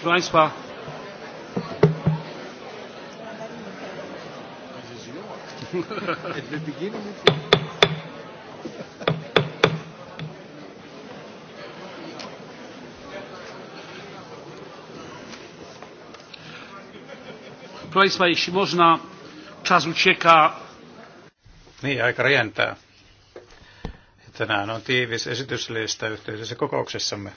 Proszę Państwa, Proszę Państwa, jeśli można, czas ucieka. Niin, aika rientää. Tänään on tiivis esityslista yhteisessä kokouksessamme.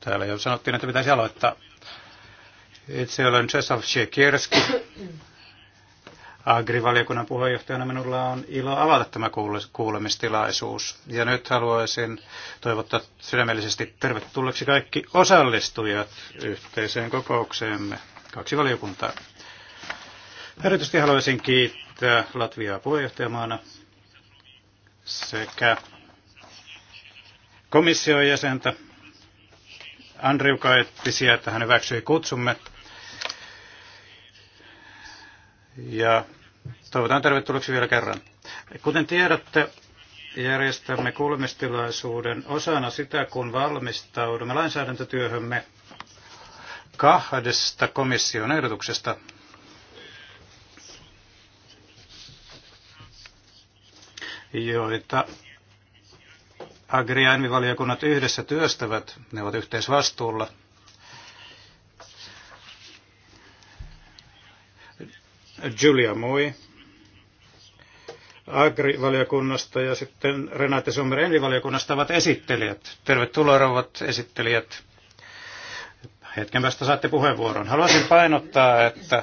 Täällä jo sanottiin, että pitäisi aloittaa. Itse olen Czesław Siekierski. Agrivaliokunnan puheenjohtajana minulla on ilo avata tämä kuulemistilaisuus. Ja nyt haluaisin toivottaa sydämellisesti tervetulleeksi kaikki osallistujat yhteiseen kokoukseemme. Kaksi valiokuntaa. Erityisesti haluaisin kiittää Latviaa puheenjohtajamaana sekä komission jäsentä Andrew Kaittisia, että hän hyväksyi kutsumme. Ja toivotan tervetulleeksi vielä kerran. Kuten tiedätte, järjestämme kuulemistilaisuuden osana sitä, kun valmistaudumme lainsäädäntötyöhömme kahdesta komission ehdotuksesta. joita Agri- ja envivaliokunnat yhdessä työstävät, ne ovat yhteisvastuulla. Julia Moi Agri-valiokunnasta ja sitten Renate Sommer envivaliokunnasta ovat esittelijät. Tervetuloa rouvat esittelijät. Hetken päästä saatte puheenvuoron. Haluaisin painottaa, että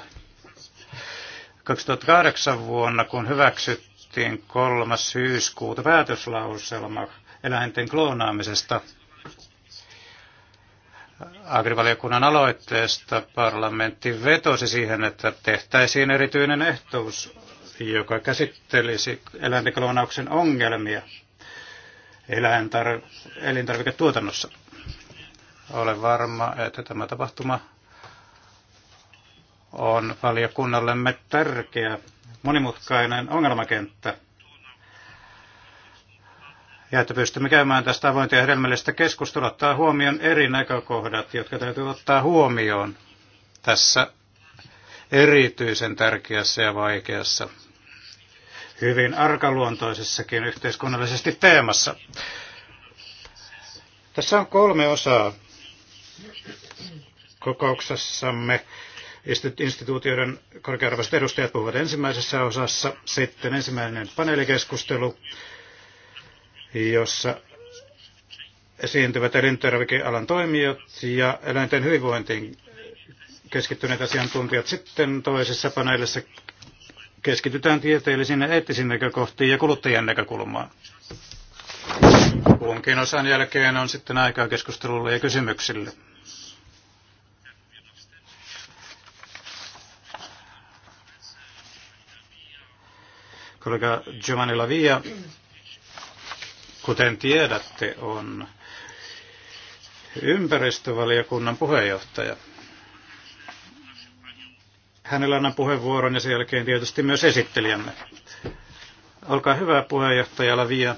2008 vuonna, kun hyväksyttiin 3. syyskuuta päätöslauselma eläinten kloonaamisesta. Agrivaliokunnan aloitteesta parlamentti vetosi siihen, että tehtäisiin erityinen ehtous, joka käsittelisi eläinten kloonauksen ongelmia eläintar- elintarviketuotannossa. Olen varma, että tämä tapahtuma on valiokunnallemme tärkeä monimutkainen ongelmakenttä ja että pystymme käymään tästä avointa ja hedelmällistä keskustelua, ottaa huomioon eri näkökohdat, jotka täytyy ottaa huomioon tässä erityisen tärkeässä ja vaikeassa, hyvin arkaluontoisessakin yhteiskunnallisesti teemassa. Tässä on kolme osaa kokouksessamme. Instituutioiden korkearvoiset edustajat puhuvat ensimmäisessä osassa, sitten ensimmäinen paneelikeskustelu, jossa esiintyvät elintarvikealan toimijat ja eläinten hyvinvointiin keskittyneet asiantuntijat. Sitten toisessa paneelissa keskitytään tieteellisiin ja eettisiin näkökohtiin ja kuluttajien näkökulmaan. Kunkin osan jälkeen on sitten aikaa keskustelulle ja kysymyksille. Kollega Giovanni Lavia Kuten tiedätte, on ympäristövaliokunnan puheenjohtaja. Hänellä annan puheenvuoron ja sen jälkeen tietysti myös esittelijämme. Olkaa hyvä puheenjohtaja Lavia.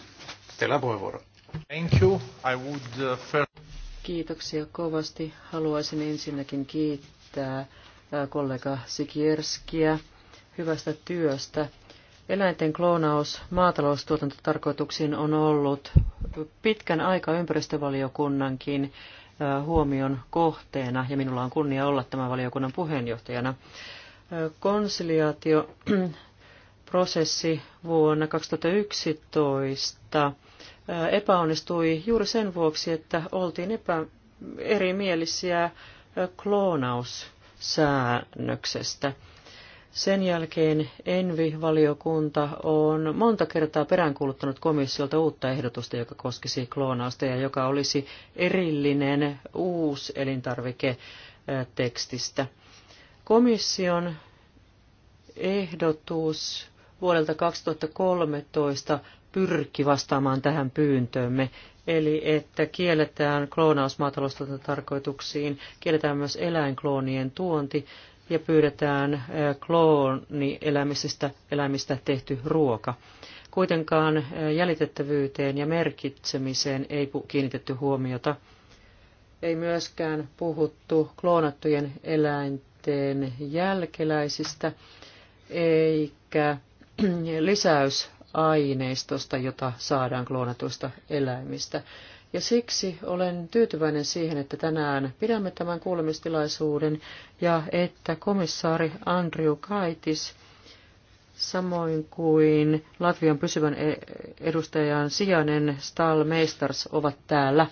Teillä on puheenvuoro. Thank you. I would, uh, first... Kiitoksia kovasti. Haluaisin ensinnäkin kiittää uh, kollega Sikierskiä hyvästä työstä Eläinten kloonaus maataloustuotantotarkoituksiin on ollut pitkän aikaa ympäristövaliokunnankin huomion kohteena, ja minulla on kunnia olla tämän valiokunnan puheenjohtajana. Konsiliaatioprosessi vuonna 2011 epäonnistui juuri sen vuoksi, että oltiin epä, erimielisiä kloonaussäännöksestä. Sen jälkeen Envi-valiokunta on monta kertaa peräänkuuluttanut komissiolta uutta ehdotusta, joka koskisi kloonausta ja joka olisi erillinen uusi elintarvike tekstistä. Komission ehdotus vuodelta 2013 pyrki vastaamaan tähän pyyntöömme, eli että kielletään kloonaus tarkoituksiin kielletään myös eläinkloonien tuonti ja pyydetään kloonieläimisistä eläimistä tehty ruoka. Kuitenkaan jäljitettävyyteen ja merkitsemiseen ei kiinnitetty huomiota. Ei myöskään puhuttu kloonattujen eläinten jälkeläisistä eikä lisäysaineistosta, jota saadaan kloonatuista eläimistä. Ja siksi olen tyytyväinen siihen, että tänään pidämme tämän kuulemistilaisuuden ja että komissaari Andrew Kaitis, samoin kuin Latvian pysyvän e- edustajan sijainen Stahl Meistars ovat täällä.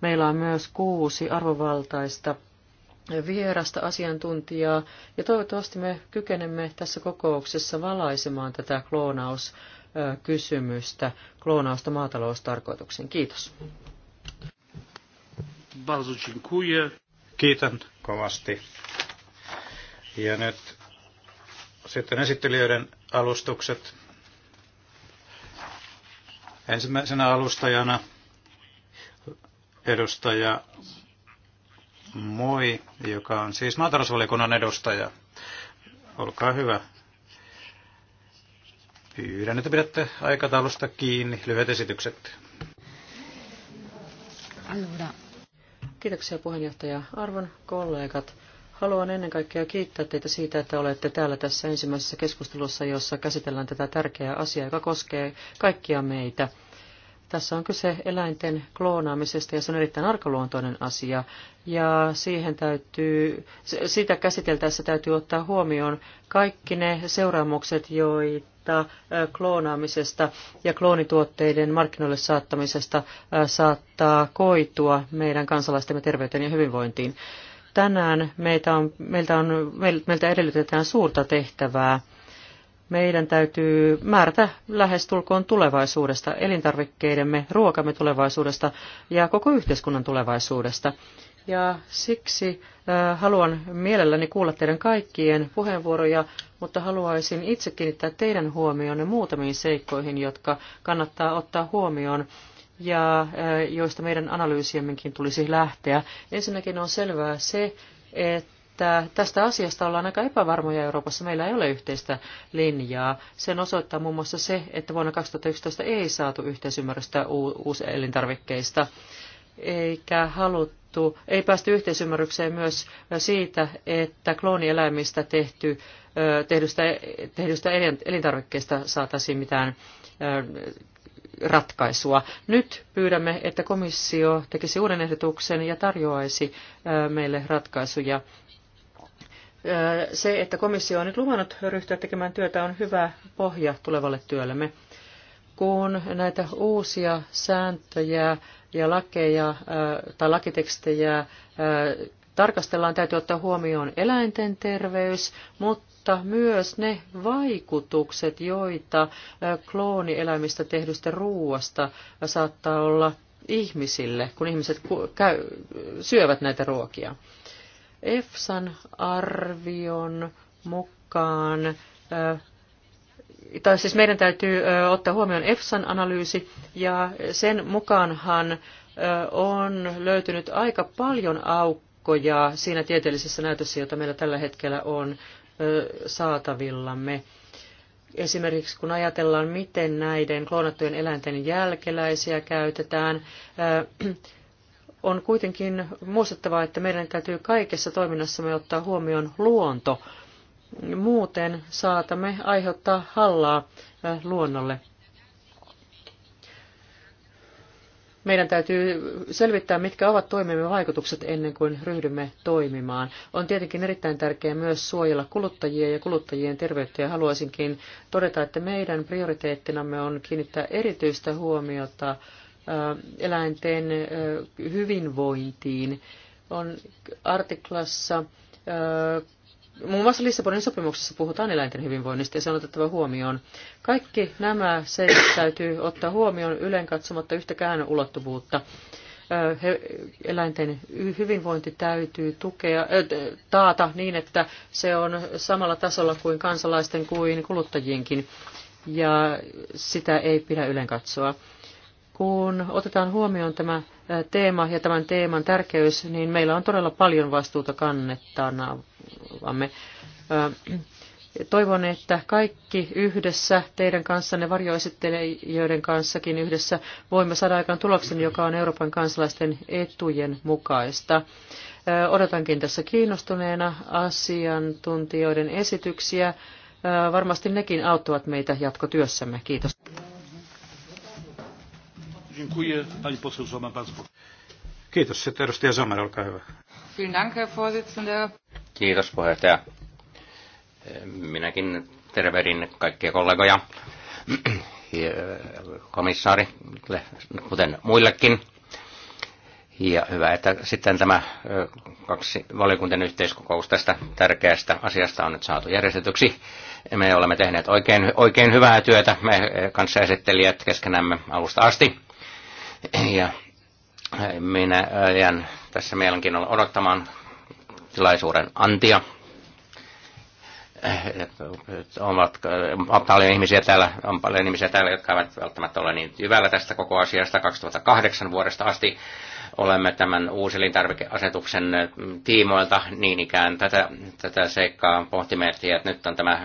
Meillä on myös kuusi arvovaltaista vierasta asiantuntijaa, ja toivottavasti me kykenemme tässä kokouksessa valaisemaan tätä kloonauskysymystä, kloonausta maataloustarkoituksiin. Kiitos. Bardzo dziękuję. Kiitän kovasti. Ja nyt sitten esittelijöiden alustukset. Ensimmäisenä alustajana edustaja Moi, joka on siis maatalousvaliokunnan edustaja. Olkaa hyvä. Pyydän, että pidätte aikataulusta kiinni. Lyhyet esitykset. Allora, Kiitoksia puheenjohtaja. Arvon kollegat, haluan ennen kaikkea kiittää teitä siitä, että olette täällä tässä ensimmäisessä keskustelussa, jossa käsitellään tätä tärkeää asiaa, joka koskee kaikkia meitä – tässä on kyse eläinten kloonaamisesta ja se on erittäin arkaluontoinen asia. Ja siihen täytyy, sitä käsiteltäessä täytyy ottaa huomioon kaikki ne seuraamukset, joita kloonaamisesta ja kloonituotteiden markkinoille saattamisesta saattaa koitua meidän kansalaistemme terveyteen ja hyvinvointiin. Tänään meitä on, meiltä, on, meiltä edellytetään suurta tehtävää meidän täytyy määrätä lähestulkoon tulevaisuudesta, elintarvikkeidemme, ruokamme tulevaisuudesta ja koko yhteiskunnan tulevaisuudesta. Ja siksi äh, haluan mielelläni kuulla teidän kaikkien puheenvuoroja, mutta haluaisin itse kiinnittää teidän huomionne muutamiin seikkoihin, jotka kannattaa ottaa huomioon ja äh, joista meidän analyysiemmekin tulisi lähteä. Ensinnäkin on selvää se, että että tästä asiasta ollaan aika epävarmoja Euroopassa. Meillä ei ole yhteistä linjaa. Sen osoittaa muun muassa se, että vuonna 2011 ei saatu yhteisymmärrystä uuselintarvikkeista, eikä haluttu, ei päästy yhteisymmärrykseen myös siitä, että kloonieläimistä tehty, tehdystä, tehdystä elintarvikkeista saataisiin mitään ratkaisua. Nyt pyydämme, että komissio tekisi uuden ehdotuksen ja tarjoaisi meille ratkaisuja se, että komissio on nyt luvannut ryhtyä tekemään työtä, on hyvä pohja tulevalle työllemme. Kun näitä uusia sääntöjä ja lakeja tai lakitekstejä tarkastellaan, täytyy ottaa huomioon eläinten terveys, mutta myös ne vaikutukset, joita kloonieläimistä tehdystä ruuasta saattaa olla ihmisille, kun ihmiset syövät näitä ruokia. EFSAn arvion mukaan, tai siis meidän täytyy ottaa huomioon EFSAn analyysi, ja sen mukaanhan on löytynyt aika paljon aukkoja siinä tieteellisessä näytössä, jota meillä tällä hetkellä on saatavillamme. Esimerkiksi kun ajatellaan, miten näiden kloonattujen eläinten jälkeläisiä käytetään, on kuitenkin muistettava, että meidän täytyy kaikessa toiminnassamme ottaa huomioon luonto. Muuten saatamme aiheuttaa hallaa luonnolle. Meidän täytyy selvittää, mitkä ovat toimimme vaikutukset ennen kuin ryhdymme toimimaan. On tietenkin erittäin tärkeää myös suojella kuluttajia ja kuluttajien terveyttä ja haluaisinkin todeta, että meidän prioriteettinamme on kiinnittää erityistä huomiota eläinten hyvinvointiin. On artiklassa, muun muassa Lissabonin sopimuksessa puhutaan eläinten hyvinvoinnista ja se on otettava huomioon. Kaikki nämä se täytyy ottaa huomioon ylen katsomatta yhtäkään ulottuvuutta. Eläinten hyvinvointi täytyy tukea, taata niin, että se on samalla tasolla kuin kansalaisten kuin kuluttajienkin ja sitä ei pidä ylen katsoa kun otetaan huomioon tämä teema ja tämän teeman tärkeys, niin meillä on todella paljon vastuuta kannettavamme. Toivon, että kaikki yhdessä teidän kanssanne, varjoesittelijöiden kanssakin yhdessä, voimme saada aikaan tuloksen, joka on Euroopan kansalaisten etujen mukaista. Odotankin tässä kiinnostuneena asiantuntijoiden esityksiä. Varmasti nekin auttavat meitä jatkotyössämme. Kiitos. Dziękuję. Pani poseł bardzo Kiitos. Sitten edustaja Sommer, olkaa hyvä. Kiitos puheenjohtaja. Minäkin tervehdin kaikkia kollegoja, komissaari, kuten muillekin. Ja hyvä, että sitten tämä kaksi valiokuntien yhteiskokous tästä tärkeästä asiasta on nyt saatu järjestetyksi. Me olemme tehneet oikein, oikein hyvää työtä, me kanssa esittelijät keskenämme alusta asti. Ja eh, minä eh, jään tässä mielenkiinnolla odottamaan tilaisuuden antia. Eh, Ovat, on paljon ihmisiä täällä, on paljon ihmisiä täällä, jotka eivät välttämättä ole niin hyvällä tästä koko asiasta 2008 vuodesta asti olemme tämän uusilintarvikeasetuksen tiimoilta niin ikään tätä, tätä seikkaa pohtimeet, että nyt on tämä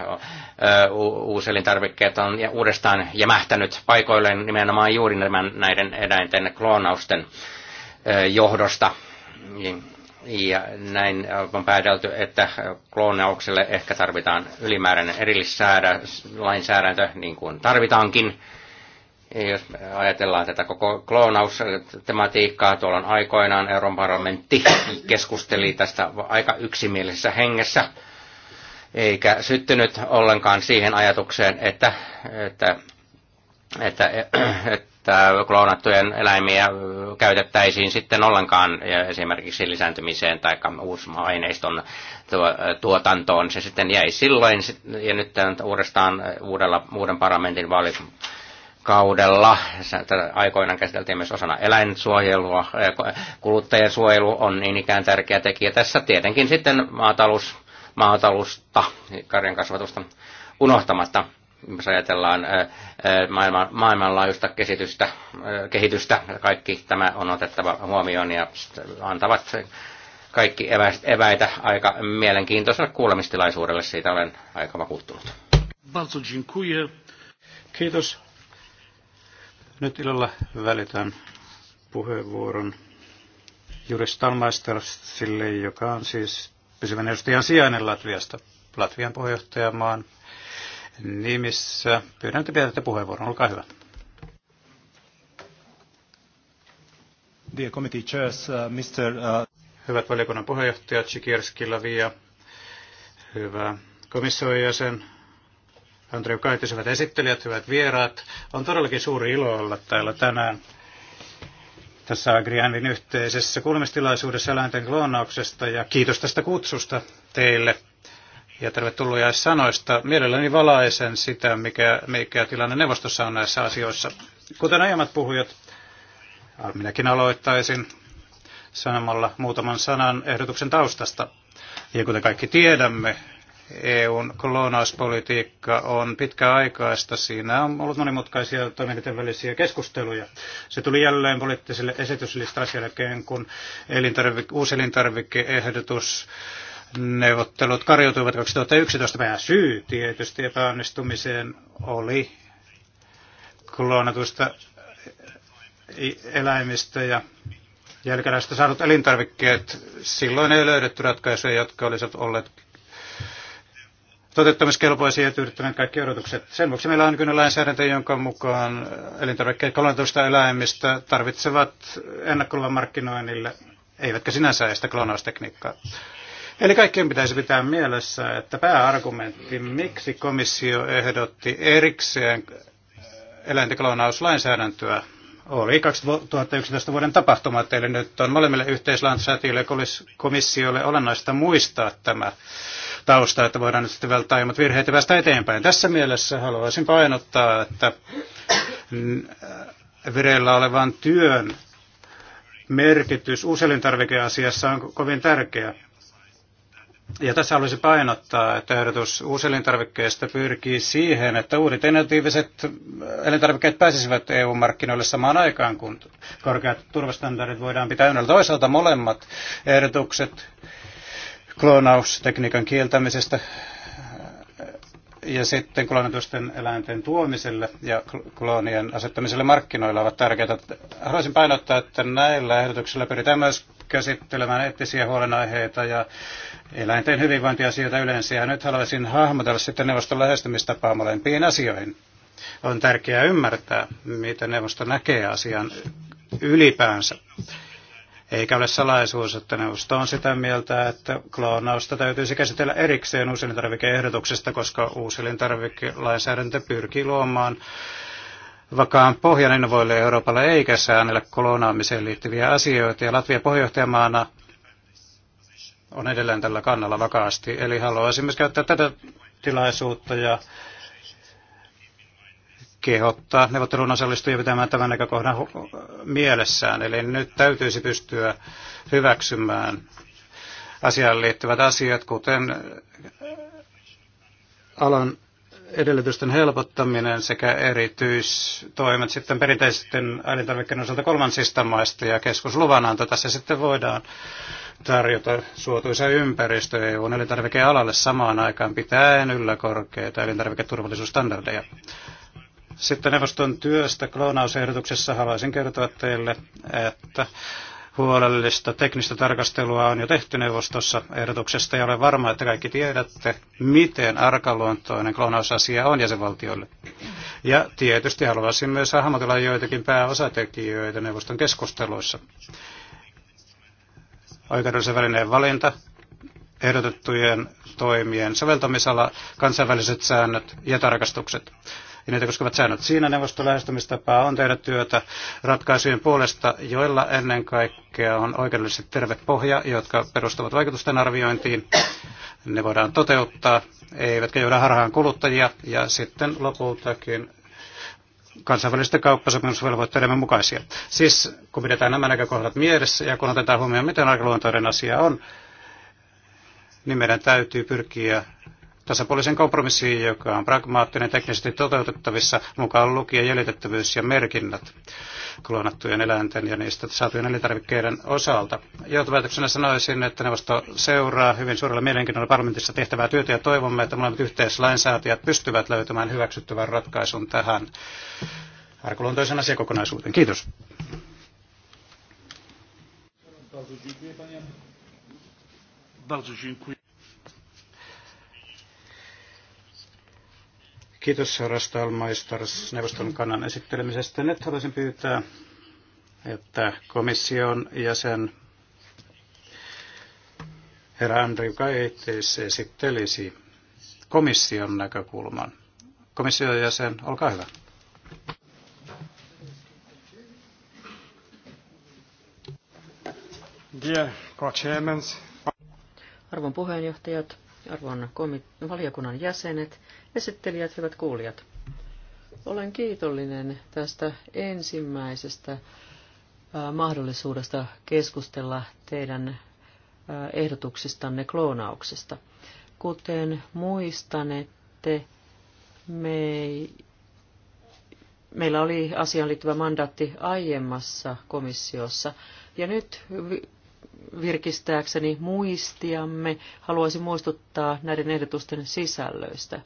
uusilintarvikkeet on uudestaan jämähtänyt paikoilleen nimenomaan juuri näiden eläinten kloonausten johdosta. Ja näin on päätelty, että kloonaukselle ehkä tarvitaan ylimääräinen erillislainsäädäntö, niin kuin tarvitaankin jos ajatellaan tätä koko kloonaustematiikkaa, tuolla aikoinaan Euroopan parlamentti keskusteli tästä aika yksimielisessä hengessä, eikä syttynyt ollenkaan siihen ajatukseen, että, että, että, että kloonattujen eläimiä käytettäisiin sitten ollenkaan esimerkiksi lisääntymiseen tai uusma-aineiston tuotantoon. Se sitten jäi silloin, ja nyt uudestaan uudella, uuden parlamentin vaalit kaudella. Aikoinaan käsiteltiin myös osana eläinsuojelua. Kuluttajien suojelu on niin ikään tärkeä tekijä. Tässä tietenkin sitten maatalous, maatalusta, karjan kasvatusta unohtamatta jos ajatellaan maailman, maailmanlaajuista kehitystä, kehitystä, kaikki tämä on otettava huomioon ja antavat kaikki eväitä aika mielenkiintoiselle kuulemistilaisuudelle. Siitä olen aika vakuuttunut. Kiitos. Nyt ilolla välitän puheenvuoron Juri Stalmeistersille, joka on siis pysyvän edustajan sijainen Latviasta, Latvian puheenjohtajamaan nimissä. Pyydän, että pidätte puheenvuoron. Olkaa hyvä. Dear committee chairs, uh, Mr. Uh... Hyvät valiokunnan puheenjohtajat, Sikierski, Lavia, hyvä komissio jäsen, Andrei Kaitis, hyvät esittelijät, hyvät vieraat. On todellakin suuri ilo olla täällä tänään tässä Agrianin yhteisessä kuulemistilaisuudessa eläinten kloonauksesta ja kiitos tästä kutsusta teille ja tervetuloa sanoista. Mielelläni valaisen sitä, mikä, mikä tilanne neuvostossa on näissä asioissa. Kuten aiemmat puhujat, minäkin aloittaisin sanomalla muutaman sanan ehdotuksen taustasta. Ja kuten kaikki tiedämme, EUn kloonauspolitiikka on pitkäaikaista. Siinä on ollut monimutkaisia toimijoiden välisiä keskusteluja. Se tuli jälleen poliittiselle esityslistalle sen jälkeen, kun elintarvike, uusi elintarvikeehdotus neuvottelut karjoutuivat 2011. syy tietysti epäonnistumiseen oli kloonatuista eläimistä ja jälkeläistä saadut elintarvikkeet. Silloin ei löydetty ratkaisuja, jotka olisivat olleet toteuttamiskelpoisia ja tyydyttävän kaikki odotukset. Sen vuoksi meillä on nykyinen lainsäädäntö, jonka mukaan elintarvikkeet 13 eläimistä tarvitsevat ennakkoluvan markkinoinnille, eivätkä sinänsä estä klonaustekniikkaa. Eli kaikkien pitäisi pitää mielessä, että pääargumentti, miksi komissio ehdotti erikseen eläinteklonauslainsäädäntöä, oli 2011 vuoden tapahtumat, eli nyt on molemmille yhteislainsäätiöille ja komissiolle olennaista muistaa tämä tausta, että voidaan nyt sitten välttää aiemmat virheet ja päästä eteenpäin. Tässä mielessä haluaisin painottaa, että vireillä olevan työn merkitys uuselintarvikeasiassa on kovin tärkeä. Ja tässä haluaisin painottaa, että ehdotus uuselintarvikkeesta pyrkii siihen, että uudet innovatiiviset äh, elintarvikkeet pääsisivät EU-markkinoille samaan aikaan, kun korkeat turvastandardit voidaan pitää ynnällä. Toisaalta molemmat ehdotukset kloonaustekniikan kieltämisestä ja sitten kloonatusten eläinten tuomiselle ja kloonien asettamiselle markkinoilla ovat tärkeitä. Haluaisin painottaa, että näillä ehdotuksilla pyritään myös käsittelemään eettisiä huolenaiheita ja eläinten hyvinvointiasioita yleensä. Ja nyt haluaisin hahmotella sitten neuvoston lähestymistapaa molempiin asioihin. On tärkeää ymmärtää, miten neuvosto näkee asian ylipäänsä. Eikä ole salaisuus, että neuvosto on sitä mieltä, että kloonausta täytyisi käsitellä erikseen uusilintarvikeehdotuksesta, koska uusilintarvikelainsäädäntö pyrkii luomaan vakaan pohjan innovoille Euroopalle eikä säännellä kloonaamiseen liittyviä asioita. Ja Latvia puheenjohtajamaana on edelleen tällä kannalla vakaasti. Eli haluaisin myös käyttää tätä tilaisuutta ja kehottaa neuvottelun osallistujia pitämään tämän näkökohdan mielessään. Eli nyt täytyisi pystyä hyväksymään asiaan liittyvät asiat, kuten alan edellytysten helpottaminen sekä erityistoimet sitten perinteisten elintarvikkeiden osalta kolmansista maista ja keskusluvananto. Tässä sitten voidaan tarjota suotuisa ympäristö EUn elintarvikealalle samaan aikaan pitäen yllä korkeita elintarviketurvallisuusstandardeja. Sitten neuvoston työstä kloonausehdotuksessa haluaisin kertoa teille, että huolellista teknistä tarkastelua on jo tehty neuvostossa ehdotuksesta ja olen varma, että kaikki tiedätte, miten arkaluontoinen kloonausasia on jäsenvaltioille. Ja tietysti haluaisin myös hahmotella joitakin pääosatekijöitä neuvoston keskusteluissa. Oikeudellisen välineen valinta, ehdotettujen toimien soveltamisala, kansainväliset säännöt ja tarkastukset ja niitä koskevat säännöt. Siinä neuvoston lähestymistapaa on tehdä työtä ratkaisujen puolesta, joilla ennen kaikkea on oikeudellisesti terve pohja, jotka perustuvat vaikutusten arviointiin. Ne voidaan toteuttaa, eivätkä jouda harhaan kuluttajia ja sitten lopultakin kansainvälisten kauppasopimusvelvoitteiden mukaisia. Siis kun pidetään nämä näkökohdat mielessä ja kun otetaan huomioon, miten arkaluontoinen asia on, niin meidän täytyy pyrkiä tasapuolisen kompromissiin, joka on pragmaattinen, teknisesti toteutettavissa, mukaan lukien jäljitettävyys ja merkinnät kloonattujen eläinten ja niistä saatujen elintarvikkeiden osalta. Johtopäätöksenä sanoisin, että neuvosto seuraa hyvin suurella mielenkiinnolla parlamentissa tehtävää työtä ja toivomme, että molemmat yhteislainsäätäjät pystyvät löytämään hyväksyttävän ratkaisun tähän arkuluontoisen asiakokonaisuuteen. Kiitos. Bardzo dziękuję. Kiitos Rastalmaistars neuvoston kannan esittelemisestä. Nyt haluaisin pyytää, että komission jäsen herra Andrew Kaitis esittelisi komission näkökulman. Komission jäsen, olkaa hyvä. Arvon puheenjohtajat, arvon valiokunnan jäsenet, esittelijät, hyvät kuulijat. Olen kiitollinen tästä ensimmäisestä äh, mahdollisuudesta keskustella teidän äh, ehdotuksistanne kloonauksesta. Kuten muistanette, me meillä oli asiaan liittyvä mandaatti aiemmassa komissiossa. Ja nyt virkistääkseni muistiamme haluaisin muistuttaa näiden ehdotusten sisällöistä.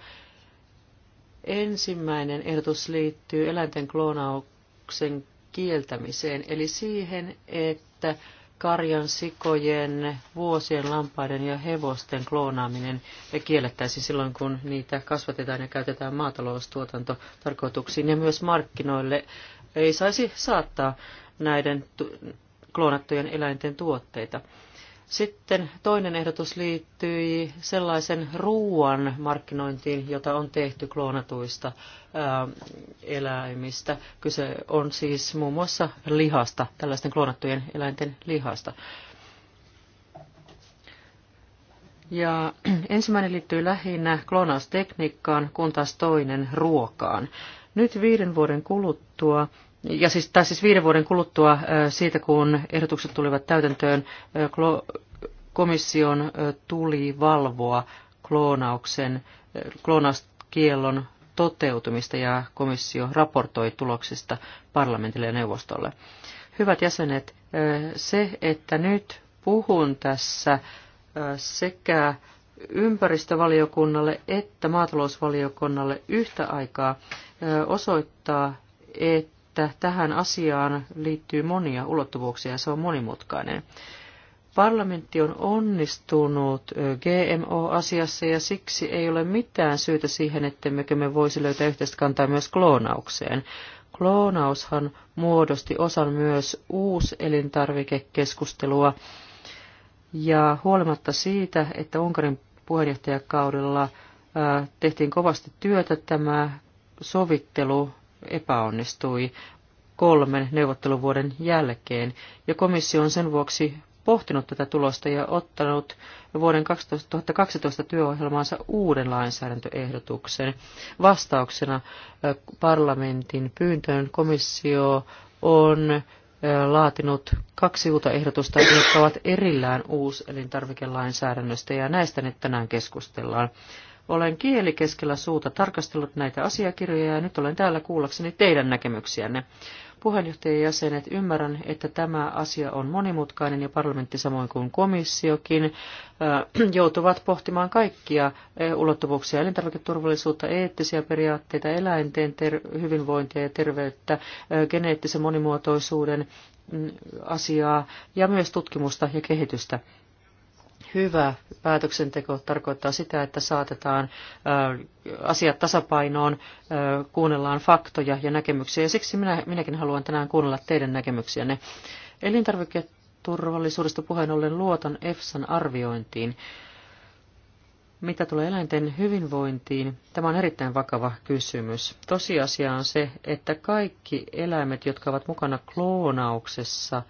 Ensimmäinen ehdotus liittyy eläinten kloonauksen kieltämiseen, eli siihen, että karjan, sikojen, vuosien, lampaiden ja hevosten kloonaaminen kiellettäisiin silloin, kun niitä kasvatetaan ja käytetään maataloustuotantotarkoituksiin ja myös markkinoille ei saisi saattaa näiden kloonattujen eläinten tuotteita. Sitten toinen ehdotus liittyi sellaisen ruoan markkinointiin, jota on tehty kloonatuista ää, eläimistä. Kyse on siis muun muassa lihasta, tällaisten kloonattujen eläinten lihasta. Ja ensimmäinen liittyy lähinnä kloonaustekniikkaan, kun taas toinen ruokaan. Nyt viiden vuoden kuluttua ja siis, tai siis viiden vuoden kuluttua siitä, kun ehdotukset tulivat täytäntöön, komission tuli valvoa kloonauksen, kloonauskiellon toteutumista ja komissio raportoi tuloksista parlamentille ja neuvostolle. Hyvät jäsenet, se, että nyt puhun tässä sekä ympäristövaliokunnalle että maatalousvaliokunnalle yhtä aikaa osoittaa, että että tähän asiaan liittyy monia ulottuvuuksia ja se on monimutkainen. Parlamentti on onnistunut GMO-asiassa ja siksi ei ole mitään syytä siihen, ettemmekö me voisi löytää yhteistä kantaa myös kloonaukseen. Kloonaushan muodosti osan myös uuselintarvikekeskustelua ja huolimatta siitä, että Unkarin puheenjohtajakaudella tehtiin kovasti työtä, tämä sovittelu epäonnistui kolmen neuvotteluvuoden jälkeen, ja komissio on sen vuoksi pohtinut tätä tulosta ja ottanut vuoden 2012 työohjelmaansa uuden lainsäädäntöehdotuksen. Vastauksena parlamentin pyyntöön komissio on laatinut kaksi uutta ehdotusta, jotka ovat erillään elintarvikelainsäädännöstä, ja näistä nyt tänään keskustellaan. Olen kieli keskellä suuta tarkastellut näitä asiakirjoja ja nyt olen täällä kuullakseni teidän näkemyksiänne. Puheenjohtajien jäsenet, ymmärrän, että tämä asia on monimutkainen ja parlamentti samoin kuin komissiokin äh, joutuvat pohtimaan kaikkia äh, ulottuvuuksia, elintarviketurvallisuutta, eettisiä periaatteita, eläinten hyvinvointia ja terveyttä, äh, geneettisen monimuotoisuuden mm, asiaa ja myös tutkimusta ja kehitystä hyvä päätöksenteko tarkoittaa sitä, että saatetaan asiat tasapainoon, kuunnellaan faktoja ja näkemyksiä. Ja siksi minä, minäkin haluan tänään kuunnella teidän näkemyksiänne. Elintarviketurvallisuudesta puheen ollen luotan EFSAn arviointiin. Mitä tulee eläinten hyvinvointiin, tämä on erittäin vakava kysymys. Tosiasia on se, että kaikki eläimet, jotka ovat mukana kloonauksessa,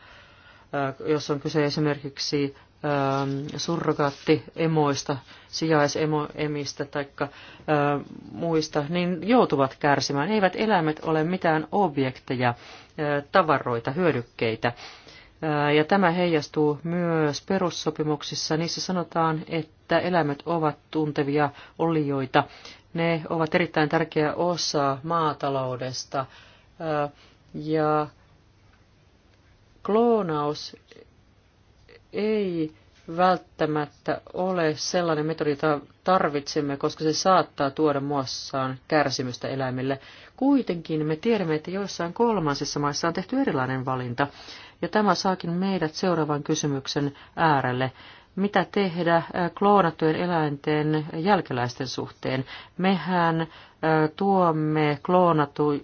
jos on kyse esimerkiksi Ähm, surrogaattiemoista, sijaisemistä tai ähm, muista, niin joutuvat kärsimään. Eivät eläimet ole mitään objekteja, äh, tavaroita, hyödykkeitä. Äh, ja tämä heijastuu myös perussopimuksissa. Niissä sanotaan, että eläimet ovat tuntevia olioita. Ne ovat erittäin tärkeä osa maataloudesta. Äh, ja kloonaus ei välttämättä ole sellainen metodi, jota tarvitsemme, koska se saattaa tuoda muassaan kärsimystä eläimille. Kuitenkin me tiedämme, että joissain kolmansissa maissa on tehty erilainen valinta, ja tämä saakin meidät seuraavan kysymyksen äärelle. Mitä tehdä äh, kloonattujen eläinten jälkeläisten suhteen? Mehän äh, tuomme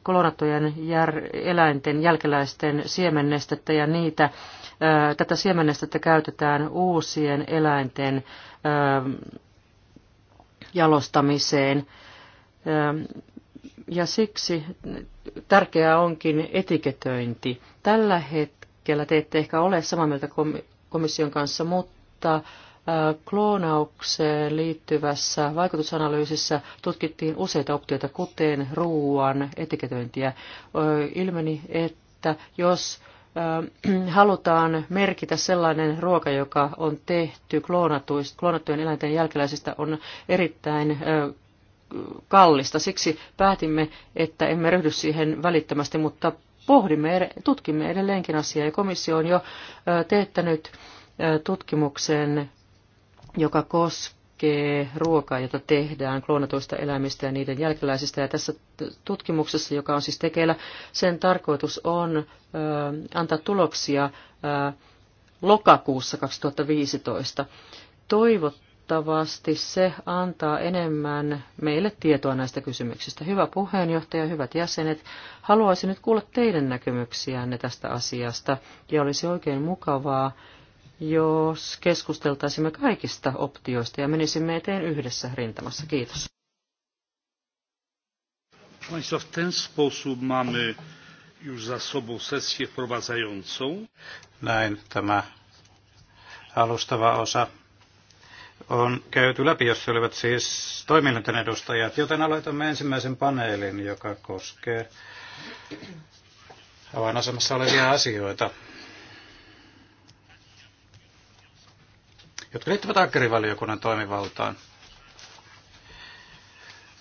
kloonattujen jär, eläinten jälkeläisten siemennestettä ja niitä äh, tätä siemenestä käytetään uusien eläinten jalostamiseen. Ja siksi tärkeää onkin etiketöinti. Tällä hetkellä te ette ehkä ole samaa mieltä komission kanssa, mutta kloonaukseen liittyvässä vaikutusanalyysissä tutkittiin useita optioita, kuten ruoan etiketöintiä. Ilmeni, että jos halutaan merkitä sellainen ruoka, joka on tehty kloonattujen eläinten jälkeläisistä, on erittäin kallista. Siksi päätimme, että emme ryhdy siihen välittömästi, mutta pohdimme, tutkimme edelleenkin asiaa ja komissio on jo teettänyt tutkimuksen, joka koskee koskee ruokaa, jota tehdään kloonatuista eläimistä ja niiden jälkeläisistä. Ja tässä tutkimuksessa, joka on siis tekeillä, sen tarkoitus on ö, antaa tuloksia ö, lokakuussa 2015. Toivottavasti se antaa enemmän meille tietoa näistä kysymyksistä. Hyvä puheenjohtaja, hyvät jäsenet, haluaisin nyt kuulla teidän näkemyksiänne tästä asiasta ja olisi oikein mukavaa, jos keskusteltaisimme kaikista optioista ja menisimme eteen yhdessä rintamassa. Kiitos. Państwa, w ten sposób mamy już za sobą sesję wprowadzającą. Näin tämä alustava osa on käyty läpi, jos olivat siis toiminnan edustajat, joten aloitamme ensimmäisen paneelin, joka koskee avainasemassa olevia asioita. jotka liittyvät agrivaliokunnan toimivaltaan,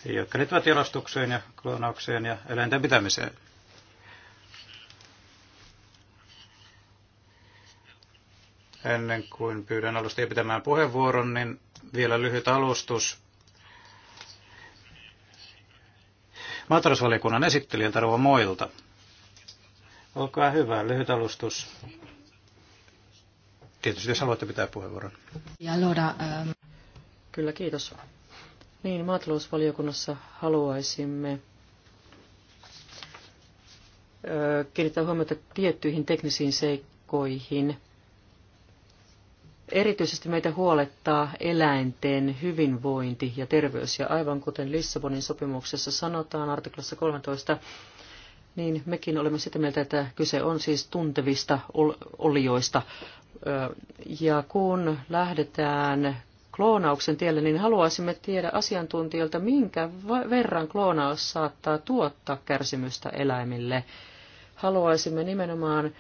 jotka liittyvät jalostukseen ja kloonaukseen ja eläinten pitämiseen. Ennen kuin pyydän alustajia pitämään puheenvuoron, niin vielä lyhyt alustus maatalousvaliokunnan esittelijän Tarvo Moilta. Olkaa hyvä, lyhyt alustus Tietysti jos haluatte pitää puheenvuoron. Ja Laura, ähm... Kyllä, kiitos. Niin, maatalousvaliokunnassa haluaisimme äh, kiinnittää huomiota tiettyihin teknisiin seikkoihin. Erityisesti meitä huolettaa eläinten hyvinvointi ja terveys. Ja aivan kuten Lissabonin sopimuksessa sanotaan artiklassa 13, niin mekin olemme sitä mieltä, että kyse on siis tuntevista olioista, ja kun lähdetään kloonauksen tielle, niin haluaisimme tiedä asiantuntijoilta, minkä verran kloonaus saattaa tuottaa kärsimystä eläimille. Haluaisimme nimenomaan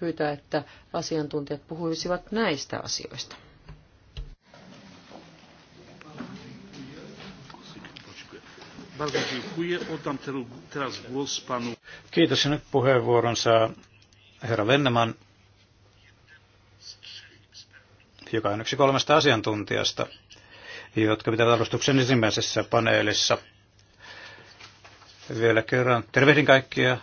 pyytää, että asiantuntijat puhuisivat näistä asioista. Kiitos ja nyt herra Venneman joka on yksi kolmesta asiantuntijasta, jotka pitävät alustuksen ensimmäisessä paneelissa. Vielä kerran tervehdin kaikkia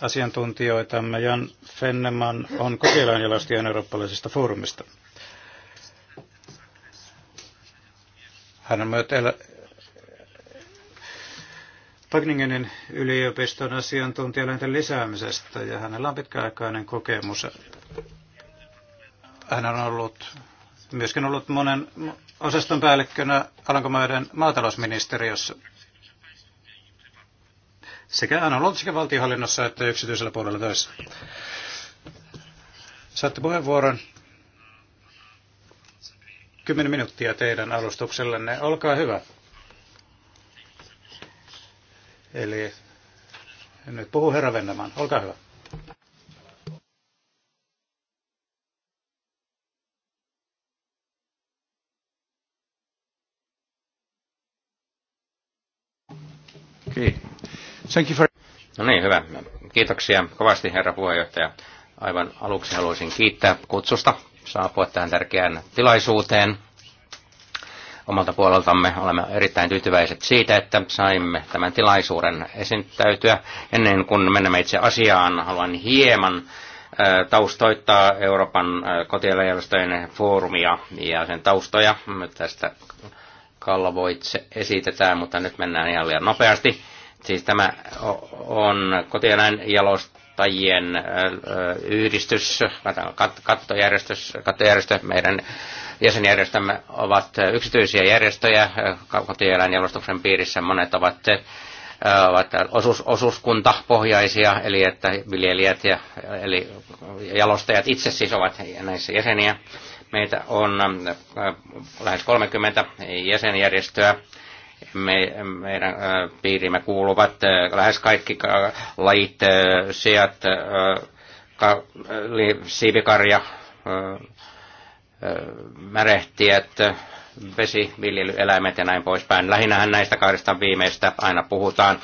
asiantuntijoitamme. Jan Fenneman on kotieläinjalastien eurooppalaisesta foorumista. Hän on myös Pagningenin yliopiston asiantuntijalainten lisäämisestä ja hänellä on pitkäaikainen kokemus hän on ollut myöskin ollut monen osaston päällikkönä Alankomaiden maatalousministeriössä. Sekä hän on ollut sekä valtiohallinnossa että yksityisellä puolella töissä. Saatte puheenvuoron. Kymmenen minuuttia teidän alustuksellenne. Olkaa hyvä. Eli nyt puhuu herra Vennaman. Olkaa hyvä. Thank you for... No niin, hyvä. Kiitoksia kovasti, herra puheenjohtaja. Aivan aluksi haluaisin kiittää kutsusta saapua tähän tärkeään tilaisuuteen. Omalta puoleltamme olemme erittäin tyytyväiset siitä, että saimme tämän tilaisuuden esittäytyä. Ennen kuin menemme itse asiaan, haluan hieman taustoittaa Euroopan kotieläinjärjestöjen foorumia ja sen taustoja tästä kalvoitse esitetään, mutta nyt mennään ihan liian nopeasti. Siis tämä on jalostajien yhdistys, kattojärjestys, kattojärjestö, meidän jäsenjärjestömme ovat yksityisiä järjestöjä kotieläinjalostuksen piirissä. Monet ovat, ovat osuus, osuuskuntapohjaisia, eli että viljelijät ja eli jalostajat itse siis ovat näissä jäseniä. Meitä on äh, lähes 30 jäsenjärjestöä. Me, meidän äh, piirimme kuuluvat äh, lähes kaikki lajit, sijat, ka, siipikarja, märehtiät, vesiviljelyeläimet ja näin poispäin. Lähinnähän näistä kahdesta viimeistä aina puhutaan.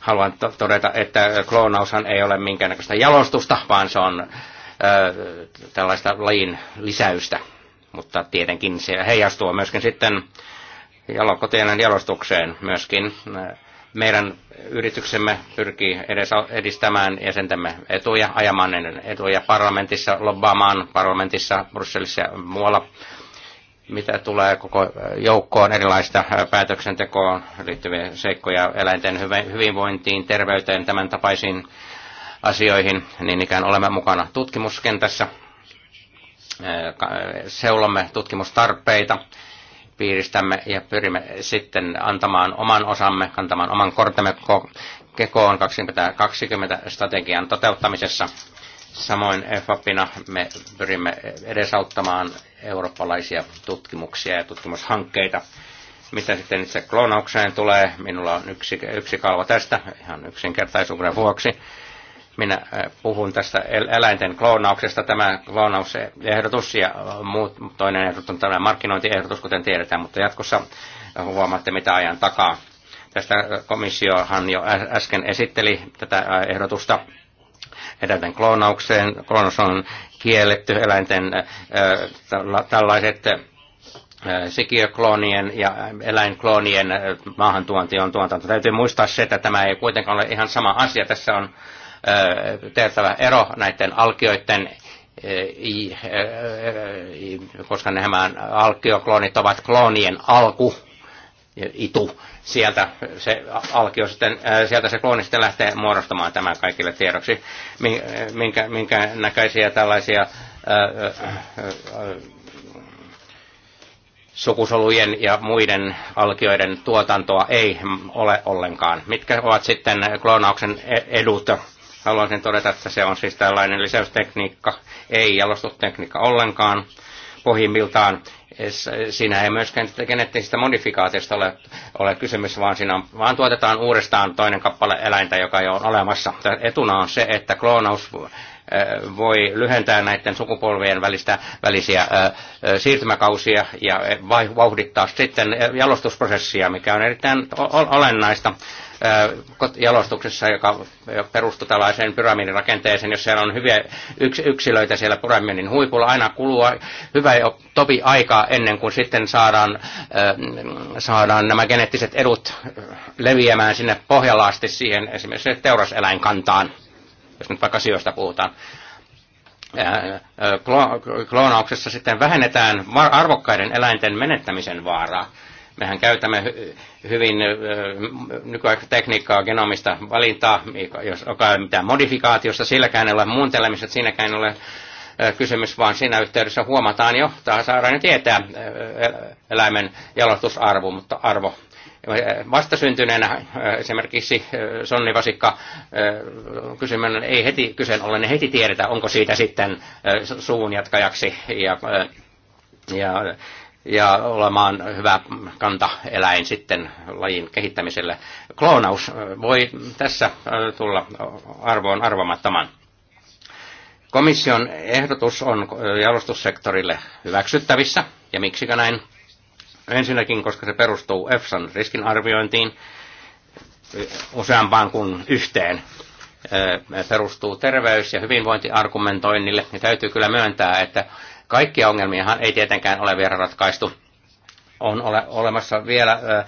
Haluan todeta, että kloonaushan ei ole minkäännäköistä jalostusta, vaan se on tällaista lajin lisäystä, mutta tietenkin se heijastuu myöskin sitten jalokotieläin jalostukseen myöskin. Meidän yrityksemme pyrkii edes edistämään jäsentämme etuja, ajamaan etuja parlamentissa, lobbaamaan parlamentissa, Brysselissä ja muualla mitä tulee koko joukkoon erilaista päätöksentekoon liittyviä seikkoja eläinten hyvinvointiin, terveyteen, tämän tapaisiin asioihin, niin ikään olemme mukana tutkimuskentässä, seulomme tutkimustarpeita, piiristämme ja pyrimme sitten antamaan oman osamme, kantamaan oman kortemme kekoon 2020 strategian toteuttamisessa. Samoin FAPina me pyrimme edesauttamaan eurooppalaisia tutkimuksia ja tutkimushankkeita. Mitä sitten itse kloonaukseen tulee, minulla on yksi, yksi kalvo tästä ihan yksinkertaisuuden vuoksi minä äh, puhun tästä eläinten kloonauksesta, tämä kloonausehdotus ja muut, toinen ehdotus on tämä markkinointiehdotus, kuten tiedetään, mutta jatkossa huomaatte mitä ajan takaa. Tästä komissiohan jo äsken esitteli tätä äh, ehdotusta eläinten kloonaukseen. Kloonaus on kielletty eläinten äh, tällaiset sikiökloonien ja eläinkloonien maahantuonti on tuotanto. Täytyy muistaa se, että tämä ei kuitenkaan ole ihan sama asia. Tässä on tehtävä ero näiden alkioiden koska nämä alkioklonit ovat kloonien alku, itu, sieltä se alkio sitten, sieltä se klooni sitten lähtee muodostamaan tämän kaikille tiedoksi, minkä, minkä näköisiä tällaisia sukusolujen ja muiden alkioiden tuotantoa ei ole ollenkaan. Mitkä ovat sitten kloonauksen e-, edut? Haluaisin todeta, että se on siis tällainen lisäystekniikka, ei jalostustekniikka ollenkaan pohjimmiltaan. Siinä ei myöskään geneettisestä modifikaatiosta ole, ole kysymys, vaan siinä on, vaan tuotetaan uudestaan toinen kappale eläintä, joka jo on olemassa. Etuna on se, että kloonaus äh, voi lyhentää näiden sukupolvien välistä, välisiä äh, äh, siirtymäkausia ja vauhdittaa sitten jalostusprosessia, mikä on erittäin olennaista jalostuksessa, joka perustuu tällaiseen pyramidirakenteeseen, jos siellä on hyviä yksilöitä siellä pyramidin huipulla, aina kuluu hyvä ja topi aikaa ennen kuin sitten saadaan, saadaan nämä geneettiset edut leviämään sinne pohjalla asti siihen esimerkiksi teuraseläinkantaan, jos nyt vaikka sijoista puhutaan kloonauksessa sitten vähennetään arvokkaiden eläinten menettämisen vaaraa. Mehän käytämme hyvin nykyaikaista tekniikkaa, genomista valintaa, jos joka ei ole mitään modifikaatiosta, silläkään ei ole muuntelemista, siinäkään ei ole kysymys, vaan siinä yhteydessä huomataan jo, tai saadaan jo tietää eläimen jalostusarvo, mutta arvo vastasyntyneenä esimerkiksi sonnivasikka kysymään ei heti kyseen ollen heti tiedetä, onko siitä sitten suun jatkajaksi ja, ja ja olemaan hyvä kantaeläin sitten lajin kehittämiselle. Kloonaus äh, voi tässä äh, tulla arvoon arvomattoman. Komission ehdotus on äh, jalostussektorille hyväksyttävissä, ja miksikä näin? Ensinnäkin, koska se perustuu EFSAn riskinarviointiin useampaan kuin yhteen perustuu terveys- ja hyvinvointiargumentoinnille, niin täytyy kyllä myöntää, että Kaikkia ongelmiahan ei tietenkään ole vielä ratkaistu. On ole, olemassa vielä ä,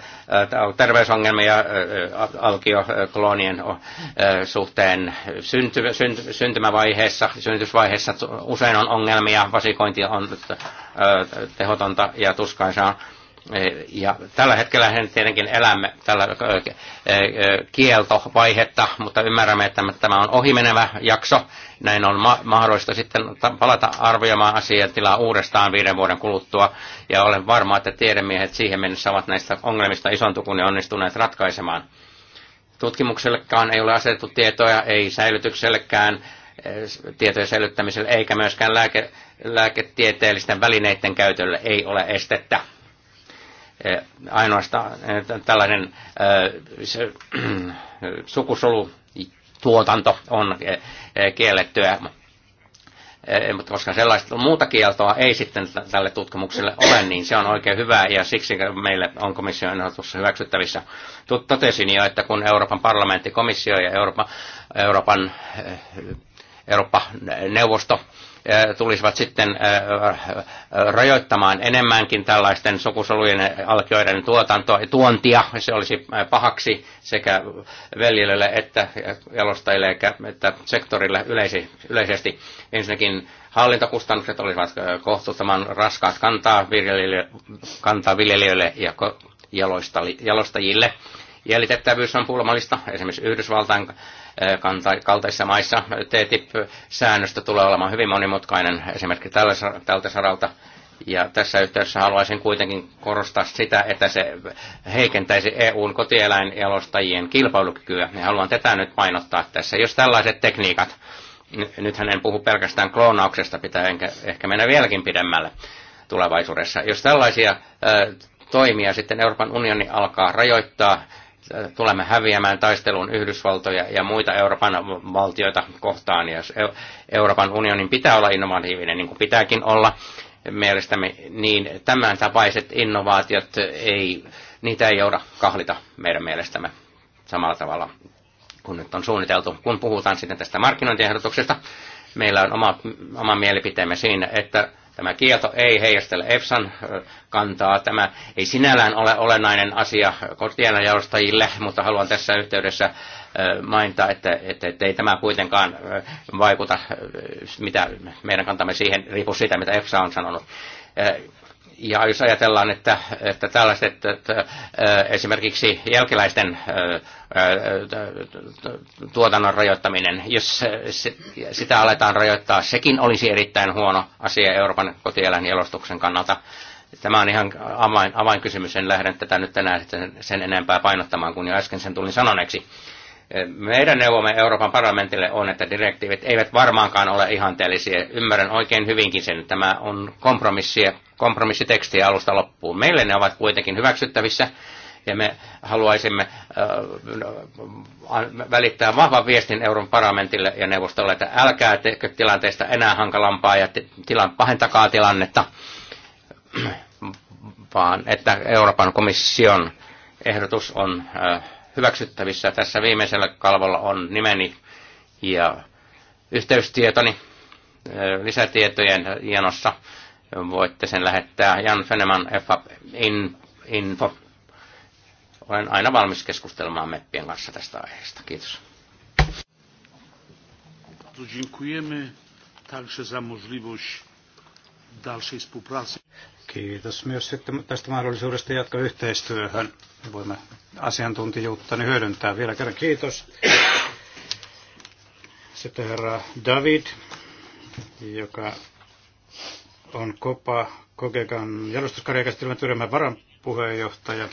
terveysongelmia ä, suhteen synty, synty, syntymävaiheessa, synnytysvaiheessa usein on ongelmia, vasikointi on ä, tehotonta ja tuskaisaa. E, ja tällä hetkellä tietenkin elämme tällä kieltovaihetta, mutta ymmärrämme, että tämä on ohimenevä jakso näin on ma- mahdollista sitten palata arvioimaan asiantilaa uudestaan viiden vuoden kuluttua, ja olen varma, että tiedemiehet siihen mennessä ovat näistä ongelmista ison tukun ja onnistuneet ratkaisemaan. Tutkimuksellekaan ei ole asetettu tietoja, ei säilytyksellekään, eh, tietojen säilyttämiselle eikä myöskään lääke, lääketieteellisten välineiden käytölle ei ole estettä. Eh, ainoastaan eh, tällainen se, sukusolutuotanto on Eh, kiellettyä, eh, mutta koska sellaista muuta kieltoa ei sitten tälle tutkimukselle ole, niin se on oikein hyvä ja siksi meille on komission ehdotuksessa hyväksyttävissä. Totesin jo, että kun Euroopan parlamentti, komissio ja Euroopan, Euroopan eh, Eurooppa-neuvosto tulisivat sitten rajoittamaan enemmänkin tällaisten sukusolujen alkioiden tuotantoa, tuontia. Se olisi pahaksi sekä veljelijöille että jalostajille että sektorille yleisesti. Ensinnäkin hallintokustannukset olisivat kohtuuttoman raskaat kantaa, viljelijöille, kantaa viljelijöille ja jalostajille. Jäljitettävyys on pulmallista esimerkiksi Yhdysvaltain kaltaisissa maissa. TTIP-säännöstä tulee olemaan hyvin monimutkainen esimerkki tältä saralta. Ja tässä yhteydessä haluaisin kuitenkin korostaa sitä, että se heikentäisi EUn kotieläinjalostajien kilpailukykyä. Ja haluan tätä nyt painottaa tässä. Jos tällaiset tekniikat, nythän en puhu pelkästään kloonauksesta, pitää enkä, ehkä mennä vieläkin pidemmälle tulevaisuudessa. Jos tällaisia ö, toimia sitten Euroopan unioni alkaa rajoittaa, tulemme häviämään taistelun Yhdysvaltoja ja muita Euroopan valtioita kohtaan. Ja jos Euroopan unionin pitää olla innovatiivinen, niin kuin pitääkin olla mielestämme, niin tämän tapaiset innovaatiot, ei, niitä ei jouda kahlita meidän mielestämme samalla tavalla kun nyt on suunniteltu. Kun puhutaan sitten tästä markkinointiehdotuksesta, meillä on oma, oma mielipiteemme siinä, että Tämä kielto ei heijastele EFSAn äh, kantaa. Tämä ei sinällään ole olennainen asia kortienajalostajille, mutta haluan tässä yhteydessä äh, mainita, että, että, että ei tämä kuitenkaan äh, vaikuta, mitä meidän kantamme siihen riippu siitä, mitä EFSA on sanonut. Ja jos ajatellaan, että, että tällaiset että, että, äh, esimerkiksi jälkeläisten äh, äh, tuotannon rajoittaminen, jos sitä aletaan rajoittaa, sekin olisi erittäin huono asia Euroopan kotieläinjalostuksen kannalta. Tämä on ihan avain, avainkysymys, en lähde tätä nyt tänään sen enempää painottamaan kuin jo äsken sen tulin sanoneeksi. Meidän neuvomme Euroopan parlamentille on, että direktiivit eivät varmaankaan ole ihanteellisia. Ymmärrän oikein hyvinkin sen, että tämä on kompromissia, kompromissitekstiä alusta loppuun. Meille ne ovat kuitenkin hyväksyttävissä ja me haluaisimme äh, välittää vahvan viestin Euroopan parlamentille ja neuvostolle, että älkää tekö tilanteesta enää hankalampaa ja tilan, pahentakaa tilannetta, vaan että Euroopan komission ehdotus on äh, hyväksyttävissä. Tässä viimeisellä kalvolla on nimeni ja yhteystietoni lisätietojen janossa. Voitte sen lähettää Jan Feneman in, info. Olen aina valmis keskustelemaan meppien kanssa tästä aiheesta. Kiitos. Kiitos myös sitten tästä mahdollisuudesta jatkaa yhteistyöhön voimme asiantuntijuuttani hyödyntää. Vielä kerran kiitos. Sitten herra David, joka on Kopa Kokekan jalostuskarjakäsitelmän työryhmän varanpuheenjohtaja.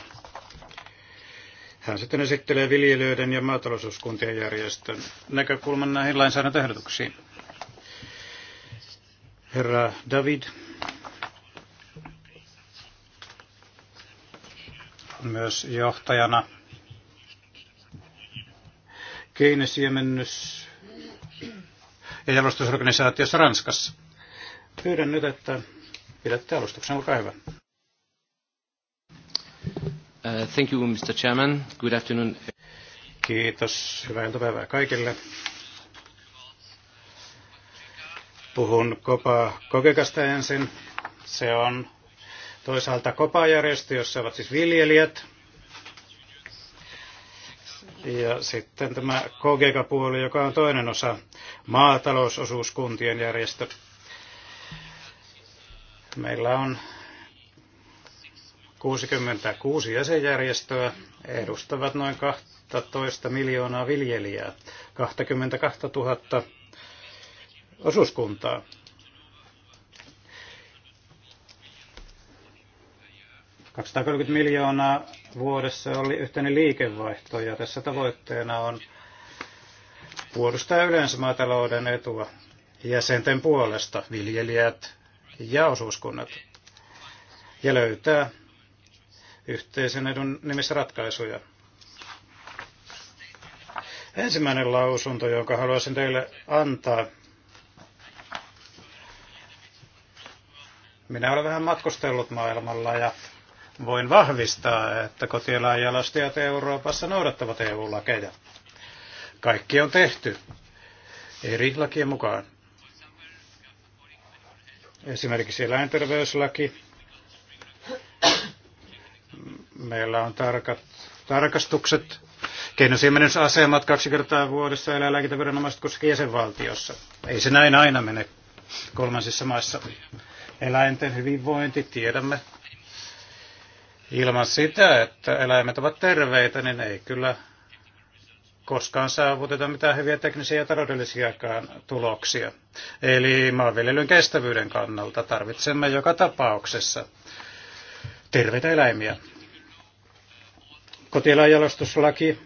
Hän sitten esittelee viljelijöiden ja maataloususkuntien järjestön näkökulman näihin lainsäädäntöehdotuksiin. Herra David, myös johtajana keinesiemennys- ja jalostusorganisaatiossa Ranskassa. Pyydän nyt, että pidätte alustuksen. Olkaa hyvä. Uh, thank you, Mr. Chairman. Good afternoon. Kiitos. Hyvää iltapäivää kaikille. Puhun Kopa Kokekasta ensin. Se on Toisaalta kopajärjestö, jossa ovat siis viljelijät. Ja sitten tämä KGK-puoli, joka on toinen osa maatalousosuuskuntien järjestö. Meillä on 66 jäsenjärjestöä edustavat noin 12 miljoonaa viljelijää, 22 000 osuuskuntaa. 230 miljoonaa vuodessa oli yhteinen liikevaihto ja tässä tavoitteena on puolustaa yleensä maatalouden etua jäsenten puolesta, viljelijät ja osuuskunnat, ja löytää yhteisen edun nimissä ratkaisuja. Ensimmäinen lausunto, jonka haluaisin teille antaa. Minä olen vähän matkustellut maailmalla ja voin vahvistaa, että kotieläinjalostajat Euroopassa noudattavat EU-lakeja. Kaikki on tehty eri lakien mukaan. Esimerkiksi eläinterveyslaki. Meillä on tarkat tarkastukset, Keinosiemenysasemat kaksi kertaa vuodessa eläinlääkintäviranomaiset kussakin jäsenvaltiossa. Ei se näin aina mene kolmansissa maissa. Eläinten hyvinvointi, tiedämme, Ilman sitä, että eläimet ovat terveitä, niin ei kyllä koskaan saavuteta mitään hyviä teknisiä ja taloudellisiakaan tuloksia. Eli maanviljelyn kestävyyden kannalta tarvitsemme joka tapauksessa terveitä eläimiä. Kotieläinjalostuslaki,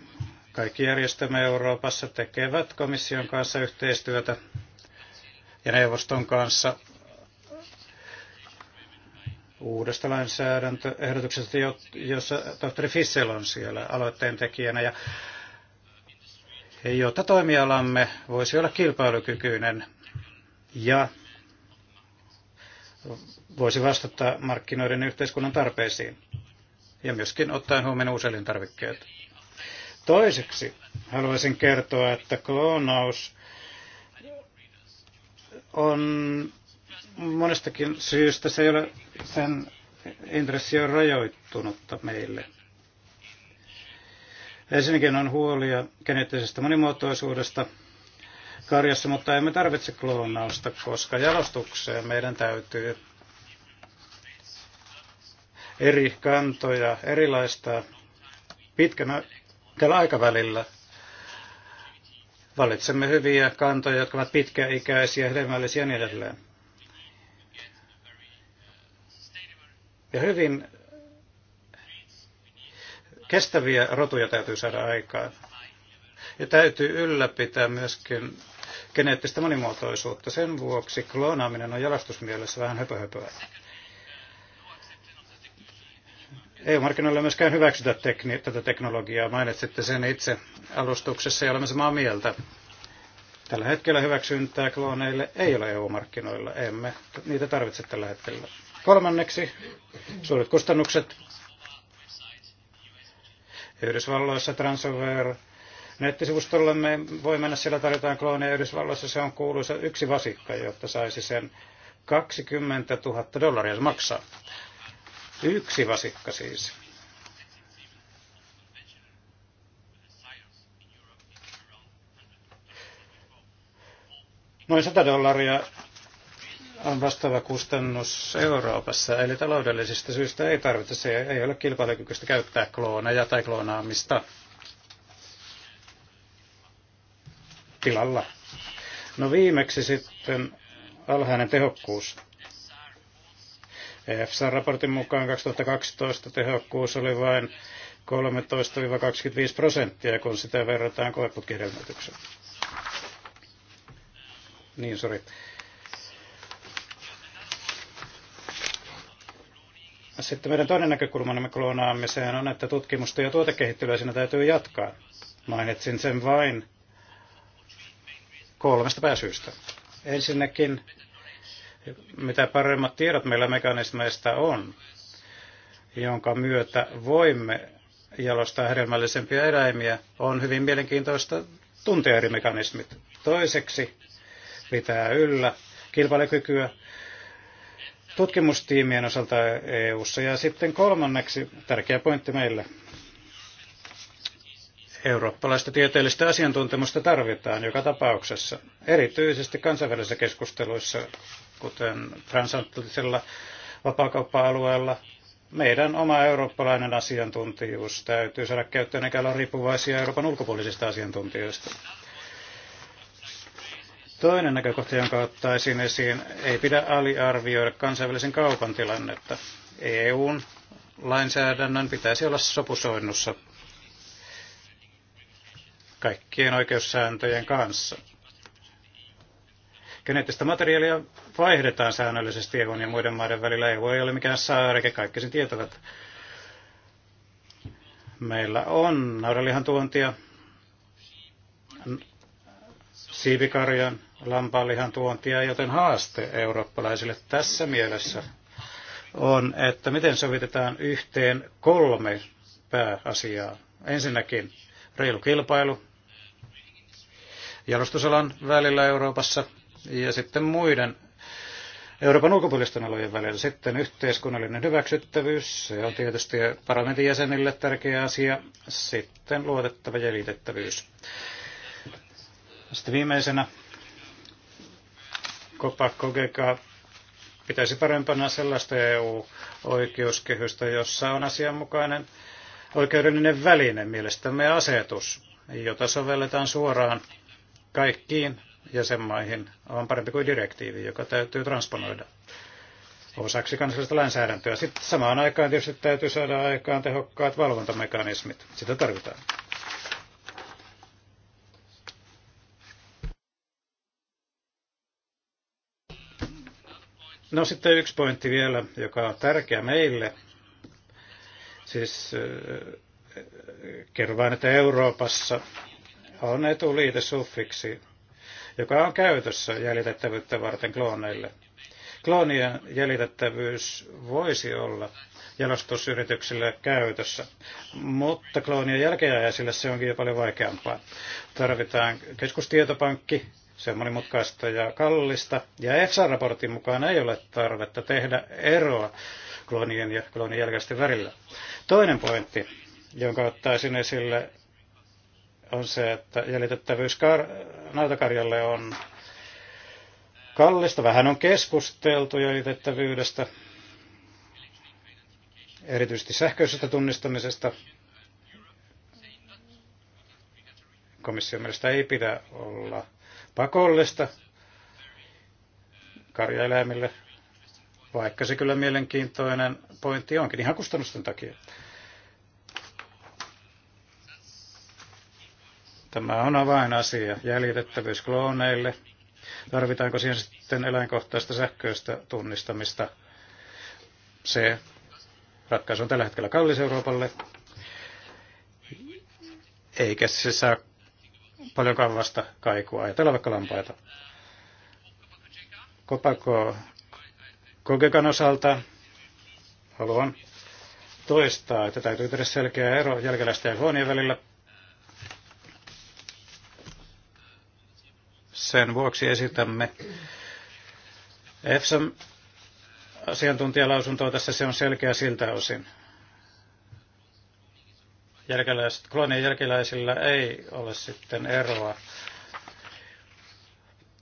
kaikki järjestelmä Euroopassa tekevät komission kanssa yhteistyötä ja neuvoston kanssa uudesta lainsäädäntöehdotuksesta, jossa tohtori Fissel on siellä aloitteen tekijänä, ja jotta toimialamme voisi olla kilpailukykyinen ja voisi vastata markkinoiden yhteiskunnan tarpeisiin ja myöskin ottaen huomioon tarvikkeet. Toiseksi haluaisin kertoa, että kloonaus on monestakin syystä se ei ole, sen intressi on rajoittunutta meille. Ensinnäkin on huolia geneettisestä monimuotoisuudesta karjassa, mutta emme tarvitse kloonausta, koska jalostukseen meidän täytyy eri kantoja, erilaista pitkän tällä aikavälillä. Valitsemme hyviä kantoja, jotka ovat pitkäikäisiä, hedelmällisiä ja niin edelleen. Ja hyvin kestäviä rotuja täytyy saada aikaan. Ja täytyy ylläpitää myöskin geneettistä monimuotoisuutta. Sen vuoksi kloonaaminen on jalastusmielessä vähän höpöhöpöä. EU-markkinoilla myöskään hyväksytä tekni- tätä teknologiaa. Mainitsitte sen itse alustuksessa ja olemme samaa mieltä. Tällä hetkellä hyväksyntää klooneille ei ole EU-markkinoilla. Emme niitä tarvitse tällä hetkellä. Kolmanneksi, suuret kustannukset. Yhdysvalloissa Transover nettisivustollemme voi mennä, siellä tarjotaan klooneja Yhdysvalloissa. Se on kuuluisa yksi vasikka, jotta saisi sen 20 000 dollaria maksaa. Yksi vasikka siis. Noin 100 dollaria on vastaava kustannus Euroopassa, eli taloudellisista syistä ei tarvita, se ei ole kilpailukykyistä käyttää kloonaja tai kloonaamista tilalla. No viimeksi sitten alhainen tehokkuus. EFSA-raportin mukaan 2012 tehokkuus oli vain 13-25 prosenttia, kun sitä verrataan koeputkihedelmöitykseen. Niin, sori. Sitten meidän toinen näkökulmamme kloonaamiseen on, että tutkimusta ja tuotekehittelyä siinä täytyy jatkaa. Mainitsin sen vain kolmesta pääsyystä. Ensinnäkin, mitä paremmat tiedot meillä mekanismeista on, jonka myötä voimme jalostaa hedelmällisempiä eläimiä, on hyvin mielenkiintoista tuntea eri mekanismit. Toiseksi pitää yllä kilpailukykyä tutkimustiimien osalta EU-ssa. Ja sitten kolmanneksi tärkeä pointti meille. Eurooppalaista tieteellistä asiantuntemusta tarvitaan joka tapauksessa, erityisesti kansainvälisissä keskusteluissa, kuten transatlanttisella vapaakauppa-alueella. Meidän oma eurooppalainen asiantuntijuus täytyy saada käyttöön, eikä olla riippuvaisia Euroopan ulkopuolisista asiantuntijoista. Toinen näkökohta, jonka ottaisin esiin, ei pidä aliarvioida kansainvälisen kaupan tilannetta. EUn lainsäädännön pitäisi olla sopusoinnussa kaikkien oikeussääntöjen kanssa. Geneettistä materiaalia vaihdetaan säännöllisesti EUn ja muiden maiden välillä. EU ei ole mikään saareke, kaikki sen tietävät. Meillä on naudanlihan tuontia siivikarjan, lampaanlihan tuontia, joten haaste eurooppalaisille tässä mielessä on, että miten sovitetaan yhteen kolme pääasiaa. Ensinnäkin reilu kilpailu jalostusalan välillä Euroopassa ja sitten muiden Euroopan ulkopuolisten alojen välillä. Sitten yhteiskunnallinen hyväksyttävyys, se on tietysti parlamentin jäsenille tärkeä asia. Sitten luotettava jäljitettävyys. Sitten viimeisenä Kopa Kogeka pitäisi parempana sellaista EU-oikeuskehystä, jossa on asianmukainen oikeudellinen väline, mielestämme asetus, jota sovelletaan suoraan kaikkiin jäsenmaihin, on parempi kuin direktiivi, joka täytyy transponoida osaksi kansallista lainsäädäntöä. Sitten samaan aikaan tietysti täytyy saada aikaan tehokkaat valvontamekanismit. Sitä tarvitaan. No sitten yksi pointti vielä, joka on tärkeä meille. Siis äh, kerron vain, että Euroopassa on etuliitesuffiksi, joka on käytössä jäljitettävyyttä varten klooneille. Kloonien jäljitettävyys voisi olla jalostusyrityksille käytössä, mutta kloonien jälkeenjäisille se onkin jo paljon vaikeampaa. Tarvitaan keskustietopankki, se on monimutkaista ja kallista. Ja EFSA-raportin mukaan ei ole tarvetta tehdä eroa kloonien ja kloonin jälkeisten välillä. Toinen pointti, jonka ottaisin esille, on se, että jäljitettävyys kar- nautakarjalle on kallista. Vähän on keskusteltu jäljitettävyydestä, erityisesti sähköisestä tunnistamisesta. Komission mielestä ei pidä olla pakollista karjaeläimille, vaikka se kyllä mielenkiintoinen pointti onkin ihan kustannusten takia. Tämä on avainasia. Jäljitettävyys klooneille. Tarvitaanko siihen sitten eläinkohtaista sähköistä tunnistamista? Se ratkaisu on tällä hetkellä kallis Euroopalle, eikä se saa Paljon vasta kaikua. Ajatellaan vaikka lampaita. Kopako Kogekan osalta haluan toistaa, että täytyy tehdä selkeä ero jälkeläisten ja huonien välillä. Sen vuoksi esitämme EFSAM asiantuntijalausuntoa tässä, se on selkeä siltä osin jälkeläiset, kolonien jälkeläisillä ei ole sitten eroa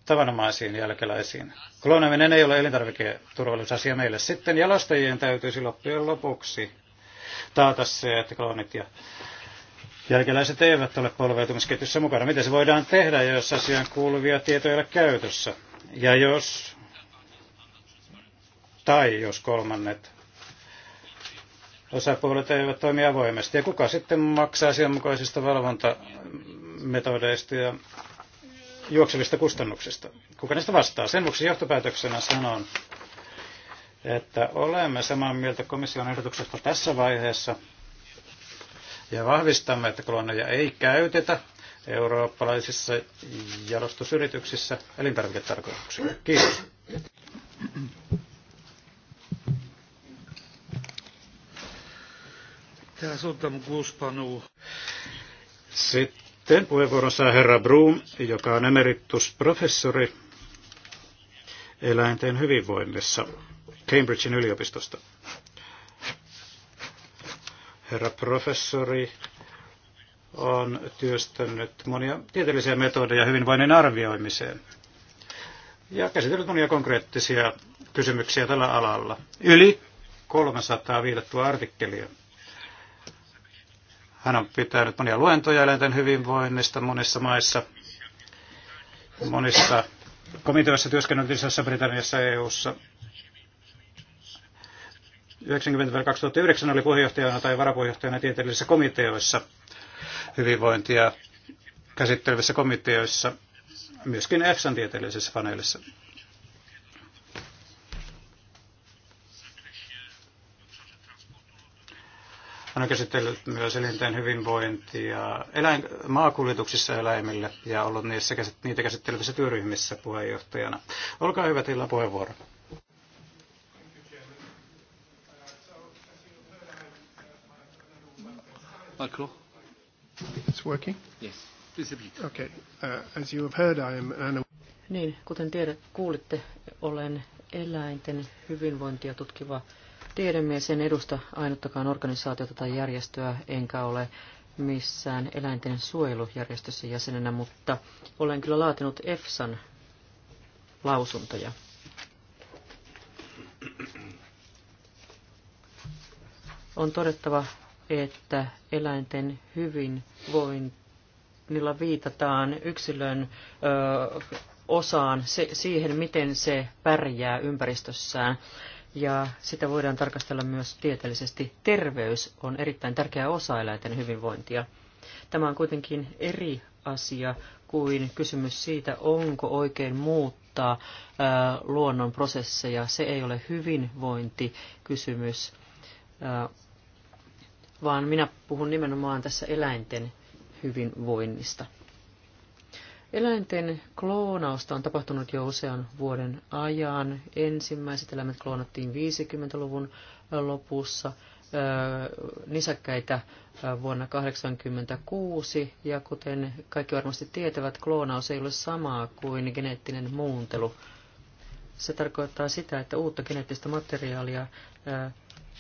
tavanomaisiin jälkeläisiin. Kloonaminen ei ole elintarviketurvallisuusasia meille. Sitten jalostajien täytyisi loppujen lopuksi taata se, että kloonit ja jälkeläiset eivät ole polveutumisketjussa mukana. Miten se voidaan tehdä, jos asiaan kuuluvia tietoja ei ole käytössä? Ja jos, tai jos kolmannet osapuolet eivät toimi avoimesti. Ja kuka sitten maksaa asianmukaisista valvontametodeista ja juoksevista kustannuksista? Kuka niistä vastaa? Sen vuoksi johtopäätöksenä sanon, että olemme samaa mieltä komission ehdotuksesta tässä vaiheessa ja vahvistamme, että kloneja ei käytetä eurooppalaisissa jalostusyrityksissä elintarviketarkoituksiin. Kiitos. Teraz oddam głos panu. Sitten puheenvuoron saa herra Broom, joka on emeritusprofessori eläinten hyvinvoinnissa Cambridgein yliopistosta. Herra professori on työstänyt monia tieteellisiä metodeja hyvinvoinnin arvioimiseen ja käsitellyt monia konkreettisia kysymyksiä tällä alalla. Yli 300 viitattua artikkelia hän on pitänyt monia luentoja eläinten hyvinvoinnista monissa maissa, monissa komiteoissa työskennellyt Isossa Britanniassa EU:ssa. 90-2009 oli puheenjohtajana tai varapuheenjohtajana tieteellisissä komiteoissa, hyvinvointia käsittelevissä komiteoissa, myöskin EFSAn tieteellisessä paneelissa. Hän on käsitellyt myös elinten hyvinvointia eläin, maakuljetuksissa eläimille ja ollut niissä, niitä käsittelevissä työryhmissä puheenjohtajana. Olkaa hyvä, teillä puheenvuoro. It's working? Yes. Okay. Uh, as you have heard, I am Niin, kuten tiedät, kuulitte, olen eläinten hyvinvointia tutkiva tiedemies, en edusta ainuttakaan organisaatiota tai järjestöä, enkä ole missään eläinten suojelujärjestössä jäsenenä, mutta olen kyllä laatinut EFSAn lausuntoja. On todettava, että eläinten hyvinvoinnilla viitataan yksilön ö, osaan, se, siihen miten se pärjää ympäristössään ja sitä voidaan tarkastella myös tieteellisesti. Terveys on erittäin tärkeä osa eläinten hyvinvointia. Tämä on kuitenkin eri asia kuin kysymys siitä, onko oikein muuttaa ää, luonnon prosesseja. Se ei ole hyvinvointikysymys, ää, vaan minä puhun nimenomaan tässä eläinten hyvinvoinnista. Eläinten kloonausta on tapahtunut jo usean vuoden ajan. Ensimmäiset eläimet kloonattiin 50-luvun lopussa, nisäkkäitä vuonna 1986, ja kuten kaikki varmasti tietävät, kloonaus ei ole samaa kuin geneettinen muuntelu. Se tarkoittaa sitä, että uutta geneettistä materiaalia,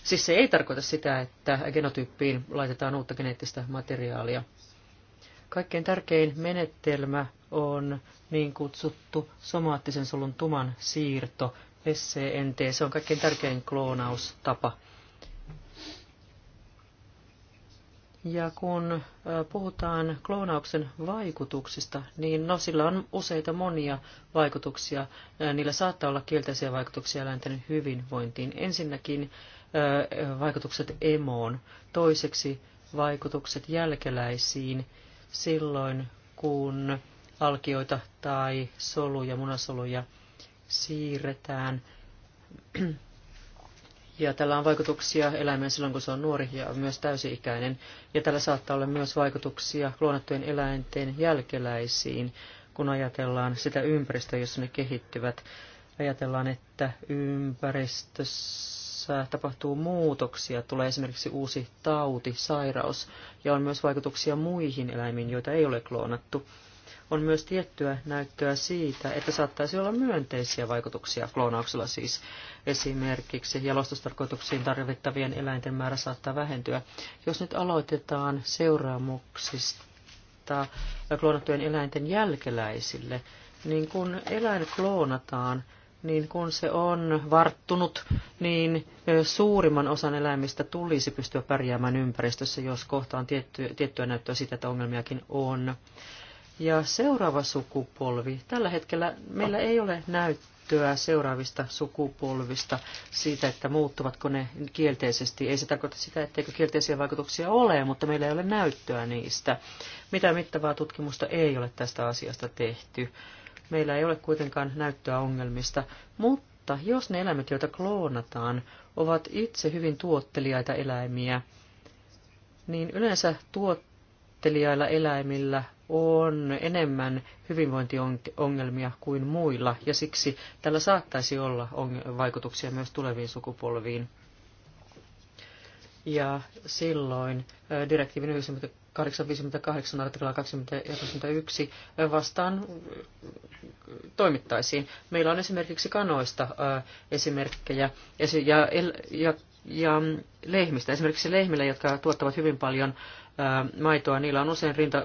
siis se ei tarkoita sitä, että genotyyppiin laitetaan uutta geneettistä materiaalia – Kaikkein tärkein menetelmä on niin kutsuttu somaattisen solun tuman siirto, SCNT. Se on kaikkein tärkein kloonaustapa. Ja kun puhutaan kloonauksen vaikutuksista, niin no, sillä on useita monia vaikutuksia. Niillä saattaa olla kielteisiä vaikutuksia eläinten hyvinvointiin. Ensinnäkin vaikutukset emoon, toiseksi vaikutukset jälkeläisiin silloin, kun alkioita tai soluja, munasoluja siirretään. Ja tällä on vaikutuksia eläimeen silloin, kun se on nuori ja myös täysi-ikäinen. Ja tällä saattaa olla myös vaikutuksia kloonattujen eläinten jälkeläisiin, kun ajatellaan sitä ympäristöä, jossa ne kehittyvät. Ajatellaan, että ympäristössä tässä tapahtuu muutoksia, tulee esimerkiksi uusi tauti, sairaus, ja on myös vaikutuksia muihin eläimiin, joita ei ole kloonattu. On myös tiettyä näyttöä siitä, että saattaisi olla myönteisiä vaikutuksia kloonauksella siis. Esimerkiksi jalostustarkoituksiin tarvittavien eläinten määrä saattaa vähentyä. Jos nyt aloitetaan seuraamuksista kloonattujen eläinten jälkeläisille, niin kun eläin kloonataan, niin kun se on varttunut, niin suurimman osan eläimistä tulisi pystyä pärjäämään ympäristössä, jos kohtaan tiettyä, tiettyä näyttöä siitä, että ongelmiakin on. Ja seuraava sukupolvi. Tällä hetkellä meillä ei ole näyttöä seuraavista sukupolvista siitä, että muuttuvatko ne kielteisesti. Ei se tarkoita sitä, etteikö kielteisiä vaikutuksia ole, mutta meillä ei ole näyttöä niistä. Mitä mittavaa tutkimusta ei ole tästä asiasta tehty. Meillä ei ole kuitenkaan näyttöä ongelmista, mutta jos ne eläimet, joita kloonataan, ovat itse hyvin tuotteliaita eläimiä, niin yleensä tuottelijailla eläimillä on enemmän hyvinvointiongelmia kuin muilla, ja siksi tällä saattaisi olla vaikutuksia myös tuleviin sukupolviin. Ja silloin direktiivin 858 artikla 21 vastaan toimittaisiin. Meillä on esimerkiksi kanoista esimerkkejä ja, ja, ja lehmistä. Esimerkiksi lehmillä, jotka tuottavat hyvin paljon maitoa, niillä on usein rinta,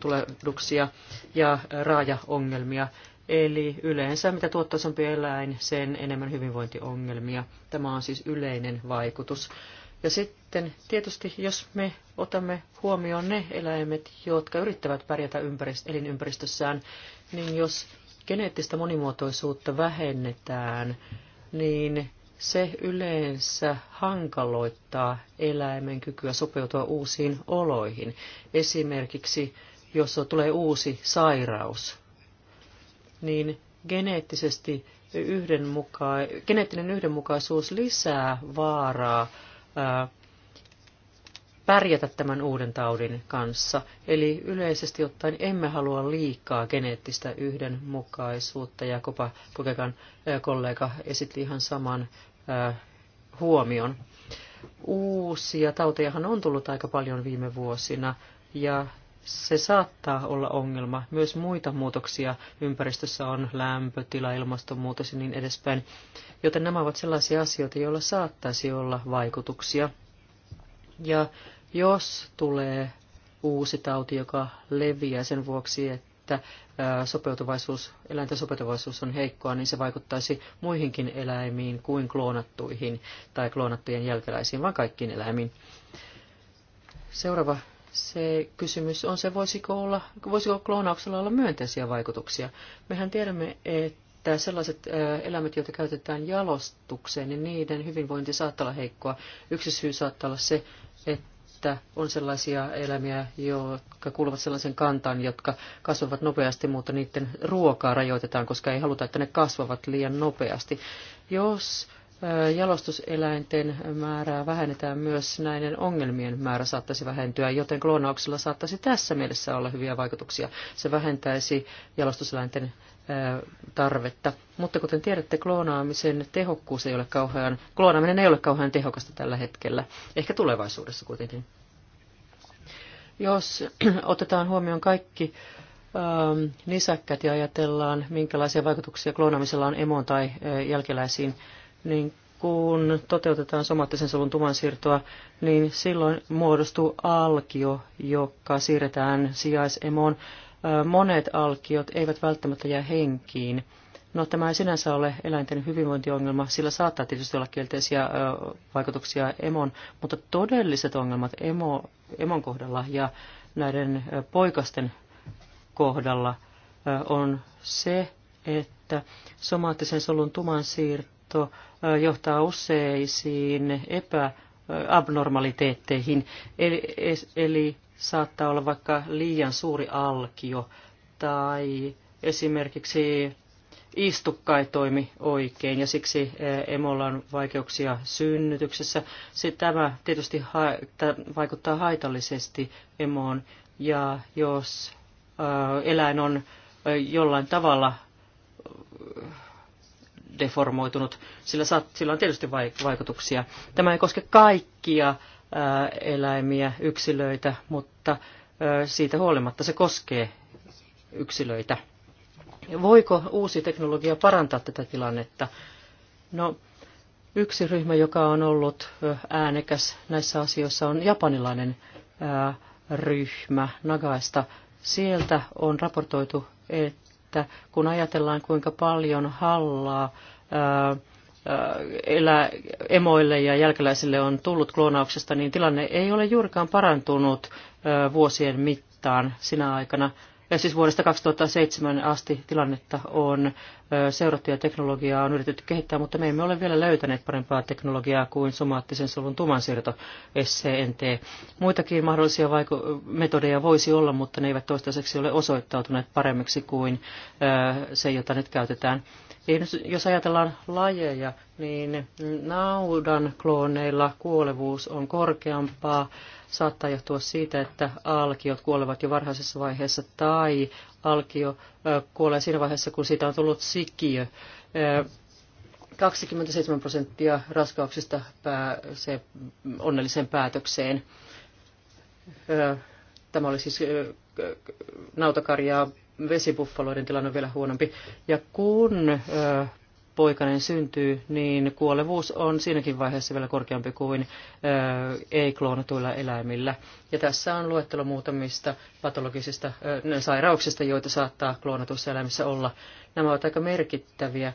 tulehduksia ja raajaongelmia. Eli yleensä mitä tuottoisempi eläin, sen enemmän hyvinvointiongelmia. Tämä on siis yleinen vaikutus. Ja sitten tietysti, jos me otamme huomioon ne eläimet, jotka yrittävät pärjätä ympärist- elinympäristössään, niin jos geneettistä monimuotoisuutta vähennetään, niin se yleensä hankaloittaa eläimen kykyä sopeutua uusiin oloihin. Esimerkiksi jos tulee uusi sairaus, niin geneettisesti yhdenmuka- geneettinen yhdenmukaisuus lisää vaaraa Äh, pärjätä tämän uuden taudin kanssa. Eli yleisesti ottaen emme halua liikaa geneettistä yhdenmukaisuutta. Ja Kopa Pukekan äh, kollega esitti ihan saman äh, huomion. Uusia tautejahan on tullut aika paljon viime vuosina ja se saattaa olla ongelma. Myös muita muutoksia ympäristössä on lämpötila, ilmastonmuutos ja niin edespäin. Joten nämä ovat sellaisia asioita, joilla saattaisi olla vaikutuksia. Ja jos tulee uusi tauti, joka leviää sen vuoksi, että sopeutuvaisuus, eläinten sopeutuvaisuus on heikkoa, niin se vaikuttaisi muihinkin eläimiin kuin kloonattuihin tai kloonattujen jälkeläisiin, vaan kaikkiin eläimiin. Seuraava se kysymys on se, voisiko, olla, voisiko kloonauksella olla myönteisiä vaikutuksia. Mehän tiedämme, että sellaiset eläimet, joita käytetään jalostukseen, niin niiden hyvinvointi saattaa olla heikkoa. Yksi syy saattaa olla se, että on sellaisia eläimiä, jotka kuuluvat sellaisen kantaan, jotka kasvavat nopeasti, mutta niiden ruokaa rajoitetaan, koska ei haluta, että ne kasvavat liian nopeasti. Jos jalostuseläinten määrää vähennetään, myös näiden ongelmien määrä saattaisi vähentyä, joten kloonauksella saattaisi tässä mielessä olla hyviä vaikutuksia. Se vähentäisi jalostuseläinten tarvetta. Mutta kuten tiedätte, kloonaamisen tehokkuus ei ole kauhean, kloonaaminen ei ole kauhean tehokasta tällä hetkellä, ehkä tulevaisuudessa kuitenkin. Jos otetaan huomioon kaikki nisäkkät ja ajatellaan, minkälaisia vaikutuksia kloonaamisella on emoon tai jälkeläisiin, niin kun toteutetaan somaattisen solun tumansiirtoa, niin silloin muodostuu alkio, joka siirretään sijaisemoon. Monet alkiot eivät välttämättä jää henkiin. No tämä ei sinänsä ole eläinten hyvinvointiongelma, sillä saattaa tietysti olla kielteisiä vaikutuksia emon, mutta todelliset ongelmat emo, emon kohdalla ja näiden poikasten kohdalla on se, että somaattisen solun tumansiirto siirto johtaa useisiin epäabnormaliteetteihin, eli, eli saattaa olla vaikka liian suuri alkio tai esimerkiksi istukka ei toimi oikein ja siksi eh, emolla on vaikeuksia synnytyksessä. Se, tämä tietysti ha, tämä vaikuttaa haitallisesti emoon ja jos ää, eh, eläin on ää, eh, jollain tavalla deformoitunut, sillä, saat, sillä on tietysti vaikutuksia. Tämä ei koske kaikkia eläimiä, yksilöitä, mutta siitä huolimatta se koskee yksilöitä. Voiko uusi teknologia parantaa tätä tilannetta? No, yksi ryhmä, joka on ollut äänekäs näissä asioissa, on japanilainen ryhmä Nagaista. Sieltä on raportoitu, että että kun ajatellaan kuinka paljon hallaa ää, elä, emoille ja jälkeläisille on tullut kloonauksesta, niin tilanne ei ole juurikaan parantunut vuosien mittaan sinä aikana siis vuodesta 2007 asti tilannetta on seurattu ja teknologiaa on yritetty kehittää, mutta me emme ole vielä löytäneet parempaa teknologiaa kuin somaattisen solun tumansiirto SCNT. Muitakin mahdollisia vaiku- metodeja voisi olla, mutta ne eivät toistaiseksi ole osoittautuneet paremmiksi kuin se, jota nyt käytetään. Niin jos ajatellaan lajeja, niin naudan klooneilla kuolevuus on korkeampaa. Saattaa johtua siitä, että alkiot kuolevat jo varhaisessa vaiheessa tai alkio kuolee siinä vaiheessa, kun siitä on tullut sikiö. 27 prosenttia raskauksista pääsee onnelliseen päätökseen. Tämä oli siis nautakarjaa vesipuffaloiden tilanne on vielä huonompi. Ja kun poikainen syntyy, niin kuolevuus on siinäkin vaiheessa vielä korkeampi kuin ei-kloonatuilla eläimillä. Ja tässä on luettelo muutamista patologisista ö, sairauksista, joita saattaa kloonatuissa eläimissä olla. Nämä ovat aika merkittäviä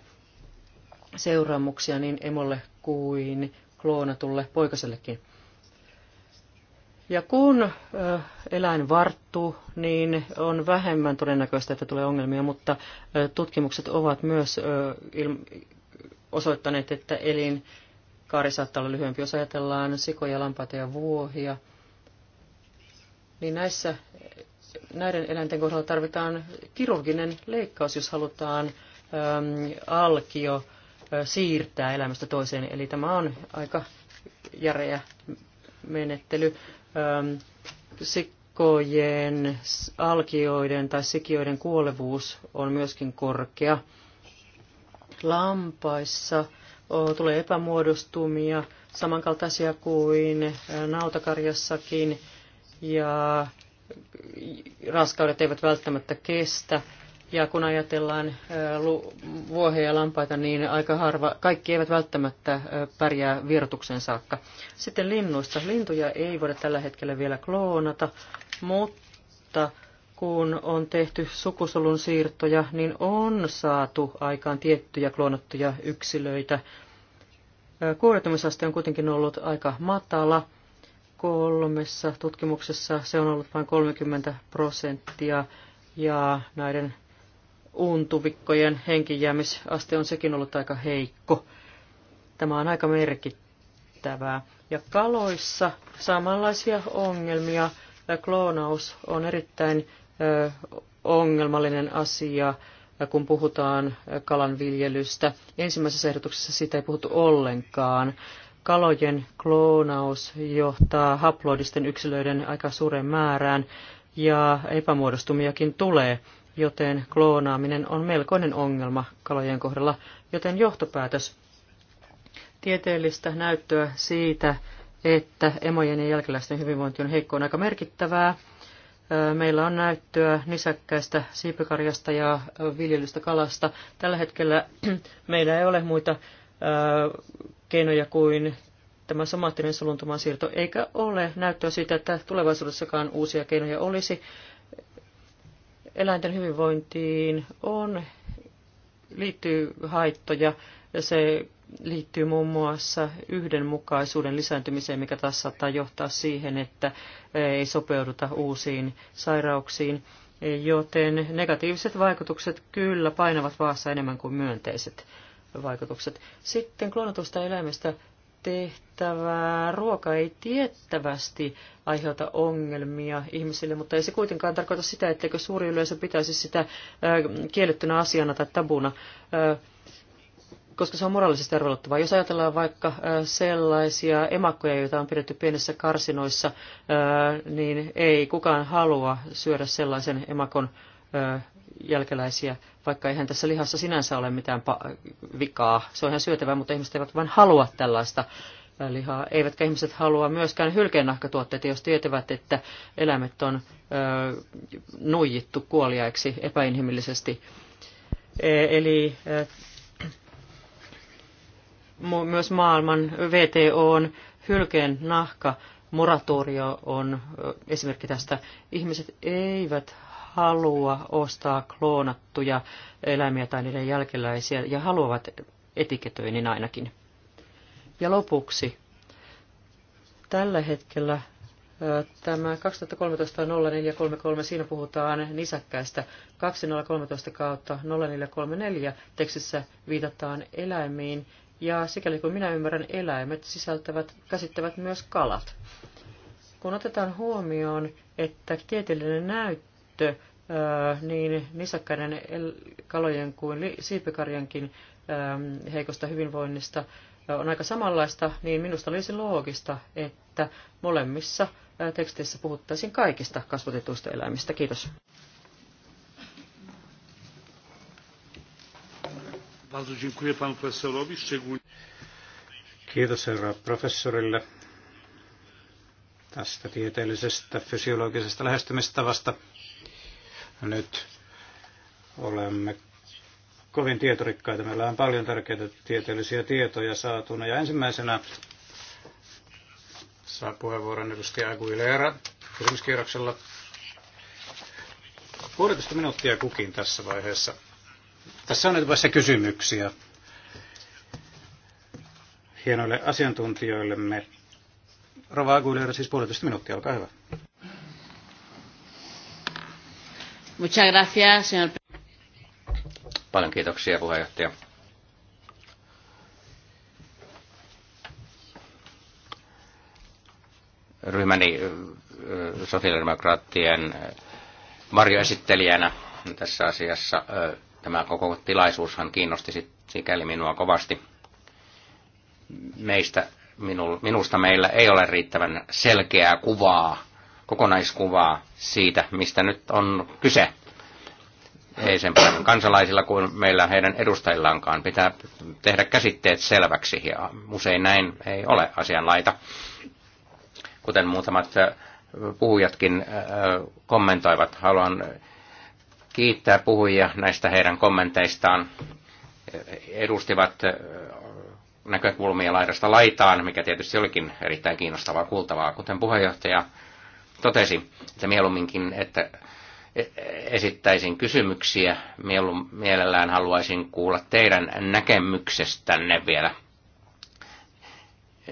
seuraamuksia niin emolle kuin kloonatulle poikasellekin. Ja kun eläin varttuu, niin on vähemmän todennäköistä, että tulee ongelmia, mutta tutkimukset ovat myös osoittaneet, että elin kaari saattaa olla lyhyempi. Jos ajatellaan sikoja, lampaita ja vuohia, niin näissä, näiden eläinten kohdalla tarvitaan kirurginen leikkaus, jos halutaan äm, alkio siirtää elämästä toiseen. Eli tämä on aika järeä menettely. Ähm, sikkojen, alkioiden tai sikioiden kuolevuus on myöskin korkea. Lampaissa tulee epämuodostumia, samankaltaisia kuin äh, nautakarjassakin, ja raskaudet eivät välttämättä kestä ja kun ajatellaan vuohia ja lampaita, niin aika harva, kaikki eivät välttämättä pärjää virtuksen saakka. Sitten linnuista. Lintuja ei voida tällä hetkellä vielä kloonata, mutta kun on tehty sukusolun siirtoja, niin on saatu aikaan tiettyjä kloonattuja yksilöitä. Kuoriutumisaste on kuitenkin ollut aika matala. Kolmessa tutkimuksessa se on ollut vain 30 prosenttia ja näiden Uuntuvikkojen henkijäämisaste on sekin ollut aika heikko. Tämä on aika merkittävää. Ja kaloissa samanlaisia ongelmia. Kloonaus on erittäin ongelmallinen asia, kun puhutaan kalanviljelystä. Ensimmäisessä ehdotuksessa siitä ei puhuttu ollenkaan. Kalojen kloonaus johtaa haploidisten yksilöiden aika suureen määrään ja epämuodostumiakin tulee joten kloonaaminen on melkoinen ongelma kalojen kohdalla, joten johtopäätös. Tieteellistä näyttöä siitä, että emojen ja jälkeläisten hyvinvointi on heikko, on aika merkittävää. Meillä on näyttöä nisäkkäistä siipikarjasta ja viljelystä kalasta. Tällä hetkellä meillä ei ole muita keinoja kuin tämä somaattinen soluntuman siirto, eikä ole näyttöä siitä, että tulevaisuudessakaan uusia keinoja olisi eläinten hyvinvointiin on, liittyy haittoja. Se liittyy muun muassa yhdenmukaisuuden lisääntymiseen, mikä taas saattaa johtaa siihen, että ei sopeuduta uusiin sairauksiin. Joten negatiiviset vaikutukset kyllä painavat vaassa enemmän kuin myönteiset vaikutukset. Sitten klonatusta eläimestä tehtävää. Ruoka ei tiettävästi aiheuta ongelmia ihmisille, mutta ei se kuitenkaan tarkoita sitä, etteikö suuri yleisö pitäisi sitä kiellettynä asiana tai tabuna, koska se on moraalisesti arveluttavaa. Jos ajatellaan vaikka sellaisia emakkoja, joita on pidetty pienissä karsinoissa, niin ei kukaan halua syödä sellaisen emakon jälkeläisiä, vaikka eihän tässä lihassa sinänsä ole mitään vikaa. Se on ihan syötävää, mutta ihmiset eivät vain halua tällaista äh, lihaa. Eivätkä ihmiset halua myöskään hylkeennahkatuotteita, jos tietävät, että eläimet on ö, äh, nuijittu kuoliaiksi epäinhimillisesti. E- eli ö, äh, myös maailman VTO on hylkeen nahka. Moratorio on esimerkki tästä. Ihmiset eivät halua ostaa kloonattuja eläimiä tai niiden jälkeläisiä ja haluavat etiketöinnin ainakin. Ja lopuksi, tällä hetkellä tämä 2013-0433, siinä puhutaan nisäkkäistä 2013 kautta 0434 tekstissä viitataan eläimiin, ja sikäli kuin minä ymmärrän, eläimet sisältävät, käsittävät myös kalat kun otetaan huomioon, että tieteellinen näyttö käyttö niin nisäkkäiden kalojen kuin siipikarjankin heikosta hyvinvoinnista on aika samanlaista, niin minusta olisi loogista, että molemmissa teksteissä puhuttaisiin kaikista kasvatetuista eläimistä. Kiitos. Kiitos herra professorille tästä tieteellisestä fysiologisesta lähestymistavasta. Nyt olemme kovin tietorikkaita. Meillä on paljon tärkeitä tieteellisiä tietoja saatuna. Ja ensimmäisenä saa puheenvuoron edustaja Aguilera kysymyskierroksella. Puolitoista minuuttia kukin tässä vaiheessa. Tässä on nyt vaiheessa kysymyksiä hienoille asiantuntijoillemme. Rova Aguilera, siis puolitoista minuuttia, olkaa hyvä. Muchas gracias, señor. Paljon kiitoksia, puheenjohtaja. Ryhmäni sosiaalidemokraattien varjoesittelijänä tässä asiassa tämä koko tilaisuushan kiinnosti sikäli minua kovasti. Meistä, minusta meillä ei ole riittävän selkeää kuvaa kokonaiskuvaa siitä, mistä nyt on kyse. Ei sen kansalaisilla kuin meillä heidän edustajillaankaan. Pitää tehdä käsitteet selväksi ja usein näin ei ole asianlaita. Kuten muutamat äh, puhujatkin äh, kommentoivat, haluan kiittää puhujia näistä heidän kommenteistaan. Edustivat äh, näkökulmia laidasta laitaan, mikä tietysti olikin erittäin kiinnostavaa kuultavaa. Kuten puheenjohtaja totesi, että mieluumminkin, että esittäisin kysymyksiä. Mielu, mielellään haluaisin kuulla teidän näkemyksestänne vielä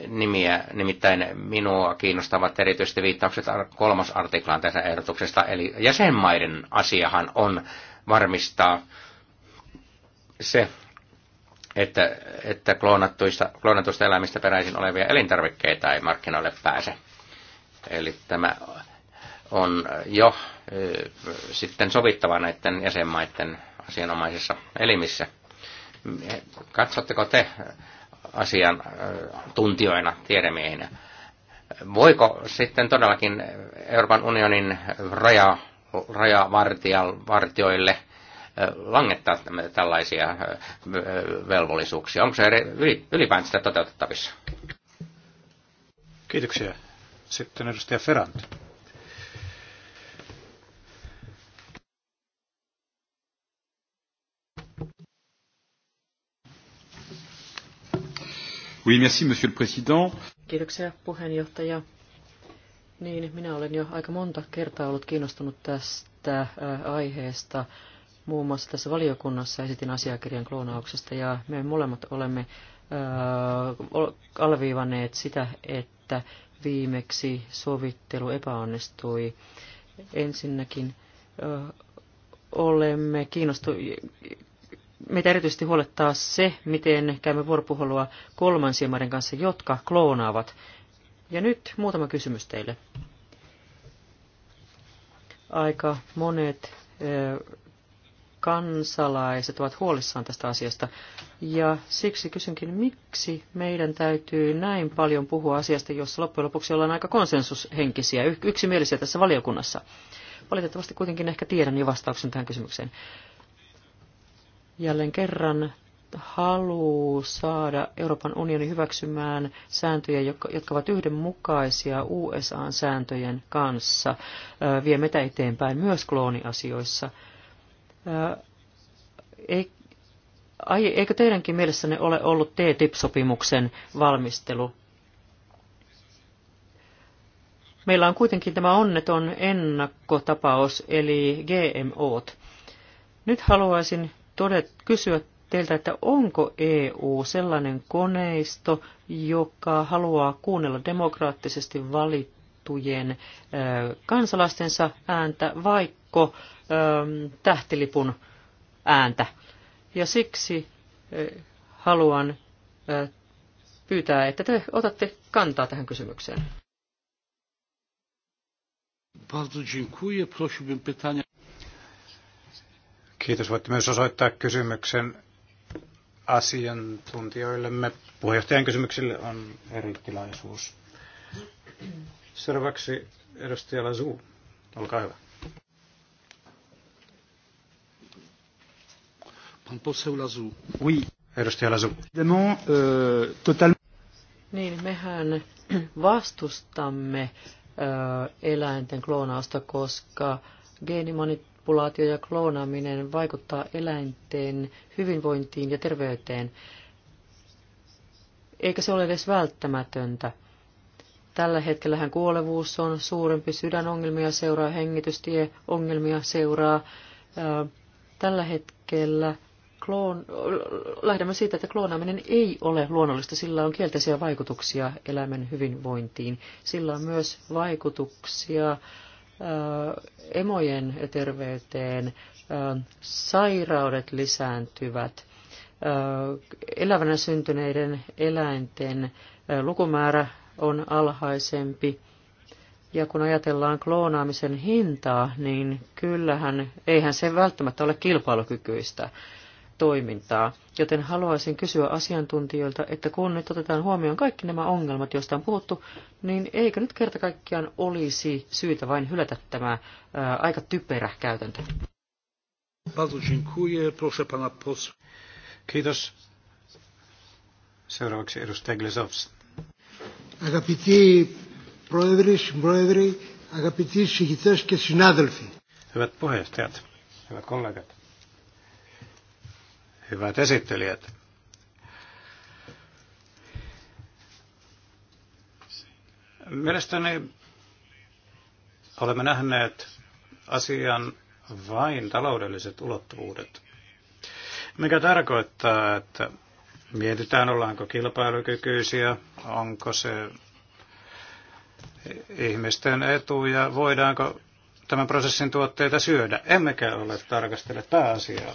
nimiä. Nimittäin minua kiinnostavat erityisesti viittaukset kolmas artiklaan tässä ehdotuksesta. Eli jäsenmaiden asiahan on varmistaa se, että, että kloonattuista, kloonatuista eläimistä peräisin olevia elintarvikkeita ei markkinoille pääse Eli tämä on jo sitten sovittava näiden jäsenmaiden asianomaisissa elimissä. Katsotteko te asian tuntijoina, tiedemiehinä, voiko sitten todellakin Euroopan unionin raja, rajavartijoille langettaa tällaisia velvollisuuksia? Onko se ylipäänsä toteutettavissa? Kiitoksia. Sitten edustaja Oui, merci, monsieur le président. Kiitoksia puheenjohtaja. Niin, minä olen jo aika monta kertaa ollut kiinnostunut tästä aiheesta. Muun muassa tässä valiokunnassa esitin asiakirjan kloonauksesta ja me molemmat olemme äh, alviivanneet sitä, että viimeksi sovittelu epäonnistui. Ensinnäkin ö, olemme kiinnostuneet, meitä erityisesti huolettaa se, miten käymme vuoropuhelua kolmansien maiden kanssa, jotka kloonaavat. Ja nyt muutama kysymys teille. Aika monet ö, kansalaiset ovat huolissaan tästä asiasta. Ja siksi kysynkin, miksi meidän täytyy näin paljon puhua asiasta, jossa loppujen lopuksi ollaan aika konsensushenkisiä, yksimielisiä tässä valiokunnassa. Valitettavasti kuitenkin ehkä tiedän jo vastauksen tähän kysymykseen. Jälleen kerran halu saada Euroopan unioni hyväksymään sääntöjä, jotka ovat yhdenmukaisia USA-sääntöjen kanssa, vie meitä eteenpäin myös klooniasioissa. Eikä Ai, eikö teidänkin mielessänne ole ollut TTIP-sopimuksen valmistelu? Meillä on kuitenkin tämä onneton ennakkotapaus, eli GMOt. Nyt haluaisin todet, kysyä teiltä, että onko EU sellainen koneisto, joka haluaa kuunnella demokraattisesti valittujen kansalaistensa ääntä, vaikka tähtilipun ääntä? Ja siksi haluan pyytää, että te otatte kantaa tähän kysymykseen. Kiitos. Voitte myös osoittaa kysymyksen asiantuntijoillemme. Puheenjohtajan kysymyksille on eri tilaisuus. Seuraavaksi edustaja Lazu, olkaa hyvä. Oui. Edustaja Lazu. E, niin, mehän vastustamme e, eläinten kloonausta, koska geenimanipulaatio ja kloonaaminen vaikuttaa eläinten hyvinvointiin ja terveyteen. Eikä se ole edes välttämätöntä. Tällä hetkellähän kuolevuus on suurempi, sydänongelmia seuraa, hengitystieongelmia seuraa. E, tällä hetkellä kloon, lähdemme siitä, että kloonaaminen ei ole luonnollista. Sillä on kielteisiä vaikutuksia eläimen hyvinvointiin. Sillä on myös vaikutuksia emojen terveyteen, sairaudet lisääntyvät, elävänä syntyneiden eläinten lukumäärä on alhaisempi. Ja kun ajatellaan kloonaamisen hintaa, niin kyllähän, eihän se välttämättä ole kilpailukykyistä toimintaa. Joten haluaisin kysyä asiantuntijoilta, että kun nyt otetaan huomioon kaikki nämä ongelmat, joista on puhuttu, niin eikö nyt kerta kaikkiaan olisi syytä vain hylätä tämä ää, aika typerä käytäntö? Kiitos. Seuraavaksi edustaja Glesovs. Αγαπητοί πρόεδροι, συμπρόεδροι, αγαπητοί συγητές και Hyvät puheenjohtajat, hyvät kollegat hyvät esittelijät. Mielestäni olemme nähneet asian vain taloudelliset ulottuvuudet, mikä tarkoittaa, että mietitään ollaanko kilpailukykyisiä, onko se ihmisten etu ja voidaanko tämän prosessin tuotteita syödä. Emmekä ole tarkastele pääasiaa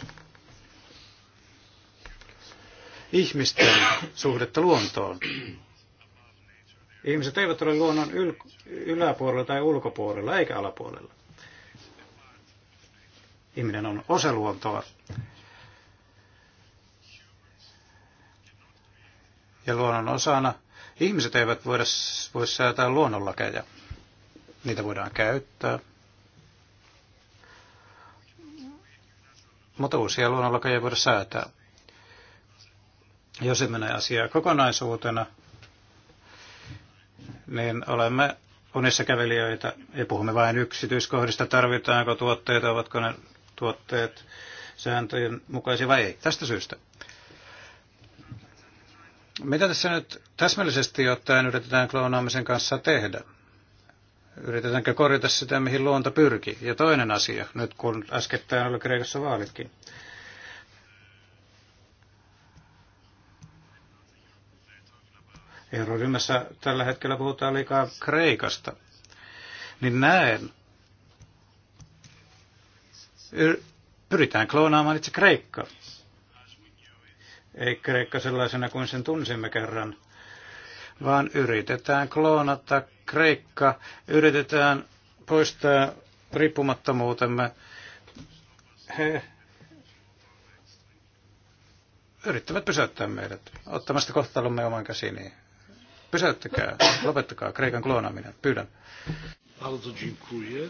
ihmisten suhdetta luontoon. Ihmiset eivät ole luonnon yl- yläpuolella tai ulkopuolella eikä alapuolella. Ihminen on osa luontoa. Ja luonnon osana ihmiset eivät voida, voi säätää luonnonlakeja. Niitä voidaan käyttää. Mutta uusia luonnonlakeja ei voida säätää. Jos emme asiaa kokonaisuutena, niin olemme unissa kävelijöitä ja puhumme vain yksityiskohdista, tarvitaanko tuotteita, ovatko ne tuotteet sääntöjen mukaisia vai ei. Tästä syystä. Mitä tässä nyt täsmällisesti ottaen yritetään kloonaamisen kanssa tehdä? Yritetäänkö korjata sitä, mihin luonto pyrkii? Ja toinen asia, nyt kun äskettäin oli Kreikassa vaalitkin. Euroryhmässä tällä hetkellä puhutaan liikaa Kreikasta. Niin näen, pyritään kloonaamaan itse Kreikka. Ei Kreikka sellaisena kuin sen tunsimme kerran, vaan yritetään kloonata Kreikka, yritetään poistaa riippumattomuutemme. He yrittävät pysäyttää meidät ottamasta kohtalomme oman käsiin. Pysäyttäkää, lopettakaa Kreikan kloonaaminen, pyydän. Bardzo dziękuję.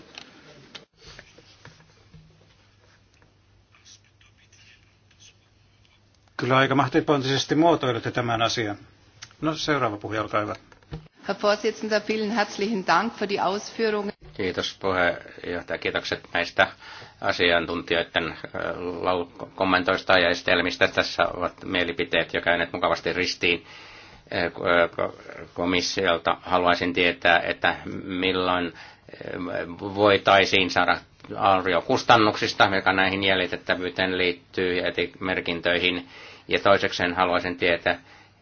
Kyllä aika mahtipontisesti muotoilette tämän asian. No seuraava puhuja, olkaa hyvä. Herr Vorsitzender, vielen herzlichen Dank für die Ausführungen. Kiitos puheenjohtaja, kiitokset näistä asiantuntijoiden äh, kommentoista ja estelmistä. Tässä ovat mielipiteet jo käyneet mukavasti ristiin komissiolta haluaisin tietää, että milloin eh, voitaisiin saada kustannuksista, joka näihin jäljitettävyyteen liittyy ja merkintöihin. Ja toisekseen haluaisin tietää,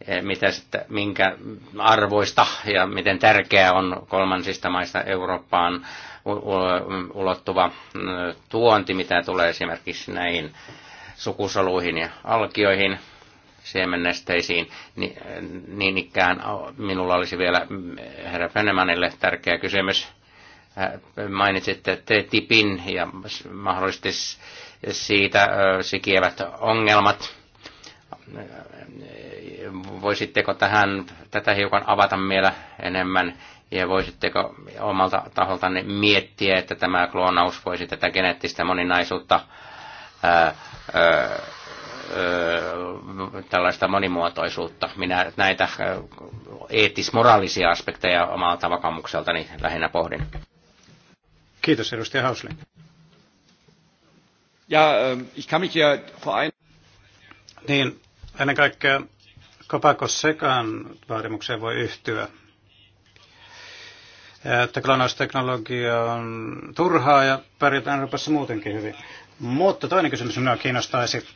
eh, mitä sitten, minkä arvoista ja miten tärkeää on kolmansista maista Eurooppaan ulottuva mm, tuonti, mitä tulee esimerkiksi näihin sukusoluihin ja alkioihin siemennesteisiin, niin, niin ikään minulla olisi vielä herra Fenemanille tärkeä kysymys. Mainitsitte TTIPin ja mahdollisesti siitä sikievät ongelmat. Voisitteko tähän, tätä hiukan avata vielä enemmän ja voisitteko omalta taholtanne miettiä, että tämä kloonaus voisi tätä geneettistä moninaisuutta ää, ää, tällaista monimuotoisuutta. Minä näitä eettis-moraalisia aspekteja omalta vakamukseltani lähinnä pohdin. Kiitos, edustaja Hausli. Ja, ich kann mich hier ein... Niin, ennen kaikkea Kopakos Sekan vaatimukseen voi yhtyä. Että klonausteknologia on turhaa ja pärjätään Euroopassa muutenkin hyvin. Mutta toinen kysymys minua kiinnostaisi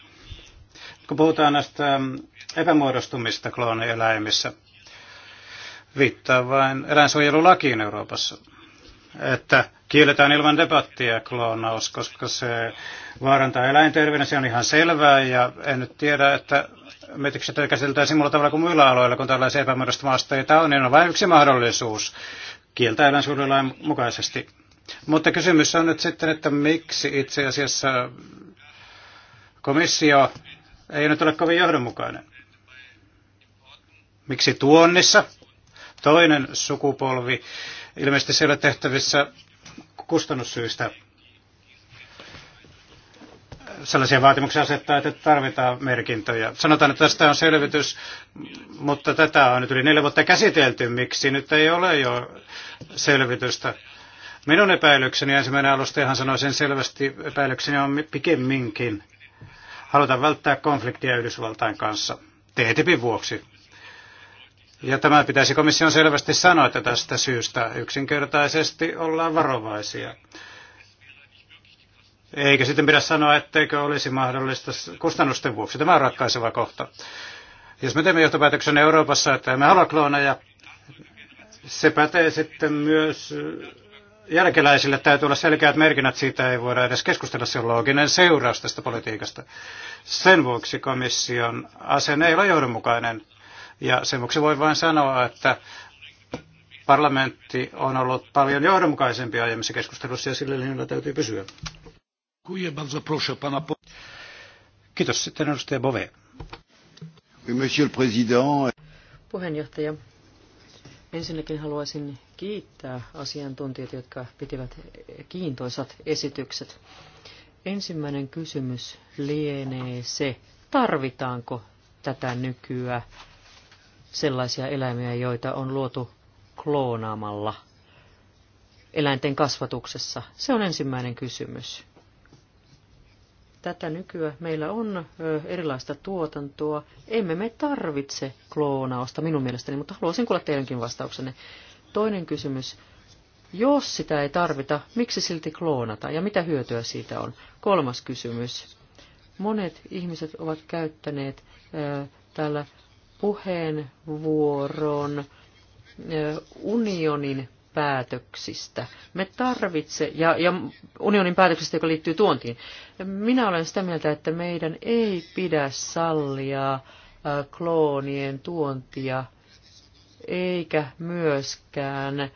kun puhutaan näistä epämuodostumista kloonieläimissä, viittaa vain eläinsuojelulakiin Euroopassa, että kielletään ilman debattia kloonaus, koska se vaarantaa eläinterveyden, se on ihan selvää, ja en nyt tiedä, että sitä käsitellään samalla tavalla kuin muilla aloilla, kun tällaisia epämuodosta on, niin on vain yksi mahdollisuus kieltää eläinsuojelulain mukaisesti. Mutta kysymys on nyt sitten, että miksi itse asiassa komissio ei nyt ole kovin johdonmukainen. Miksi tuonnissa? Toinen sukupolvi ilmeisesti siellä tehtävissä kustannussyistä. Sellaisia vaatimuksia asettaa, että tarvitaan merkintöjä. Sanotaan, että tästä on selvitys, mutta tätä on nyt yli neljä vuotta käsitelty. Miksi nyt ei ole jo selvitystä? Minun epäilykseni, ensimmäinen alustajahan sanoi sen selvästi, epäilykseni on pikemminkin, haluta välttää konfliktia Yhdysvaltain kanssa TTIPin vuoksi. Ja tämä pitäisi komission selvästi sanoa, että tästä syystä yksinkertaisesti ollaan varovaisia. Eikä sitten pidä sanoa, etteikö olisi mahdollista kustannusten vuoksi. Tämä on ratkaiseva kohta. Jos me teemme johtopäätöksen Euroopassa, että emme halua klooneja, se pätee sitten myös jälkeläisille täytyy olla selkeät merkinnät, siitä ei voida edes keskustella, se on looginen seuraus tästä politiikasta. Sen vuoksi komission asenne ei ole johdonmukainen, ja sen vuoksi voi vain sanoa, että parlamentti on ollut paljon johdonmukaisempi aiemmissa keskustelussa, ja sillä linjalla täytyy pysyä. Kiitos. Sitten edustaja Bove. Puheenjohtaja, ensinnäkin haluaisin kiittää asiantuntijoita, jotka pitivät kiintoisat esitykset. Ensimmäinen kysymys lienee se, tarvitaanko tätä nykyä sellaisia eläimiä, joita on luotu kloonaamalla eläinten kasvatuksessa? Se on ensimmäinen kysymys. Tätä nykyä meillä on erilaista tuotantoa. Emme me tarvitse kloonausta minun mielestäni, mutta haluaisin kuulla teidänkin vastauksenne. Toinen kysymys. Jos sitä ei tarvita, miksi silti kloonata ja mitä hyötyä siitä on? Kolmas kysymys. Monet ihmiset ovat käyttäneet äh, täällä puheenvuoron unionin päätöksistä. Me tarvitse, ja, ja unionin päätöksistä, joka liittyy tuontiin. Minä olen sitä mieltä, että meidän ei pidä sallia kloonien tuontia eikä myöskään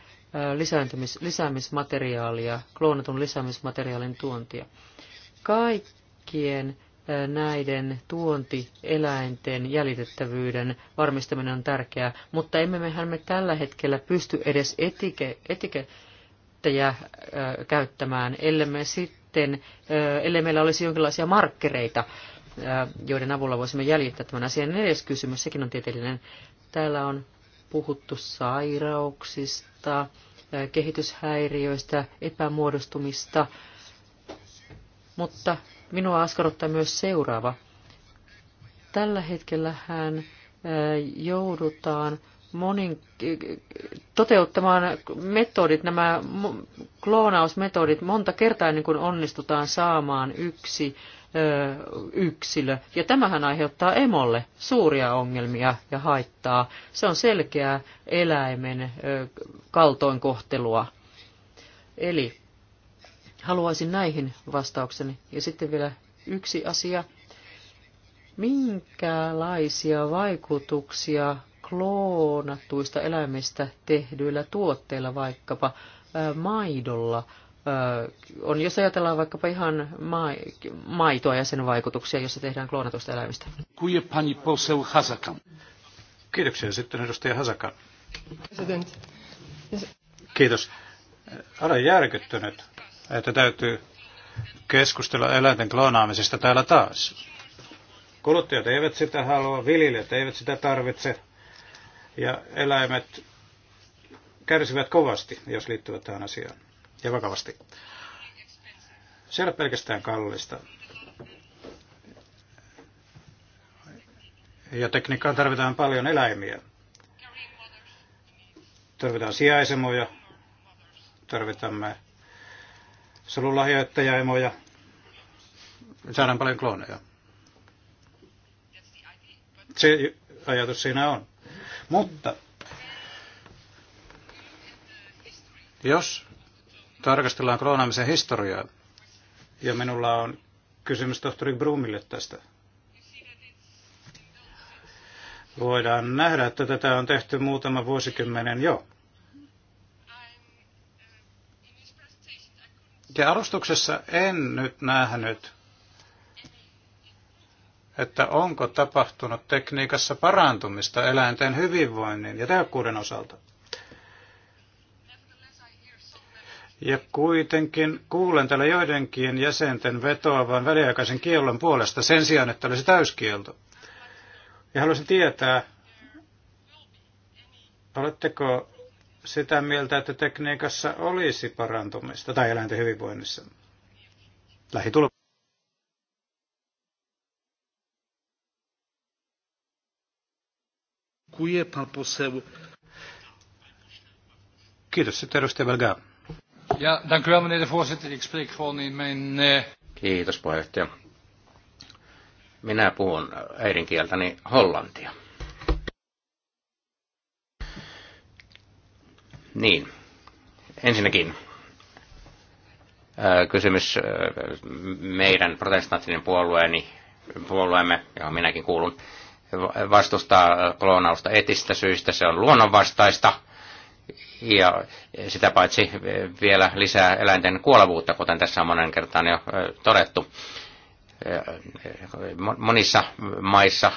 lisääntymis, lisäämismateriaalia, kloonatun lisäämismateriaalin tuontia. Kaikkien näiden tuontieläinten jäljitettävyyden varmistaminen on tärkeää, mutta emme mehän me tällä hetkellä pysty edes etike, etikettejä käyttämään, ellemme sitten, ellei meillä olisi jonkinlaisia markkereita, joiden avulla voisimme jäljittää tämän asian. Neljäs kysymys, sekin on tieteellinen. Täällä on puhuttu sairauksista, kehityshäiriöistä, epämuodostumista, mutta minua askarruttaa myös seuraava. Tällä hetkellä hän joudutaan monin, toteuttamaan metodit, nämä kloonausmetodit monta kertaa ennen kuin onnistutaan saamaan yksi yksilö. Ja tämähän aiheuttaa emolle suuria ongelmia ja haittaa. Se on selkeää eläimen kaltoinkohtelua. Eli haluaisin näihin vastaukseni. Ja sitten vielä yksi asia. Minkälaisia vaikutuksia kloonattuista eläimistä tehdyillä tuotteilla, vaikkapa maidolla, on, jos ajatellaan vaikkapa ihan ma- maitoa ja sen vaikutuksia, jossa tehdään kloonatusta eläimistä. Kiitoksia. Sitten edustaja Hasaka. Kiitos. Olen järkyttynyt, että täytyy keskustella eläinten kloonaamisesta täällä taas. Kuluttajat eivät sitä halua, viljelijät eivät sitä tarvitse ja eläimet kärsivät kovasti, jos liittyvät tähän asiaan ja vakavasti. Se ei ole pelkästään kallista. Ja tekniikkaan tarvitaan paljon eläimiä. Tarvitaan sijaisemoja, tarvitamme solulahjoittajaemoja, saadaan paljon klooneja. Se ajatus siinä on. Mutta jos tarkastellaan kloonaamisen historiaa. Ja minulla on kysymys tohtori Brumille tästä. Voidaan nähdä, että tätä on tehty muutama vuosikymmenen jo. Ja alustuksessa en nyt nähnyt, että onko tapahtunut tekniikassa parantumista eläinten hyvinvoinnin ja tehokkuuden osalta. Ja kuitenkin kuulen täällä joidenkin jäsenten vetoavan väliaikaisen kiellon puolesta sen sijaan, että olisi täyskielto. Ja haluaisin tietää, oletteko sitä mieltä, että tekniikassa olisi parantumista tai eläinten hyvinvoinnissa lähitulo. Kiitos sitten edustaja Belgaa. Ja, dank u wel, meneer de voorzitter. Ik spreek gewoon in mijn... Eh, Kiitos, puheenjohtaja. Minä puhun eh, äidinkieltäni hollantia. Niin, ensinnäkin eh, kysymys meidän protestanttinen puolueeni, puolueemme, johon minäkin kuulun, vastustaa kloonausta etistä syistä. Se on luonnonvastaista ja sitä paitsi vielä lisää eläinten kuolevuutta, kuten tässä on monen kertaan jo todettu. Monissa maissa,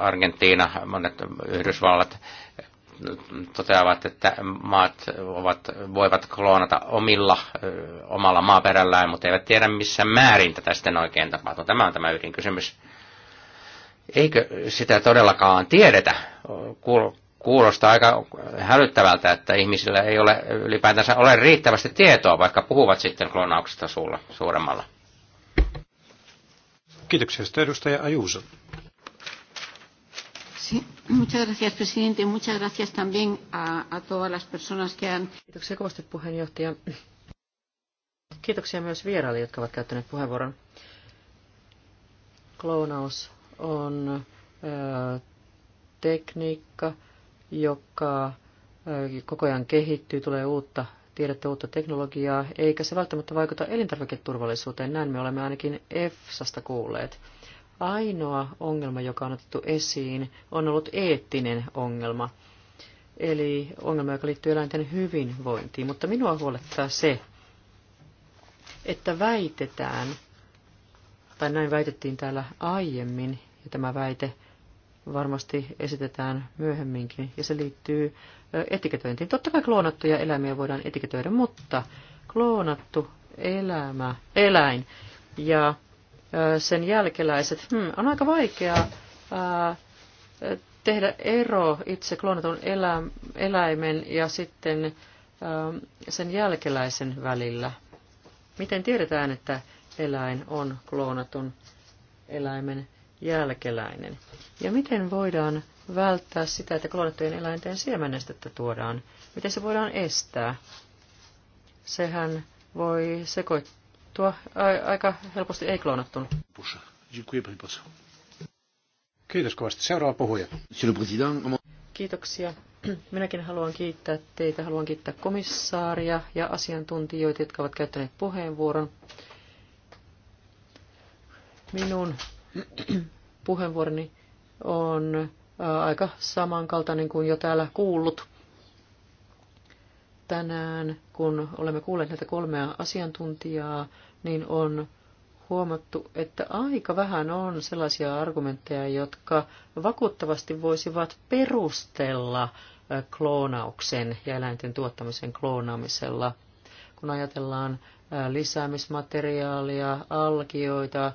Argentiina, monet Yhdysvallat, toteavat, että maat ovat, voivat kloonata omilla, omalla maaperällään, mutta eivät tiedä missä määrin tätä sitten oikein tapahtuu. Tämä on tämä ydinkysymys. Eikö sitä todellakaan tiedetä? kuulostaa aika hälyttävältä, että ihmisillä ei ole ylipäätänsä ole riittävästi tietoa, vaikka puhuvat sitten klonauksesta suulla, suuremmalla. Kiitoksia. Sitten edustaja Ajuuso. muchas gracias, presidente. Muchas gracias también a, todas las personas que han... Kiitoksia kovasti puheenjohtaja. Kiitoksia myös vieraille, jotka ovat käyttäneet puheenvuoron. Kloonaus on ö, tekniikka, joka koko ajan kehittyy, tulee uutta tiedettä, uutta teknologiaa, eikä se välttämättä vaikuta elintarviketurvallisuuteen, näin me olemme ainakin EFSAsta kuulleet. Ainoa ongelma, joka on otettu esiin, on ollut eettinen ongelma, eli ongelma, joka liittyy eläinten hyvinvointiin. Mutta minua huolettaa se, että väitetään, tai näin väitettiin täällä aiemmin, ja tämä väite varmasti esitetään myöhemminkin, ja se liittyy etiketöintiin. Totta kai kloonattuja eläimiä voidaan etiketöidä, mutta kloonattu elämä, eläin ja sen jälkeläiset, hmm, on aika vaikeaa tehdä ero itse kloonatun elä, eläimen ja sitten sen jälkeläisen välillä. Miten tiedetään, että eläin on kloonatun eläimen jälkeläinen. Ja miten voidaan välttää sitä, että kloonattujen eläinten siemenestettä tuodaan? Miten se voidaan estää? Sehän voi sekoittua aika helposti ei-kloonattun. Kiitos kovasti. Seuraava puhuja. Kiitoksia. Minäkin haluan kiittää teitä, haluan kiittää komissaaria ja asiantuntijoita, jotka ovat käyttäneet puheenvuoron. Minun puheenvuoroni on aika samankaltainen kuin jo täällä kuullut. Tänään, kun olemme kuulleet näitä kolmea asiantuntijaa, niin on huomattu, että aika vähän on sellaisia argumentteja, jotka vakuuttavasti voisivat perustella kloonauksen ja eläinten tuottamisen kloonaamisella. Kun ajatellaan lisäämismateriaalia, alkioita,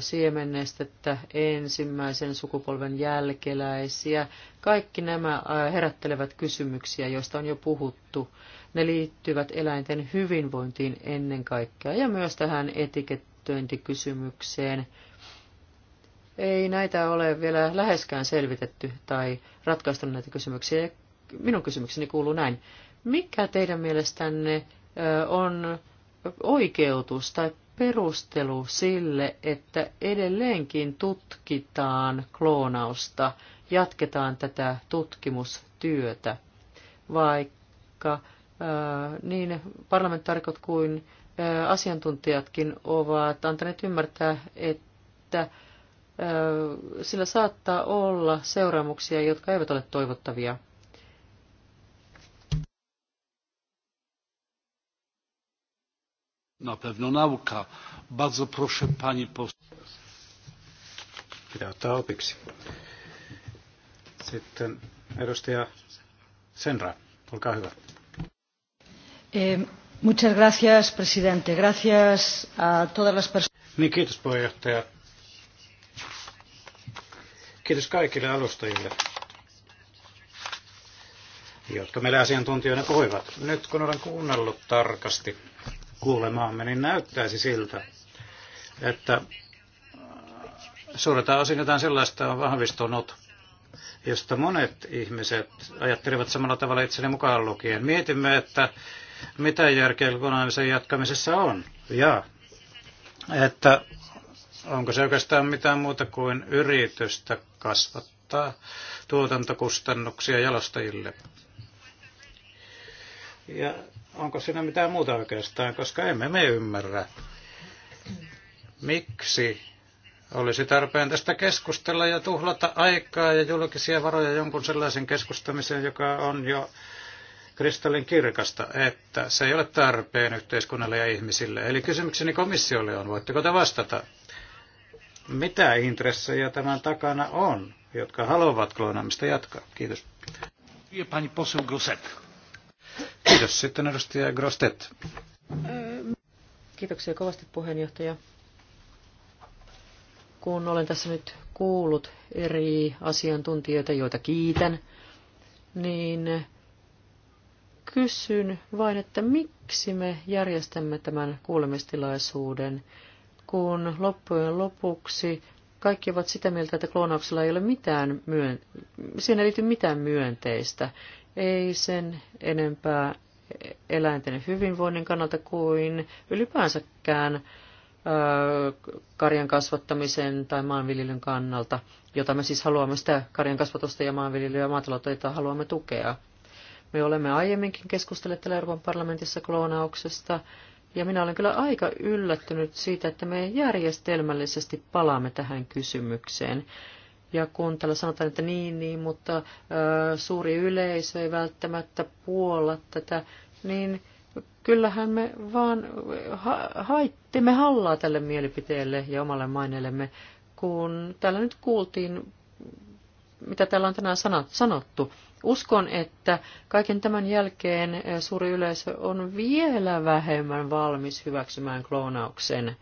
siemennestettä, ensimmäisen sukupolven jälkeläisiä. Kaikki nämä herättelevät kysymyksiä, joista on jo puhuttu. Ne liittyvät eläinten hyvinvointiin ennen kaikkea ja myös tähän etikettöintikysymykseen. Ei näitä ole vielä läheskään selvitetty tai ratkaistu näitä kysymyksiä. Minun kysymykseni kuuluu näin. Mikä teidän mielestänne on oikeutus tai perustelu sille, että edelleenkin tutkitaan kloonausta, jatketaan tätä tutkimustyötä, vaikka äh, niin parlamentaarikot kuin äh, asiantuntijatkin ovat antaneet ymmärtää, että äh, sillä saattaa olla seuraamuksia, jotka eivät ole toivottavia. na pewno nauka. Bardzo proszę pani poseł. ottaa opiksi. Sitten edustaja Senra, olkaa hyvä. Eh, muchas gracias, presidente. Gracias a todas las personas. Niin, kiitos puheenjohtaja. Kiitos kaikille alustajille, jotka meille asiantuntijoina puhuivat. Nyt kun olen kuunnellut tarkasti kuulemaamme, niin näyttäisi siltä, että suurelta osin jotain sellaista on vahvistunut, josta monet ihmiset ajattelevat samalla tavalla itseni mukaan lukien. Mietimme, että mitä järkeä kunnallisen jatkamisessa on. Ja että onko se oikeastaan mitään muuta kuin yritystä kasvattaa tuotantokustannuksia jalostajille. Ja onko siinä mitään muuta oikeastaan, koska emme me ymmärrä, miksi olisi tarpeen tästä keskustella ja tuhlata aikaa ja julkisia varoja jonkun sellaisen keskustamiseen, joka on jo kristallin kirkasta, että se ei ole tarpeen yhteiskunnalle ja ihmisille. Eli kysymykseni komissiolle on, voitteko te vastata? Mitä intressejä tämän takana on, jotka haluavat kloonaamista jatkaa? Kiitos. Pani poseł Gruset. Kiitos. Sitten edustaja Grostet. Kiitoksia kovasti puheenjohtaja. Kun olen tässä nyt kuullut eri asiantuntijoita, joita kiitän, niin kysyn vain, että miksi me järjestämme tämän kuulemistilaisuuden, kun loppujen lopuksi kaikki ovat sitä mieltä, että kloonauksella ei ole mitään myön... siihen ei liity mitään myönteistä ei sen enempää eläinten hyvinvoinnin kannalta kuin ylipäänsäkään karjan kasvattamisen tai maanviljelyn kannalta, jota me siis haluamme sitä karjan kasvatusta ja maanviljelyä ja maataloutta, haluamme tukea. Me olemme aiemminkin keskustelleet täällä Euroopan parlamentissa kloonauksesta, ja minä olen kyllä aika yllättynyt siitä, että me järjestelmällisesti palaamme tähän kysymykseen. Ja kun täällä sanotaan, että niin, niin, mutta suuri yleisö ei välttämättä puolla tätä, niin kyllähän me vaan ha- haittimme hallaa tälle mielipiteelle ja omalle maineellemme, kun täällä nyt kuultiin, mitä täällä on tänään sanottu. Uskon, että kaiken tämän jälkeen suuri yleisö on vielä vähemmän valmis hyväksymään kloonauksen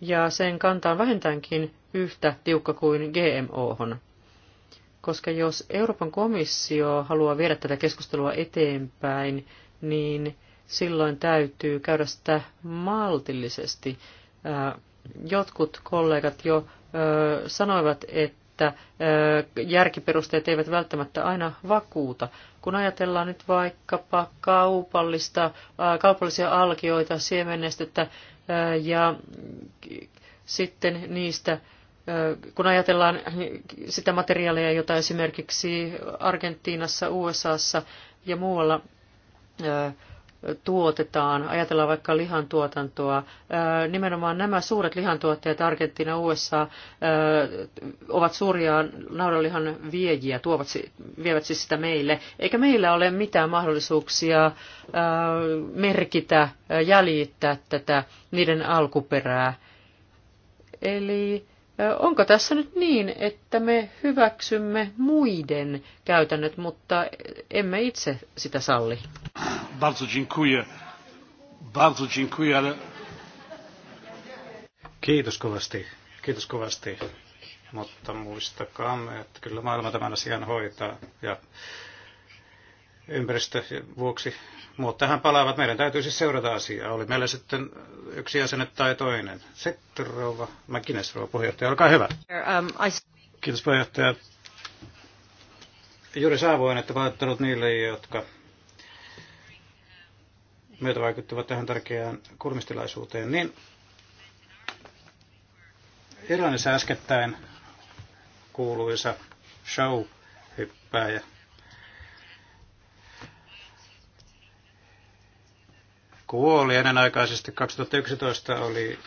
ja sen kanta on vähintäänkin yhtä tiukka kuin GMO-hon. Koska jos Euroopan komissio haluaa viedä tätä keskustelua eteenpäin, niin silloin täytyy käydä sitä maltillisesti. Jotkut kollegat jo sanoivat, että järkiperusteet eivät välttämättä aina vakuuta. Kun ajatellaan nyt vaikkapa kaupallista, kaupallisia alkioita, siemenestettä, ja sitten niistä, kun ajatellaan sitä materiaalia, jota esimerkiksi Argentiinassa, USAssa ja muualla tuotetaan, ajatellaan vaikka lihantuotantoa, nimenomaan nämä suuret lihantuottajat Argentiina, USA ovat suuria naudanlihan viejiä, tuovat, vievät siis sitä meille, eikä meillä ole mitään mahdollisuuksia merkitä, jäljittää tätä niiden alkuperää. Eli Onko tässä nyt niin, että me hyväksymme muiden käytännöt, mutta emme itse sitä salli? Bardzo dziękuję. Bardzo dziękuję, ale... Kiitos kovasti. Kiitos kovasti. Mutta muistakaa, että kyllä maailma tämän asian hoitaa. Ja ympäristö vuoksi. Mutta tähän palaavat. Meidän täytyy siis seurata asiaa. Oli meillä sitten yksi jäsen tai toinen. Sitten rouva Mäkines, rouva puheenjohtaja, olkaa hyvä. Um, Kiitos puheenjohtaja. Juuri saavoin, että vaattelut niille, jotka myötä vaikuttavat tähän tärkeään kurmistilaisuuteen. Niin Iranissa äskettäin kuuluisa show-hyppääjä kuoli ennenaikaisesti. 2011 oli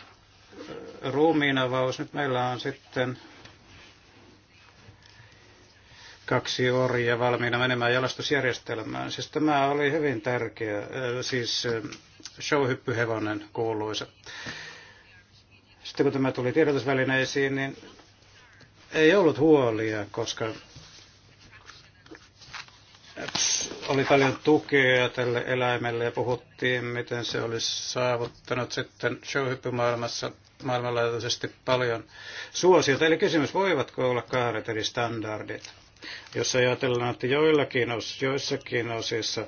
ruumiinavaus. Nyt meillä on sitten kaksi orjia valmiina menemään jalastusjärjestelmään. Siis tämä oli hyvin tärkeä, siis showhyppyhevonen kuuluisa. Sitten kun tämä tuli tiedotusvälineisiin, niin ei ollut huolia, koska oli paljon tukea tälle eläimelle ja puhuttiin, miten se olisi saavuttanut sitten showhyppymaailmassa maailmanlaajuisesti paljon suosiota. Eli kysymys, voivatko olla kahdet eli standardit? Jos ajatellaan, että joillakin os, joissakin osissa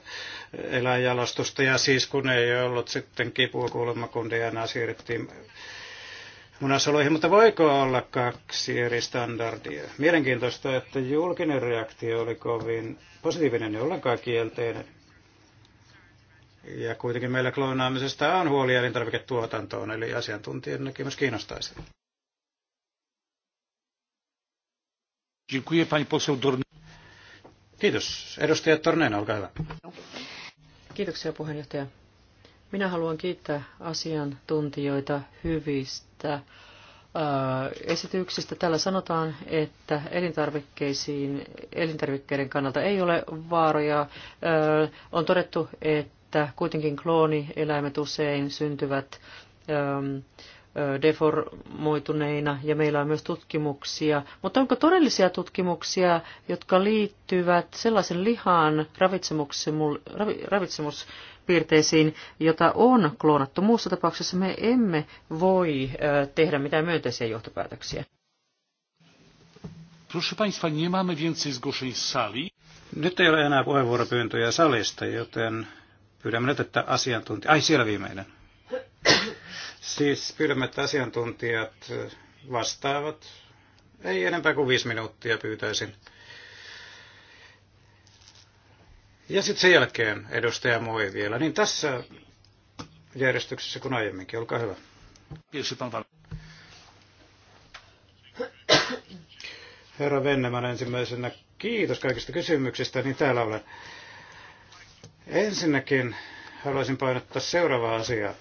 eläinjalostusta, ja siis kun ei ollut sitten kipua kuulemma, kun DNA siirrettiin munasoluihin, mutta voiko olla kaksi eri standardia? Mielenkiintoista, että julkinen reaktio oli kovin positiivinen ja ollenkaan kielteinen. Ja kuitenkin meillä kloonaamisesta on huoli elintarviketuotantoon, eli asiantuntijan näkemys kiinnostaisi. Kiitos. Edustaja Torneen, olkaa hyvä. Kiitoksia puheenjohtaja. Minä haluan kiittää asiantuntijoita hyvistä esityksistä. Täällä sanotaan, että elintarvikkeisiin, elintarvikkeiden kannalta ei ole vaaroja. On todettu, että kuitenkin kloonieläimet usein syntyvät deformoituneina ja meillä on myös tutkimuksia. Mutta onko todellisia tutkimuksia, jotka liittyvät sellaisen lihan ravitsemuspiirteisiin, jota on kloonattu? Muussa tapauksessa me emme voi tehdä mitään myönteisiä johtopäätöksiä. Proszę Państwa, nie mamy więcej zgłoszeń z sali. Nyt ei ole enää puheenvuoropyyntöjä salista, joten pyydämme nyt, että asiantuntija... Ai, siellä viimeinen. Siis pyydämme, että asiantuntijat vastaavat. Ei enempää kuin viisi minuuttia pyytäisin. Ja sitten sen jälkeen edustaja Moi vielä. Niin tässä järjestyksessä kuin aiemminkin. Olkaa hyvä. Herra Vennemän ensimmäisenä kiitos kaikista kysymyksistä, niin täällä olen. Ensinnäkin haluaisin painottaa seuraavaa asiaa.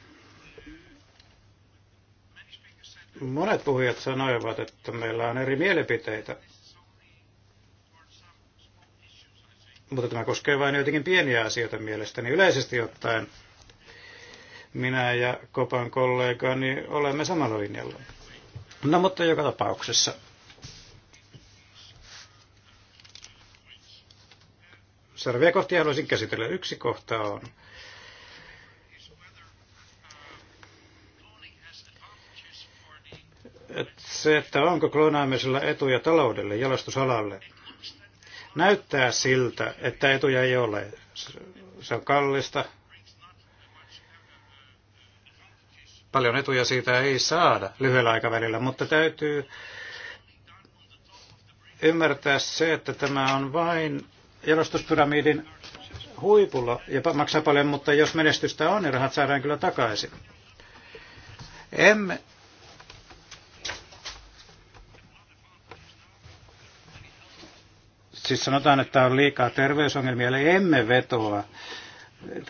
Monet puhujat sanoivat, että meillä on eri mielipiteitä. Mutta tämä koskee vain joitakin pieniä asioita mielestäni. Yleisesti ottaen minä ja Kopan kollegani olemme samalla linjalla. No mutta joka tapauksessa. Seuraavia kohtia haluaisin käsitellä. Yksi kohta on että se, että onko kloonaamisella etuja taloudelle, jalostusalalle. Näyttää siltä, että etuja ei ole. Se on kallista. Paljon etuja siitä ei saada lyhyellä aikavälillä, mutta täytyy ymmärtää se, että tämä on vain jalostuspyramidin huipulla ja maksaa paljon, mutta jos menestystä on, niin rahat saadaan kyllä takaisin. Emme siis sanotaan, että on liikaa terveysongelmia, eli emme vetoa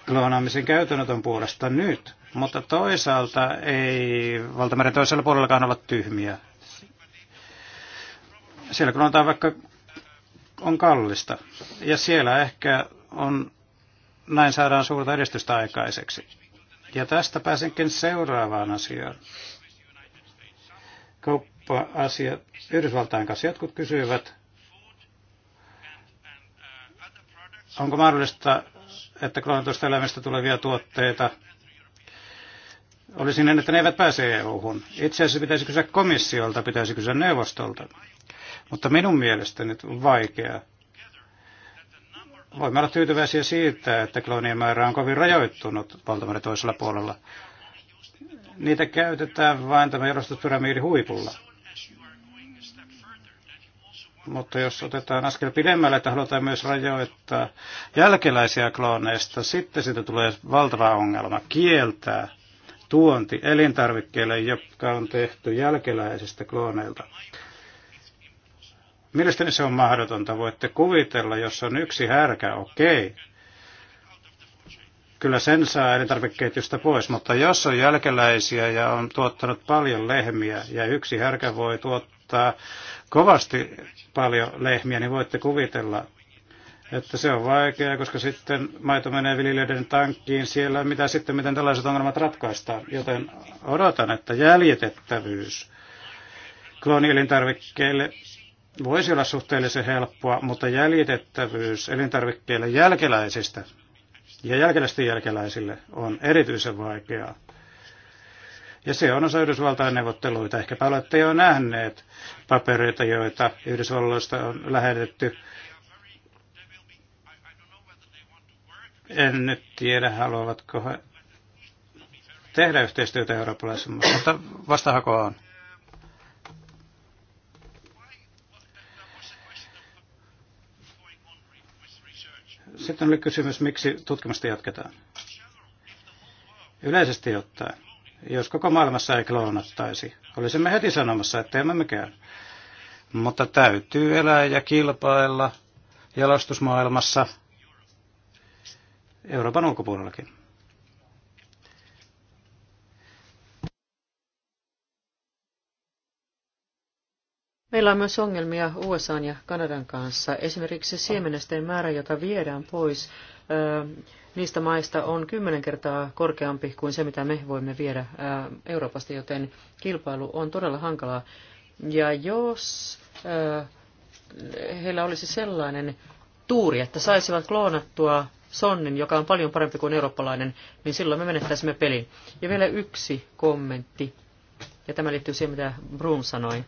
kloonaamisen käytännön puolesta nyt, mutta toisaalta ei valtameren toisella puolellakaan olla tyhmiä. Siellä kloonataan vaikka on kallista, ja siellä ehkä on, näin saadaan suurta edistystä aikaiseksi. Ja tästä pääsenkin seuraavaan asiaan. Kauppa-asiat Yhdysvaltain kanssa jotkut kysyivät, Onko mahdollista, että kloonatuista eläimistä tulevia tuotteita olisi niin, että ne eivät pääse EU-hun? Itse asiassa pitäisi kysyä komissiolta, pitäisi kysyä neuvostolta. Mutta minun mielestäni on vaikeaa voimme olla tyytyväisiä siitä, että kloonien määrä on kovin rajoittunut valtameren toisella puolella. Niitä käytetään vain tämän jalostuspyramiidin huipulla. Mutta jos otetaan askel pidemmälle, että halutaan myös rajoittaa jälkeläisiä klooneista, sitten siitä tulee valtava ongelma kieltää tuonti elintarvikkeille, jotka on tehty jälkeläisistä klooneilta. Mielestäni se on mahdotonta. Voitte kuvitella, jos on yksi härkä, okei. Okay. Kyllä sen saa elintarvikeketjusta pois, mutta jos on jälkeläisiä ja on tuottanut paljon lehmiä ja yksi härkä voi tuottaa kovasti paljon lehmiä, niin voitte kuvitella, että se on vaikeaa, koska sitten maito menee viljelijöiden tankkiin siellä, mitä sitten, miten tällaiset ongelmat ratkaistaan. Joten odotan, että jäljitettävyys kloonielintarvikkeille voisi olla suhteellisen helppoa, mutta jäljitettävyys elintarvikkeille jälkeläisistä ja jälkeläisten jälkeläisille on erityisen vaikeaa. Ja se on osa Yhdysvaltain neuvotteluita. Ehkäpä olette jo nähneet papereita, joita Yhdysvalloista on lähetetty. En nyt tiedä, haluavatko he tehdä yhteistyötä eurooppalaisessa, mutta vastahakoa on. Sitten oli kysymys, miksi tutkimusta jatketaan. Yleisesti ottaen, jos koko maailmassa ei kloonattaisi. Olisimme heti sanomassa, että emme mekään. Mutta täytyy elää ja kilpailla jalostusmaailmassa Euroopan ulkopuolellakin. Meillä on myös ongelmia USA ja Kanadan kanssa. Esimerkiksi siemenesten määrä, jota viedään pois, niistä maista on kymmenen kertaa korkeampi kuin se, mitä me voimme viedä Euroopasta, joten kilpailu on todella hankalaa. Ja jos heillä olisi sellainen tuuri, että saisivat kloonattua sonnin, joka on paljon parempi kuin eurooppalainen, niin silloin me menettäisimme pelin. Ja vielä yksi kommentti, ja tämä liittyy siihen, mitä Brun sanoi.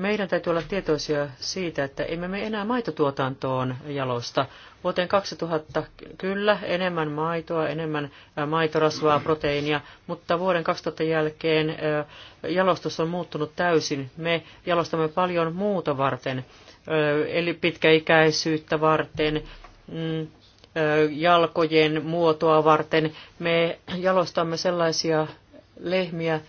Meidän täytyy olla tietoisia siitä, että emme me enää maitotuotantoon jalosta. Vuoteen 2000 kyllä enemmän maitoa, enemmän maitorasvaa, proteiinia, mutta vuoden 2000 jälkeen jalostus on muuttunut täysin. Me jalostamme paljon muuta varten, eli pitkäikäisyyttä varten, mm, jalkojen muotoa varten. Me jalostamme sellaisia lehmiä,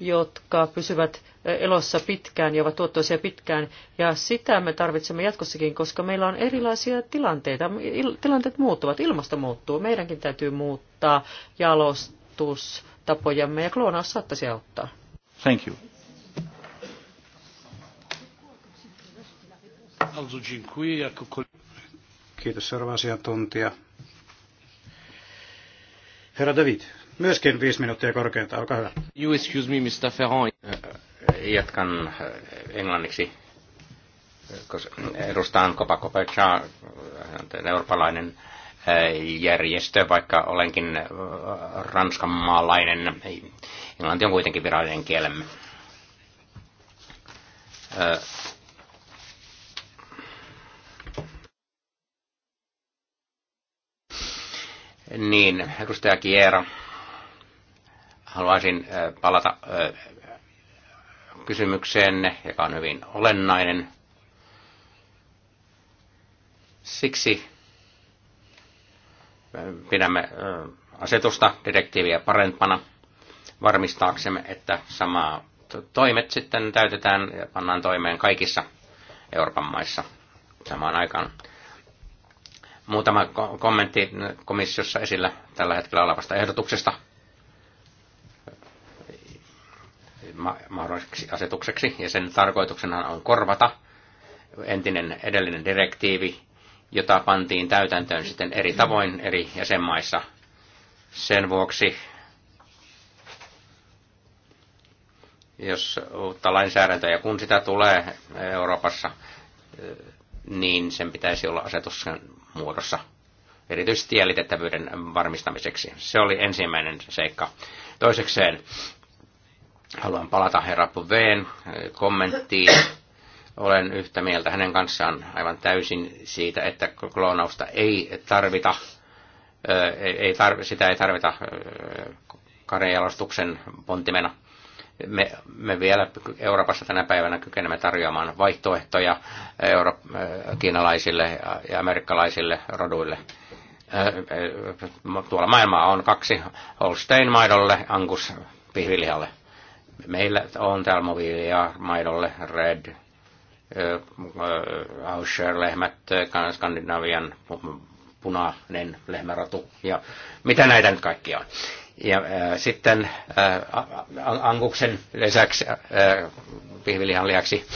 jotka pysyvät elossa pitkään ja ovat tuottoisia pitkään. Ja sitä me tarvitsemme jatkossakin, koska meillä on erilaisia tilanteita. Tilanteet muuttuvat, ilmasto muuttuu, meidänkin täytyy muuttaa jalostustapojamme ja kloonaus saattaisi auttaa. Thank you. Kiitos seuraava asiantuntija. Herra David. Myöskin viisi minuuttia korkeinta, olkaa hyvä. You excuse me, Mr. Ferrand. Jatkan englanniksi, Edustan edustan Copacopecha, eurooppalainen järjestö, vaikka olenkin ranskan Englanti on kuitenkin virallinen kielemme. Niin, edustaja Kiero haluaisin äh, palata äh, kysymykseenne, joka on hyvin olennainen. Siksi äh, pidämme asetusta, direktiiviä parempana, varmistaaksemme, että samaa toimet sitten täytetään ja pannaan toimeen kaikissa Euroopan maissa samaan aikaan. Muutama kommentti komissiossa esillä tällä hetkellä olevasta ehdotuksesta – mahdolliseksi asetukseksi, ja sen tarkoituksena on korvata entinen edellinen direktiivi, jota pantiin täytäntöön sitten eri tavoin eri jäsenmaissa. Sen vuoksi, jos uutta lainsäädäntöä, kun sitä tulee Euroopassa, niin sen pitäisi olla asetuksen muodossa erityisesti jäljitettävyyden varmistamiseksi. Se oli ensimmäinen seikka. Toisekseen Haluan palata herra Poveen eh, kommenttiin. Olen yhtä mieltä hänen kanssaan aivan täysin siitä, että kloonausta ei tarvita, eh, ei tar- sitä ei tarvita eh, karjalostuksen pontimena me, me vielä Euroopassa tänä päivänä kykenemme tarjoamaan vaihtoehtoja euro, kiinalaisille ja amerikkalaisille roduille. Tuolla maailmaa on kaksi Holstein-maidolle, Angus pihvilihalle. Meillä on mobiilia maidolle, red, Ausher-lehmät, Skandinavian punainen lehmäratu ja mitä näitä nyt kaikki on. Ja äh, sitten äh, anguksen lisäksi, äh, pihvilihan lisäksi,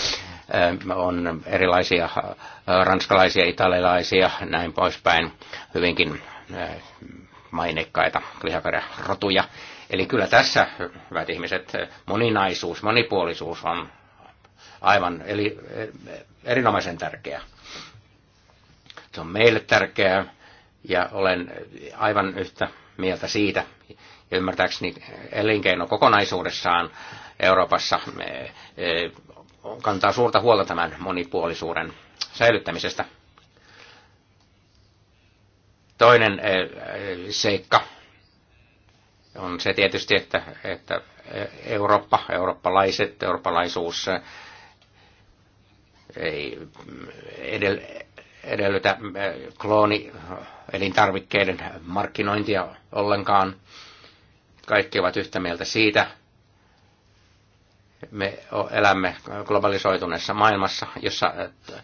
äh, on erilaisia äh, ranskalaisia, italialaisia, näin poispäin, hyvinkin äh, maineikkaita lihaperärotuja. rotuja. Eli kyllä tässä, hyvät ihmiset, moninaisuus, monipuolisuus on aivan eli, erinomaisen tärkeä. Se on meille tärkeää ja olen aivan yhtä mieltä siitä. Ja ymmärtääkseni elinkeino kokonaisuudessaan Euroopassa e, e, kantaa suurta huolta tämän monipuolisuuden säilyttämisestä. Toinen e, seikka on se tietysti, että, että Eurooppa, eurooppalaiset, eurooppalaisuus äh, ei edellytä äh, klooni elintarvikkeiden markkinointia ollenkaan. Kaikki ovat yhtä mieltä siitä. Me elämme globalisoituneessa maailmassa, jossa äh,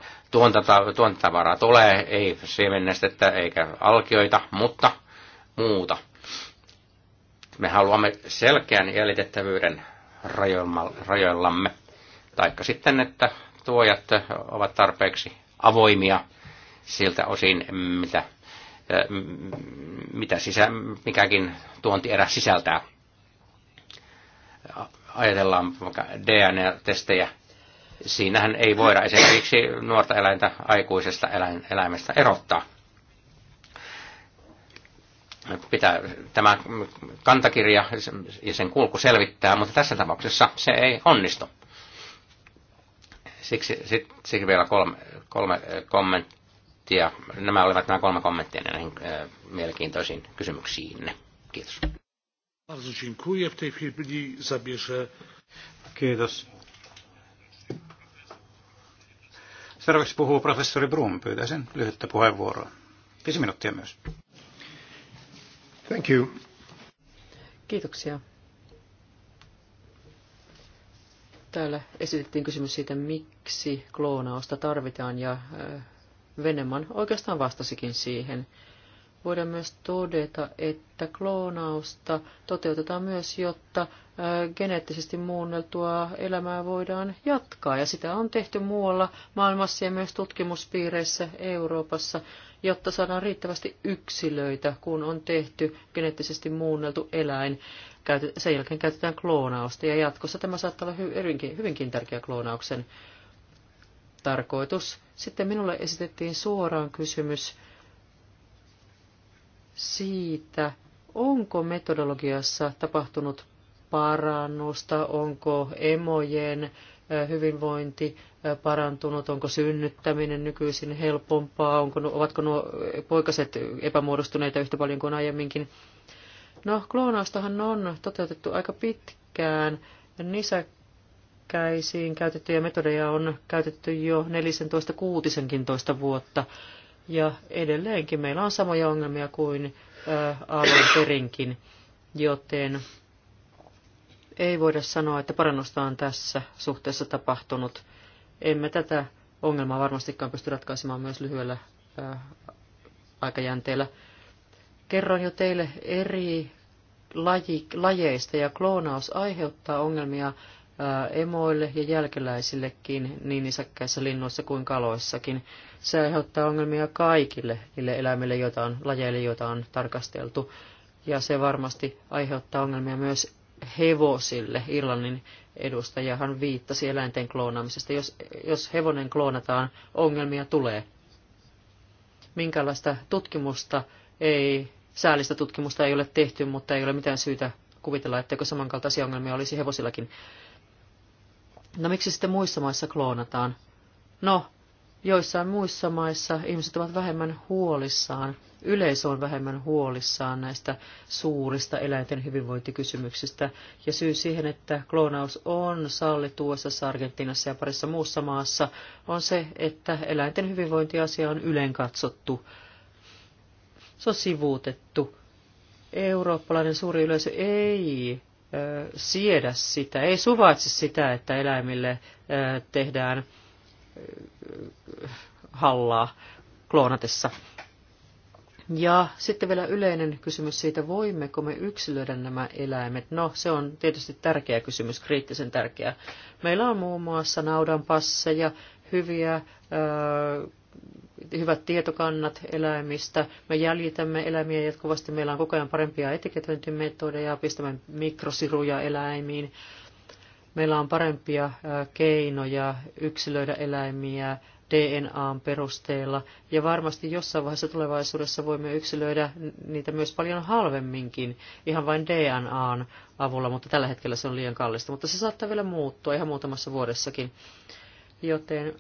tuontatavaraa tulee, ei siemennestettä eikä alkioita, mutta muuta me haluamme selkeän jäljitettävyyden rajoillamme, taikka sitten, että tuojat ovat tarpeeksi avoimia siltä osin, mitä, mitä sisä, mikäkin tuontierä sisältää. Ajatellaan vaikka DNA-testejä. Siinähän ei voida esimerkiksi nuorta eläintä aikuisesta eläimestä erottaa pitää tämä kantakirja ja sen kulku selvittää, mutta tässä tapauksessa se ei onnistu. Siksi, sit, siksi vielä kolme, kolme äh, kommenttia. Nämä olivat nämä kolme kommenttia näihin äh, mielenkiintoisiin kysymyksiin. Kiitos. Kiitos. Seuraavaksi puhuu professori Brum. Pyytäisin lyhyttä puheenvuoroa. Viisi minuuttia myös. Thank you. Kiitoksia. Täällä esitettiin kysymys siitä, miksi kloonausta tarvitaan, ja äh, Veneman oikeastaan vastasikin siihen. Voidaan myös todeta, että kloonausta toteutetaan myös, jotta äh, geneettisesti muunneltua elämää voidaan jatkaa, ja sitä on tehty muualla maailmassa ja myös tutkimuspiireissä Euroopassa jotta saadaan riittävästi yksilöitä, kun on tehty geneettisesti muunneltu eläin. Sen jälkeen käytetään kloonausta ja jatkossa tämä saattaa olla hyvinkin, hyvinkin tärkeä kloonauksen tarkoitus. Sitten minulle esitettiin suoraan kysymys siitä, onko metodologiassa tapahtunut parannusta, onko emojen hyvinvointi parantunut, onko synnyttäminen nykyisin helpompaa, onko, ovatko nuo poikaset epämuodostuneita yhtä paljon kuin aiemminkin. No, kloonaustahan on toteutettu aika pitkään. Nisäkkäisiin käytettyjä metodeja on käytetty jo 14 kuutisenkin vuotta. Ja edelleenkin meillä on samoja ongelmia kuin alun perinkin, joten ei voida sanoa, että parannusta on tässä suhteessa tapahtunut. Emme tätä ongelmaa varmastikaan pysty ratkaisemaan myös lyhyellä äh, aikajänteellä. Kerron jo teille eri laji, lajeista ja kloonaus aiheuttaa ongelmia äh, emoille ja jälkeläisillekin niin isäkkäissä linnuissa kuin kaloissakin. Se aiheuttaa ongelmia kaikille niille eläimille, joita on, lajeille, joita on tarkasteltu. Ja se varmasti aiheuttaa ongelmia myös hevosille. Irlannin edustajahan viittasi eläinten kloonaamisesta. Jos, jos hevonen kloonataan, ongelmia tulee. Minkälaista tutkimusta ei, säällistä tutkimusta ei ole tehty, mutta ei ole mitään syytä kuvitella, etteikö samankaltaisia ongelmia olisi hevosillakin. No miksi sitten muissa maissa kloonataan? No, joissain muissa maissa ihmiset ovat vähemmän huolissaan yleisö on vähemmän huolissaan näistä suurista eläinten hyvinvointikysymyksistä. Ja syy siihen, että kloonaus on sallittu USA, Argentiinassa ja parissa muussa maassa, on se, että eläinten hyvinvointiasia on yleen katsottu. Se on sivuutettu. Eurooppalainen suuri yleisö ei ö, siedä sitä, ei suvaitse sitä, että eläimille ö, tehdään hallaa kloonatessa. Ja sitten vielä yleinen kysymys siitä, voimmeko me yksilöidä nämä eläimet. No, se on tietysti tärkeä kysymys, kriittisen tärkeä. Meillä on muun muassa naudanpasseja, hyviä, äh, hyvät tietokannat eläimistä. Me jäljitämme eläimiä jatkuvasti. Meillä on koko ajan parempia etiketointimetodeja, pistämme mikrosiruja eläimiin. Meillä on parempia äh, keinoja yksilöidä eläimiä, DNAn perusteella, ja varmasti jossain vaiheessa tulevaisuudessa voimme yksilöidä niitä myös paljon halvemminkin, ihan vain DNAn avulla, mutta tällä hetkellä se on liian kallista, mutta se saattaa vielä muuttua ihan muutamassa vuodessakin. Joten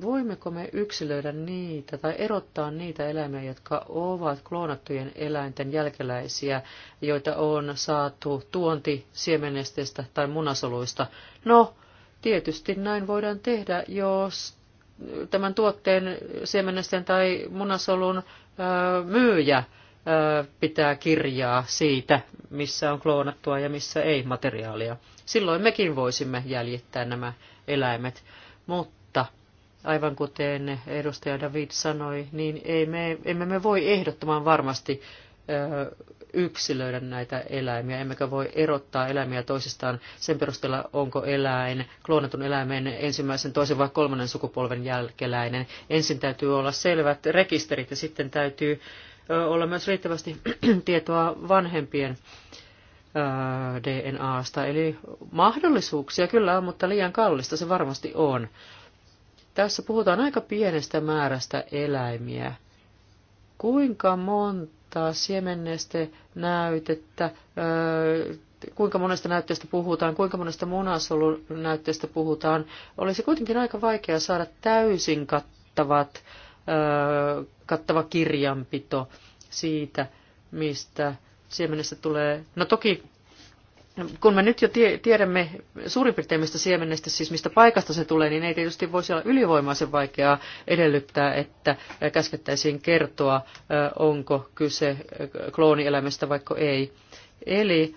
voimmeko me yksilöidä niitä tai erottaa niitä eläimiä, jotka ovat kloonattujen eläinten jälkeläisiä, joita on saatu tuonti siemenesteistä tai munasoluista? No, tietysti näin voidaan tehdä, jos tämän tuotteen siemenesten tai munasolun myyjä pitää kirjaa siitä, missä on kloonattua ja missä ei materiaalia. Silloin mekin voisimme jäljittää nämä eläimet, mutta aivan kuten edustaja David sanoi, niin ei me, emme me voi ehdottoman varmasti yksilöidä näitä eläimiä, emmekä voi erottaa eläimiä toisistaan sen perusteella, onko eläin kloonatun eläimen ensimmäisen, toisen vai kolmannen sukupolven jälkeläinen. Ensin täytyy olla selvät rekisterit ja sitten täytyy olla myös riittävästi tietoa vanhempien DNAsta. Eli mahdollisuuksia kyllä on, mutta liian kallista se varmasti on. Tässä puhutaan aika pienestä määrästä eläimiä. Kuinka monta? ottaa siemenneste-näytettä, kuinka monesta näytteestä puhutaan, kuinka monesta näytteestä puhutaan. Olisi kuitenkin aika vaikea saada täysin kattavat, kattava kirjanpito siitä, mistä siemenestä tulee. No toki kun me nyt jo tiedämme suurin piirtein mistä siemenestä, siis mistä paikasta se tulee, niin ei tietysti voisi olla ylivoimaisen vaikeaa edellyttää, että käskettäisiin kertoa, onko kyse kloonielämästä vaikka ei. Eli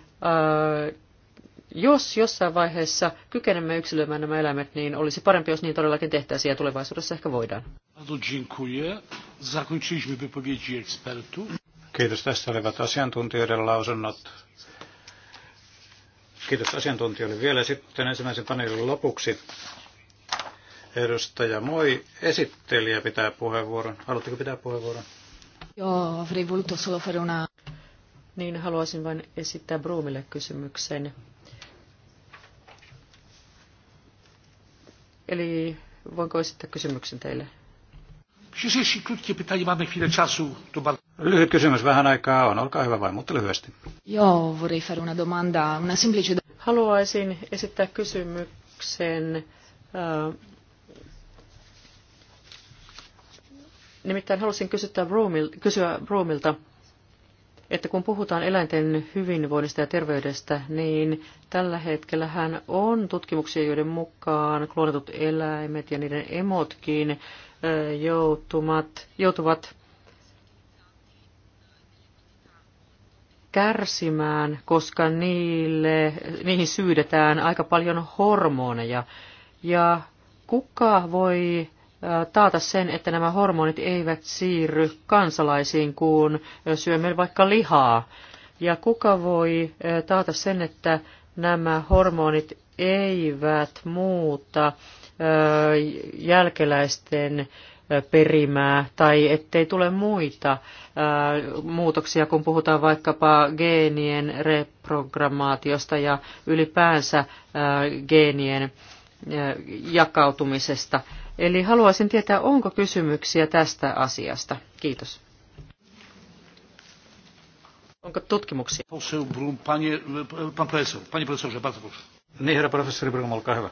jos jossain vaiheessa kykenemme yksilöimään nämä eläimet, niin olisi parempi, jos niin todellakin tehtäisiin ja tulevaisuudessa ehkä voidaan. Kiitos. Tässä olivat asiantuntijoiden lausunnot. Kiitos asiantuntijoille vielä. Sitten ensimmäisen paneelin lopuksi edustaja Moi, esittelijä pitää puheenvuoron. Haluatteko pitää puheenvuoron? Joo, avrei voluto solo fare una... Niin, haluaisin vain esittää Broomille kysymyksen. Eli voinko esittää kysymyksen teille? Dzisiejsze krótkie pytanie, mamy chwilę czasu. To Lyhyt kysymys vähän aikaa on, olkaa hyvä vain, mutta lyhyesti. Joo, vorrei fare una domanda, una semplice... Haluaisin esittää kysymyksen. Äh, nimittäin halusin Broomil, kysyä Broomilta, että kun puhutaan eläinten hyvinvoinnista ja terveydestä, niin tällä hetkellä hän on tutkimuksia, joiden mukaan kloonatut eläimet ja niiden emotkin joutumat, joutuvat kärsimään, koska niille, niihin syydetään aika paljon hormoneja. Ja kuka voi taata sen, että nämä hormonit eivät siirry kansalaisiin, kun syömme vaikka lihaa? Ja kuka voi taata sen, että nämä hormonit eivät muuta jälkeläisten perimää tai ettei tule muita muutoksia, kun puhutaan vaikkapa geenien reprogrammaatiosta ja ylipäänsä geenien jakautumisesta. Eli haluaisin tietää, onko kysymyksiä tästä asiasta. Kiitos. Onko tutkimuksia? Panie, pan profesor, panie profesorze, bardzo proszę. Niin, herra professori Brum, olkaa hyvä.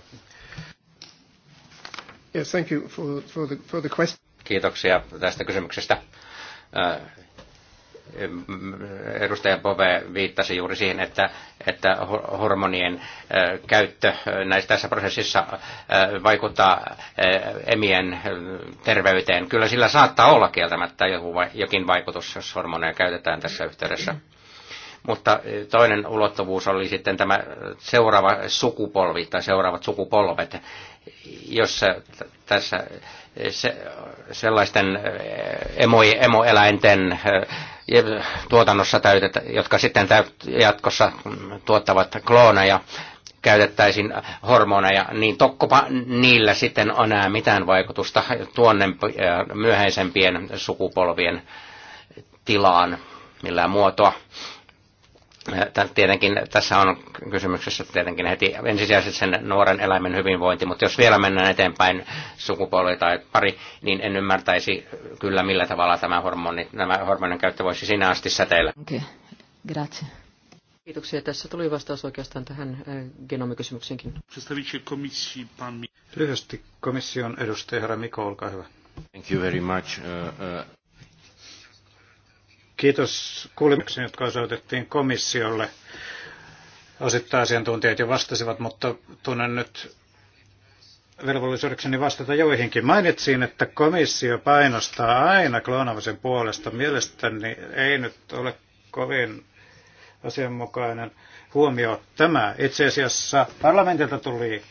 Yes, thank you for, for, the, for the question. Kiitoksia tästä kysymyksestä. Edustaja Pove viittasi juuri siihen, että, että hormonien käyttö näissä tässä prosessissa vaikuttaa emien terveyteen. Kyllä sillä saattaa olla kieltämättä jokin vaikutus, jos hormoneja käytetään tässä yhteydessä. Mutta toinen ulottuvuus oli sitten tämä seuraava sukupolvi tai seuraavat sukupolvet. Jossa tässä se, sellaisten äh, emo, emoeläinten äh, tuotannossa täytetä, jotka sitten täyt, jatkossa tuottavat klooneja, käytettäisiin hormoneja, niin tokkopa niillä sitten on enää mitään vaikutusta tuonne äh, myöhäisempien sukupolvien tilaan millään muotoa. Tietenkin tässä on kysymyksessä tietenkin heti ensisijaisesti sen nuoren eläimen hyvinvointi, mutta jos vielä mennään eteenpäin sukupolvi tai pari, niin en ymmärtäisi kyllä millä tavalla tämä hormoni, nämä hormonin käyttö voisi sinä asti säteillä. Okay. Grazie. Kiitoksia. Tässä tuli vastaus oikeastaan tähän äh, genomikysymykseenkin. Lyhyesti komission edustaja herra Mikko olkaa hyvä. Thank you very much. Uh, uh... Kiitos kuulemuksen, jotka osoitettiin komissiolle. Osittain asiantuntijat jo vastasivat, mutta tunnen nyt velvollisuudekseni vastata joihinkin. Mainitsin, että komissio painostaa aina kloonaamisen puolesta. Mielestäni ei nyt ole kovin asianmukainen huomio tämä. Itse asiassa parlamentilta tuli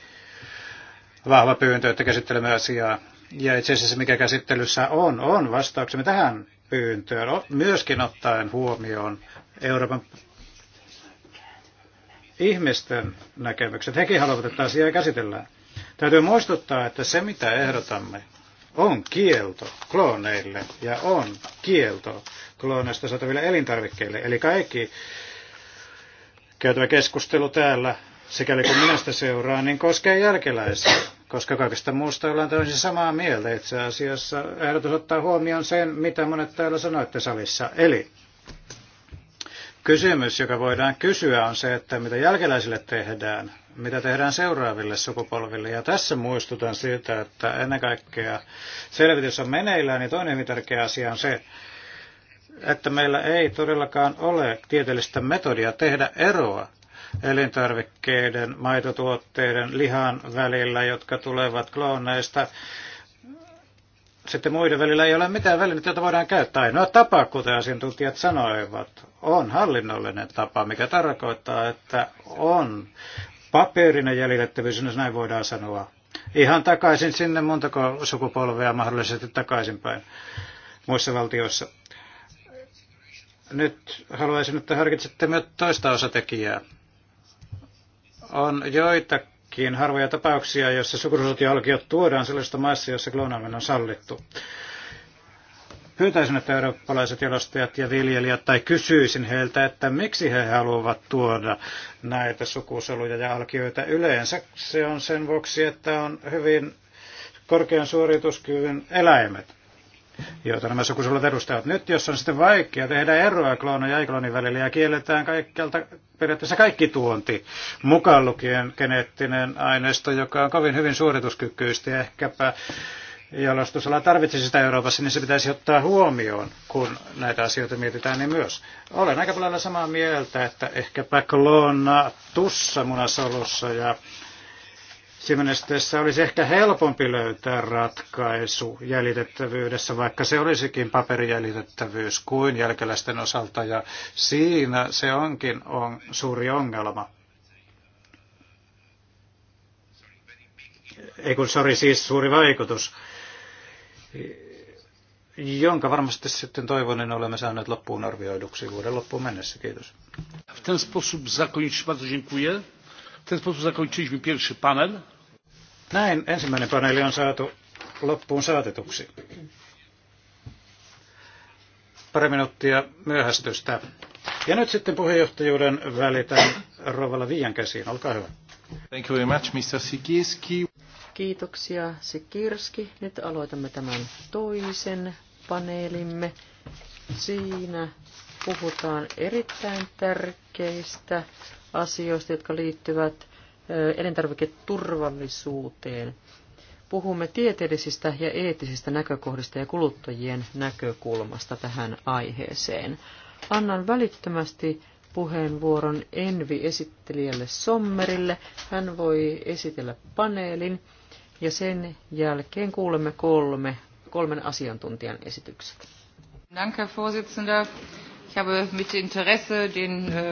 vahva pyyntö, että käsittelemme asiaa. Ja itse asiassa mikä käsittelyssä on, on vastauksemme tähän pyyntöön, myöskin ottaen huomioon Euroopan ihmisten näkemykset. Hekin haluavat, että asiaa käsitellään. Täytyy muistuttaa, että se mitä ehdotamme on kielto klooneille ja on kielto klooneista saataville elintarvikkeille. Eli kaikki käytävä keskustelu täällä, sikäli kun minä sitä seuraan, niin koskee jälkeläisiä koska kaikesta muusta ollaan täysin samaa mieltä. Itse asiassa ehdotus ottaa huomioon sen, mitä monet täällä sanoitte salissa. Eli kysymys, joka voidaan kysyä, on se, että mitä jälkeläisille tehdään, mitä tehdään seuraaville sukupolville. Ja tässä muistutan siitä, että ennen kaikkea selvitys on meneillään, niin toinen tärkeä asia on se, että meillä ei todellakaan ole tieteellistä metodia tehdä eroa elintarvikkeiden, maitotuotteiden, lihan välillä, jotka tulevat klooneista. Sitten muiden välillä ei ole mitään välineitä, joita voidaan käyttää. Ainoa tapa, kuten asiantuntijat sanoivat, on hallinnollinen tapa, mikä tarkoittaa, että on paperinen jäljitettävyys, jos näin voidaan sanoa. Ihan takaisin sinne, montako sukupolvea mahdollisesti takaisinpäin muissa valtioissa. Nyt haluaisin, että harkitsette myös toista osatekijää. On joitakin harvoja tapauksia, joissa sukurusotialkiot tuodaan sellaisista maissa, joissa kloonaaminen on sallittu. Pyytäisin, että eurooppalaiset jalostajat ja viljelijät, tai kysyisin heiltä, että miksi he haluavat tuoda näitä sukusoluja ja alkioita yleensä. Se on sen vuoksi, että on hyvin korkean suorituskyvyn eläimet Joo, nämä sukusolut edustavat. Nyt, jos on sitten vaikea tehdä eroa kloonan ja ei-kloonin välillä ja kielletään kaikkialta periaatteessa kaikki tuonti, mukaan lukien geneettinen aineisto, joka on kovin hyvin suorituskykyistä ja ehkäpä jalostusala tarvitsisi sitä Euroopassa, niin se pitäisi ottaa huomioon, kun näitä asioita mietitään, niin myös. Olen aika paljon samaa mieltä, että ehkäpä kloona tussa munasolussa ja Siinä olisi ehkä helpompi löytää ratkaisu jäljitettävyydessä, vaikka se olisikin paperijäljitettävyys kuin jälkeläisten osalta, ja siinä se onkin on suuri ongelma. Ei kun, sori, siis suuri vaikutus, jonka varmasti sitten toivon, niin olemme saaneet loppuun arvioiduksi vuoden loppuun mennessä. Kiitos. ten sposób bardzo dziękuję. W ten sposób zakończyliśmy pierwszy panel. Näin ensimmäinen paneeli on saatu loppuun saatetuksi. Pari minuuttia myöhästystä. Ja nyt sitten puheenjohtajuuden välitän Rovalla Viian käsiin. Olkaa hyvä. Thank you very much, Mr. Sikirski. Kiitoksia, Sikirski. Nyt aloitamme tämän toisen paneelimme. Siinä puhutaan erittäin tärkeistä asioista, jotka liittyvät elintarviketurvallisuuteen. Puhumme tieteellisistä ja eettisistä näkökohdista ja kuluttajien näkökulmasta tähän aiheeseen. Annan välittömästi puheenvuoron Envi-esittelijälle Sommerille. Hän voi esitellä paneelin ja sen jälkeen kuulemme kolme, kolmen asiantuntijan esitykset. Danke, Herr Vorsitzender. Ich habe mit Interesse den... Äh,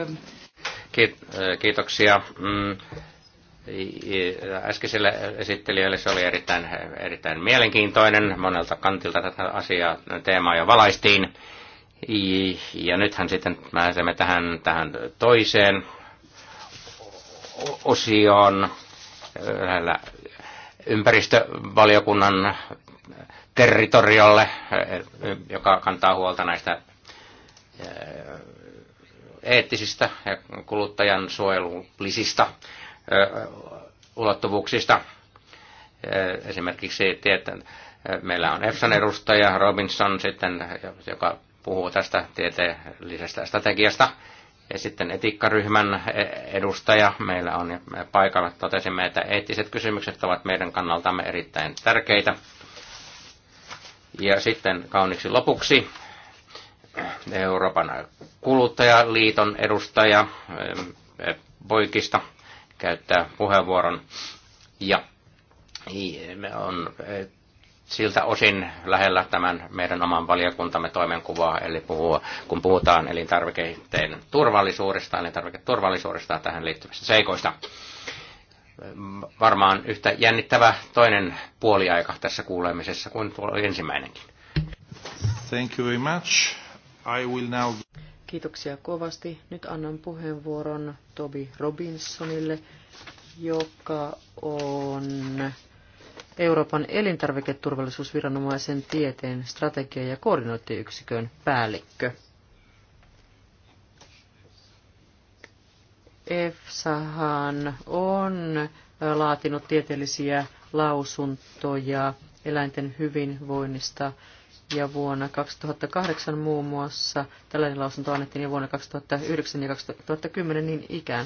äh, kiitoksia. Mm, äskeiselle esittelijälle se oli erittäin, erittäin mielenkiintoinen. Monelta kantilta tätä asiaa, teemaa jo valaistiin. Ja nythän sitten pääsemme tähän, tähän toiseen osioon lähellä ympäristövaliokunnan territoriolle, joka kantaa huolta näistä eettisistä ja kuluttajan suojelullisista ulottuvuuksista. Esimerkiksi tieteen, meillä on epson edustaja Robinson sitten, joka puhuu tästä tieteellisestä strategiasta. Ja sitten etiikkaryhmän e- edustaja meillä on paikalla. Totesimme, että eettiset kysymykset ovat meidän kannaltamme erittäin tärkeitä. Ja sitten kauniksi lopuksi Euroopan kuluttajaliiton edustaja Poikista käyttää puheenvuoron. Ja on eh, siltä osin lähellä tämän meidän oman valiokuntamme toimenkuvaa, eli puhua, kun puhutaan elintarvikeiden turvallisuudesta, elintarviketurvallisuudesta tähän liittyvistä seikoista. Varmaan yhtä jännittävä toinen puoliaika tässä kuulemisessa kuin tuo ensimmäinenkin. Thank you very much. I will now... Kiitoksia kovasti. Nyt annan puheenvuoron Tobi Robinsonille, joka on Euroopan elintarviketurvallisuusviranomaisen tieteen strategia- ja koordinointiyksikön päällikkö. EFSAhan on laatinut tieteellisiä lausuntoja eläinten hyvinvoinnista ja vuonna 2008 muun muassa. Tällainen lausunto annettiin jo vuonna 2009 ja 2010 niin ikään.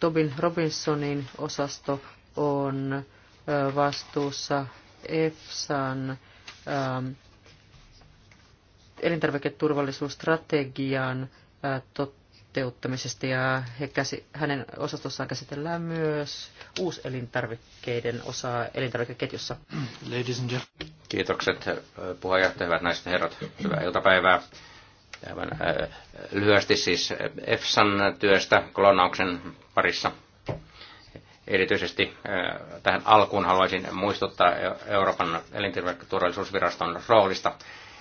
Tobin Robinsonin osasto on vastuussa EFSAn ähm, elintarviketurvallisuusstrategian toteuttamisesta ja he käsi, hänen osastossaan käsitellään myös uuselintarvikkeiden osaa elintarvikeketjussa. Ladies and gentlemen. Kiitokset äh, puheenjohtaja, hyvät naiset ja herrat, hyvää iltapäivää. Aivan äh, lyhyesti siis äh, EFSAn työstä klonauksen parissa. Erityisesti tähän alkuun haluaisin muistuttaa Euroopan elintarviketurvallisuusviraston roolista.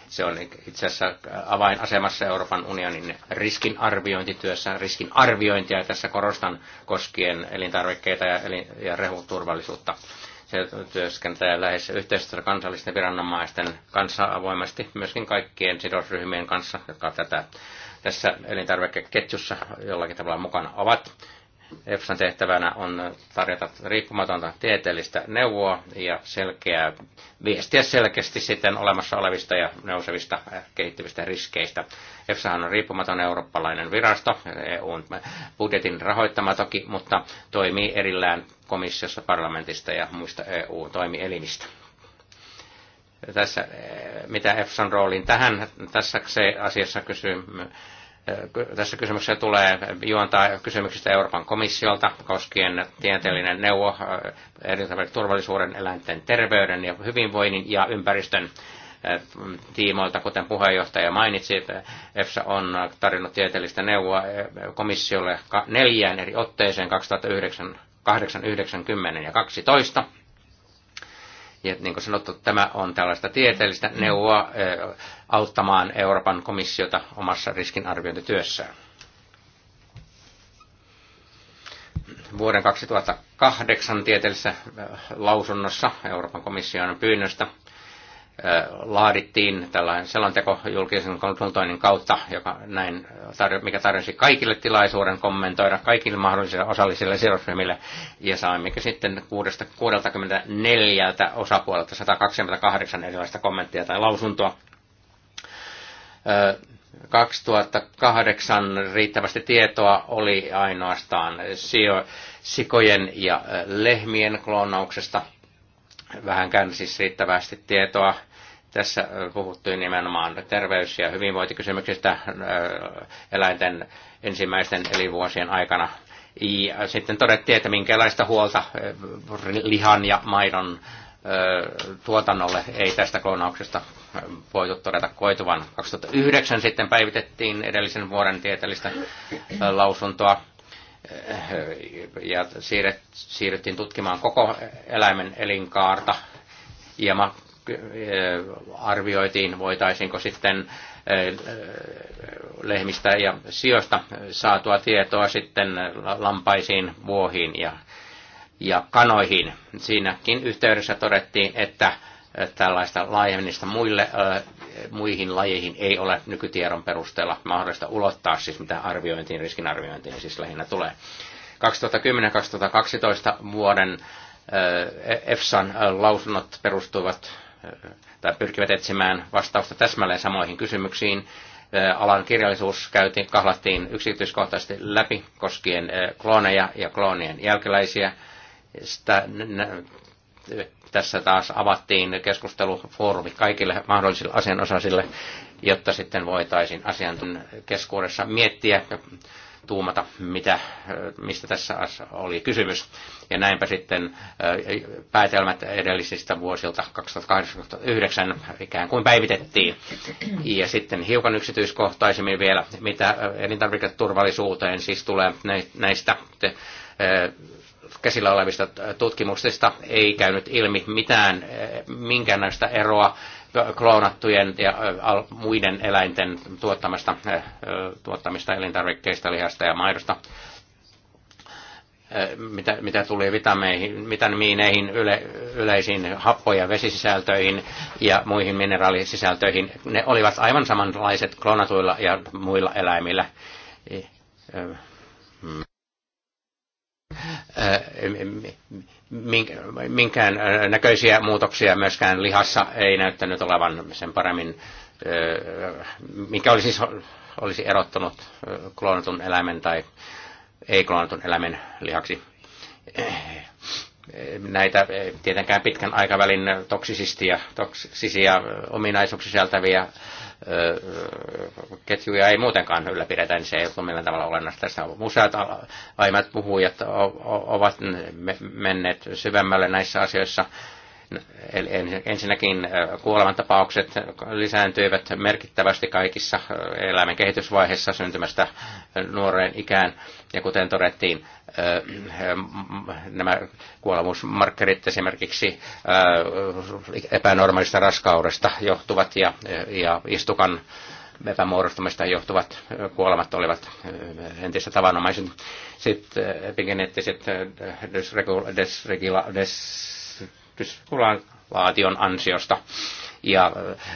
Se on itse asiassa avainasemassa Euroopan unionin riskinarviointityössä. Riskinarviointia tässä korostan koskien elintarvikkeita ja, eli, ja rehuturvallisuutta. turvallisuutta se työskentelee lähes yhteistyössä kansallisten viranomaisten kanssa avoimesti, myöskin kaikkien sidosryhmien kanssa, jotka tätä tässä elintarvikeketjussa jollakin tavalla mukana ovat EFSAn tehtävänä on tarjota riippumatonta tieteellistä neuvoa ja selkeää, viestiä selkeästi sitten olemassa olevista ja nousevista eh, kehittyvistä riskeistä. EFSA on riippumaton eurooppalainen virasto, EUn budjetin rahoittama toki, mutta toimii erillään komissiossa, parlamentista ja muista EU-toimielimistä. Tässä, eh, mitä EFSAn roolin tähän, tässä se asiassa kysyy tässä kysymyksessä tulee juontaa kysymyksistä Euroopan komissiolta koskien tieteellinen neuvo turvallisuuden, eläinten terveyden ja hyvinvoinnin ja ympäristön tiimoilta, kuten puheenjohtaja mainitsi, EFSA on tarjonnut tieteellistä neuvoa komissiolle neljään eri otteeseen 2009, 8, 90 ja 12 ja niin kuin sanottu, tämä on tällaista tieteellistä neuvoa auttamaan Euroopan komissiota omassa riskinarviointityössään. Vuoden 2008 tieteellisessä lausunnossa Euroopan komission pyynnöstä laadittiin tällainen selonteko julkisen konsultoinnin kautta, joka näin, mikä tarjosi kaikille tilaisuuden kommentoida kaikille mahdollisille osallisille sidosryhmille. Ja saimme sitten 64 osapuolelta 128 erilaista kommenttia tai lausuntoa. 2008 riittävästi tietoa oli ainoastaan sikojen ja lehmien kloonauksesta. Vähänkään siis riittävästi tietoa tässä puhuttiin nimenomaan terveys- ja hyvinvointikysymyksistä eläinten ensimmäisten elinvuosien aikana. Ja sitten todettiin, että minkälaista huolta lihan ja maidon tuotannolle ei tästä klonauksesta voitu todeta koituvan. 2009 sitten päivitettiin edellisen vuoden tieteellistä lausuntoa ja siirrettiin tutkimaan koko eläimen elinkaarta ja arvioitiin, voitaisiinko sitten lehmistä ja sijoista saatua tietoa sitten lampaisiin, vuohiin ja, ja kanoihin. Siinäkin yhteydessä todettiin, että tällaista laajemmista muille, muihin lajeihin ei ole nykytiedon perusteella mahdollista ulottaa, siis mitä arviointiin, riskinarviointiin siis lähinnä tulee. 2010-2012 vuoden EFSAn lausunnot perustuvat tai pyrkivät etsimään vastausta täsmälleen samoihin kysymyksiin. Äh, alan kirjallisuus käytiin, kahlattiin yksityiskohtaisesti läpi koskien äh, klooneja ja kloonien jälkeläisiä. Sitä, tässä taas avattiin keskustelufoorumi kaikille mahdollisille asianosaisille, jotta sitten voitaisiin asian keskuudessa miettiä tuumata, mitä, äh, mistä tässä oli kysymys. Ja näinpä sitten äh, päätelmät edellisistä vuosilta 2089 ikään kuin päivitettiin. Ja sitten hiukan yksityiskohtaisemmin vielä, mitä äh, elintarviketurvallisuuteen siis tulee näistä käsillä olevista tutkimuksista ei käynyt ilmi mitään minkäännäistä eroa kloonattujen ja muiden eläinten tuottamista, tuottamista elintarvikkeista, lihasta ja maidosta. Mitä, mitä tuli vitameihin, vitamiineihin, yle, yleisiin happo- ja vesisisältöihin ja muihin mineraalisisältöihin, ne olivat aivan samanlaiset klonatuilla ja muilla eläimillä mm minkään äh, näköisiä muutoksia myöskään lihassa ei näyttänyt olevan sen paremmin, äh, mikä olisi, siis, olisi erottanut äh, kloonatun eläimen tai ei-kloonatun eläimen lihaksi näitä tietenkään pitkän aikavälin toksisisia, toksisia ominaisuuksia sisältäviä ketjuja ei muutenkaan ylläpidetä, niin se ei ole millään tavalla olennaista. Tässä useat aiemmat puhujat ovat menneet syvemmälle näissä asioissa Eli ensinnäkin äh, kuolemantapaukset lisääntyivät merkittävästi kaikissa äh, elämän kehitysvaiheissa syntymästä äh, nuoreen ikään. Ja kuten todettiin, nämä kuolemusmarkkerit esimerkiksi epänormaalista raskaudesta johtuvat ja, ja istukan epämuodostumista johtuvat kuolemat olivat entistä tavanomaisin. Sitten epigeneettiset desregula, desregula, des, kysymyskulalaation ansiosta ja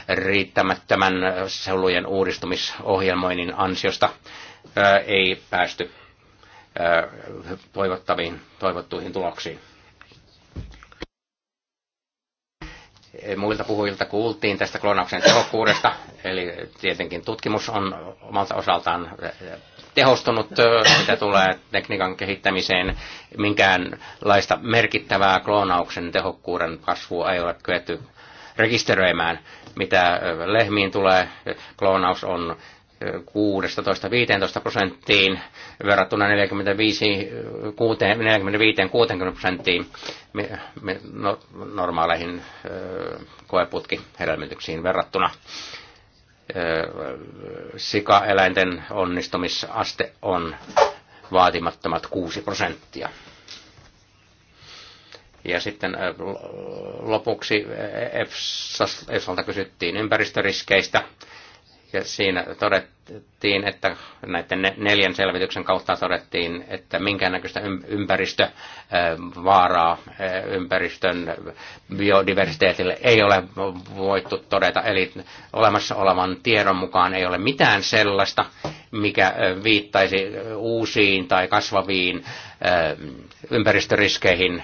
riittämättömän solujen uudistumisohjelmoinnin ansiosta ei päästy toivottaviin, toivottuihin tuloksiin. Eh, muilta puhujilta kuultiin tästä kloonauksen tehokkuudesta, eli tietenkin tutkimus on omalta osaltaan eh, tehostunut, eh, mitä tulee tekniikan kehittämiseen. Minkäänlaista merkittävää kloonauksen tehokkuuden kasvua ei ole kyetty rekisteröimään. Mitä lehmiin tulee, kloonaus on 16-15 prosenttiin verrattuna 45-60 prosenttiin no, normaaleihin koeputkihedelmityksiin verrattuna. Sikaeläinten onnistumisaste on vaatimattomat 6 prosenttia. Ja sitten lopuksi EFSalta kysyttiin ympäristöriskeistä. Ja siinä todettiin, että näiden neljän selvityksen kautta todettiin, että minkäännäköistä ympäristövaaraa ympäristön biodiversiteetille ei ole voittu todeta. Eli olemassa olevan tiedon mukaan ei ole mitään sellaista, mikä viittaisi uusiin tai kasvaviin ympäristöriskeihin,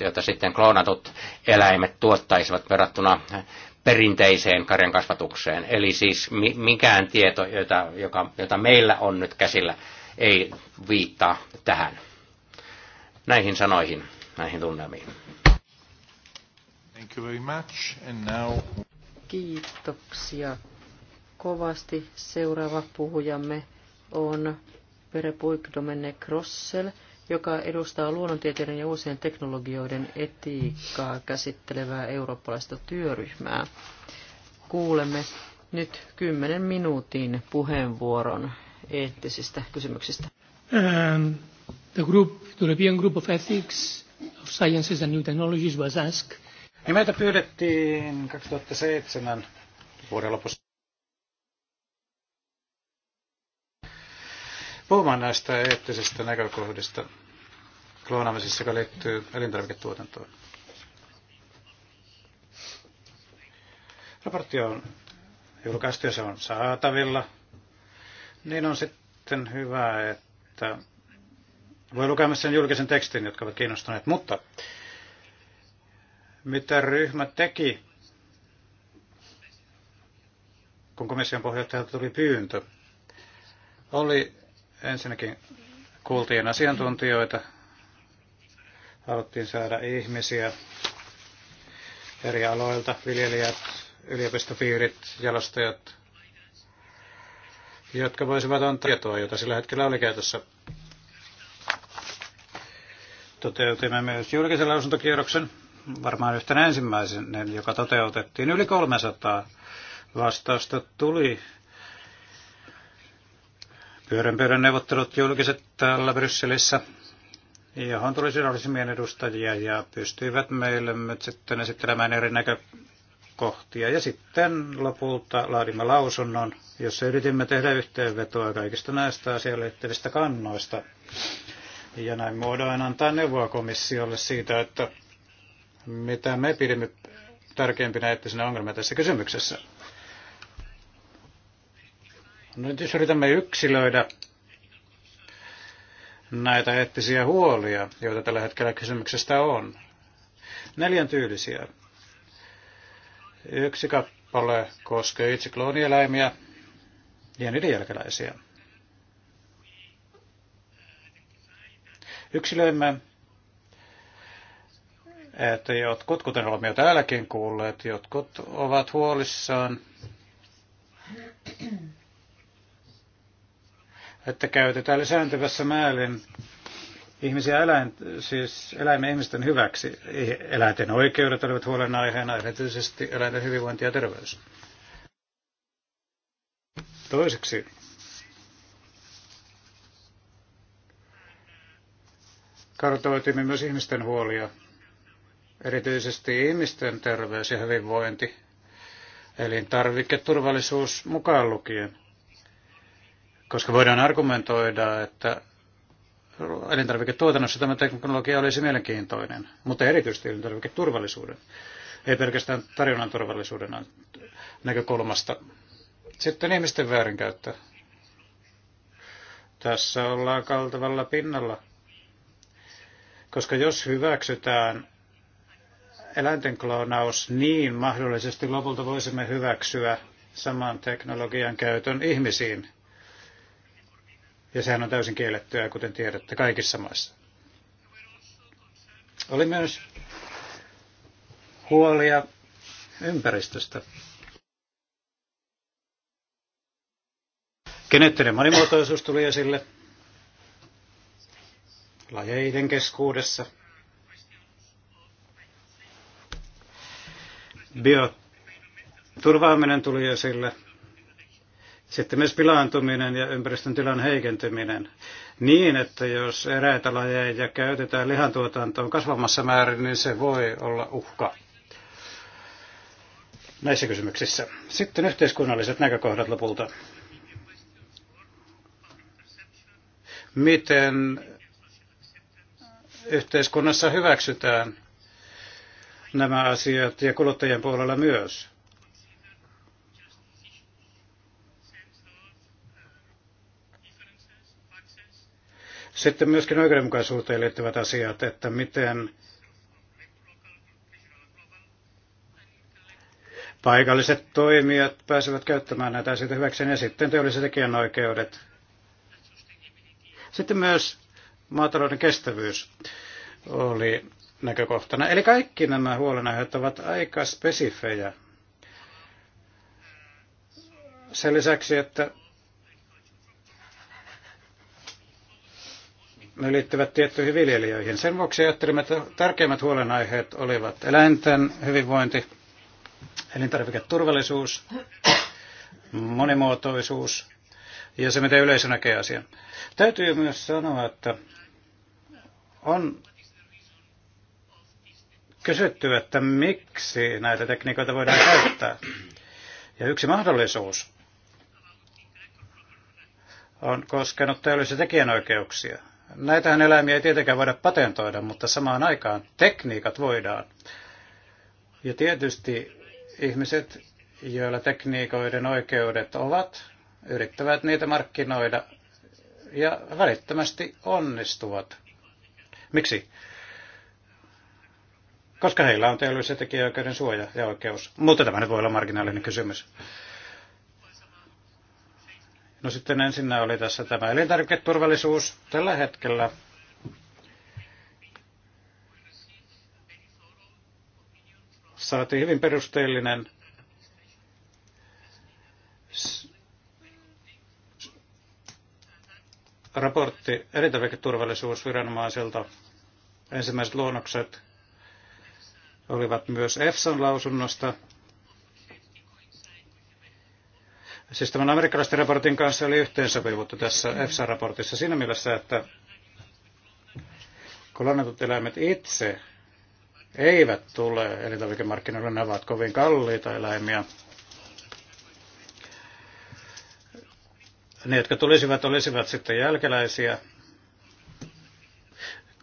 joita sitten kloonatut eläimet tuottaisivat verrattuna perinteiseen karjan kasvatukseen. Eli siis mikään tieto, jota, joka, jota meillä on nyt käsillä, ei viittaa tähän. Näihin sanoihin, näihin tunnelmiin. Thank you very much. And now... Kiitoksia kovasti. Seuraava puhujamme on Pere Puikdomene Krossel joka edustaa luonnontieteiden ja uusien teknologioiden etiikkaa käsittelevää eurooppalaista työryhmää. Kuulemme nyt 10 minuutin puheenvuoron eettisistä kysymyksistä. Um, the group, the European Group of Ethics of Sciences and New Technologies was asked. Ja niin meitä pyydettiin 2007 vuoden lopussa puhumaan näistä eettisistä näkökohdista kloonaamisessa, joka liittyy elintarviketuotantoon. Raportti on julkaistu ja se on saatavilla. Niin on sitten hyvä, että voi lukea myös sen julkisen tekstin, jotka ovat kiinnostuneet. Mutta mitä ryhmä teki, kun komission pohjoittajalta tuli pyyntö, oli ensinnäkin kuultiin asiantuntijoita, haluttiin saada ihmisiä eri aloilta, viljelijät, yliopistopiirit, jalostajat, jotka voisivat antaa tietoa, jota sillä hetkellä oli käytössä. Toteutimme myös julkisen lausuntokierroksen, varmaan yhtenä ensimmäisen, joka toteutettiin. Yli 300 vastausta tuli. Pyörän pyörän neuvottelut julkiset täällä Brysselissä johon tuli journalismien edustajia ja pystyivät meille nyt sitten esittelemään eri näkökohtia. Ja sitten lopulta laadimme lausunnon, jossa yritimme tehdä yhteenvetoa kaikista näistä asiaan liittyvistä kannoista. Ja näin muodoin antaa neuvoa komissiolle siitä, että mitä me pidimme tärkeimpinä eettisinä ongelmia tässä kysymyksessä. Nyt jos yritämme yksilöidä näitä eettisiä huolia, joita tällä hetkellä kysymyksestä on. Neljän tyylisiä. Yksi kappale koskee itse kloonieläimiä ja niiden jälkeläisiä. Yksilöimme, että jotkut, kuten olemme jo täälläkin kuulleet, jotkut ovat huolissaan että käytetään lisääntyvässä määrin ihmisiä eläin, siis eläimen ihmisten hyväksi. Eläinten oikeudet olivat huolenaiheena, erityisesti eläinten hyvinvointi ja terveys. Toiseksi kartoitimme myös ihmisten huolia, erityisesti ihmisten terveys ja hyvinvointi, elintarviketurvallisuus mukaan lukien. Koska voidaan argumentoida, että elintarviketuotannossa tämä teknologia olisi mielenkiintoinen, mutta erityisesti elintarviketurvallisuuden, ei pelkästään tarjonnan turvallisuuden näkökulmasta. Sitten ihmisten väärinkäyttö. Tässä ollaan kaltavalla pinnalla, koska jos hyväksytään eläinten kloonaus, niin mahdollisesti lopulta voisimme hyväksyä saman teknologian käytön ihmisiin – ja sehän on täysin kiellettyä, kuten tiedätte, kaikissa maissa. Oli myös huolia ympäristöstä. Geneettinen monimuotoisuus tuli esille lajeiden keskuudessa. Bioturvaaminen tuli esille. Sitten myös pilaantuminen ja ympäristön tilan heikentyminen. Niin, että jos eräitä lajeja käytetään lihantuotantoon kasvamassa määrin, niin se voi olla uhka näissä kysymyksissä. Sitten yhteiskunnalliset näkökohdat lopulta. Miten yhteiskunnassa hyväksytään nämä asiat ja kuluttajien puolella myös? Sitten myöskin oikeudenmukaisuuteen liittyvät asiat, että miten paikalliset toimijat pääsevät käyttämään näitä asioita hyväkseen ja sitten teolliset tekijänoikeudet. Sitten myös maatalouden kestävyys oli näkökohtana. Eli kaikki nämä huolenaiheet ovat aika spesifejä. Sen lisäksi, että ne liittyvät tiettyihin viljelijöihin. Sen vuoksi ajattelimme, että tärkeimmät huolenaiheet olivat eläinten hyvinvointi, elintarviketurvallisuus, monimuotoisuus ja se, miten yleisö näkee asian. Täytyy myös sanoa, että on kysytty, että miksi näitä tekniikoita voidaan käyttää. Ja yksi mahdollisuus on koskenut teollisia tekijänoikeuksia. Näitähän eläimiä ei tietenkään voida patentoida, mutta samaan aikaan tekniikat voidaan. Ja tietysti ihmiset, joilla tekniikoiden oikeudet ovat, yrittävät niitä markkinoida ja välittömästi onnistuvat. Miksi? Koska heillä on teollisen tekijäoikeuden suoja ja oikeus. Mutta tämä nyt voi olla marginaalinen kysymys. No sitten ensinnä oli tässä tämä elintarviketurvallisuus. Tällä hetkellä saatiin hyvin perusteellinen raportti elintarviketurvallisuusviranomaisilta. Ensimmäiset luonnokset olivat myös EFSAn lausunnosta Siis tämän amerikkalaisten raportin kanssa oli yhteensopivuutta tässä EFSA-raportissa siinä mielessä, että klonatut eläimet itse eivät tule elintarvikemarkkinoille, ne ovat kovin kalliita eläimiä. Ne, jotka tulisivat, olisivat sitten jälkeläisiä.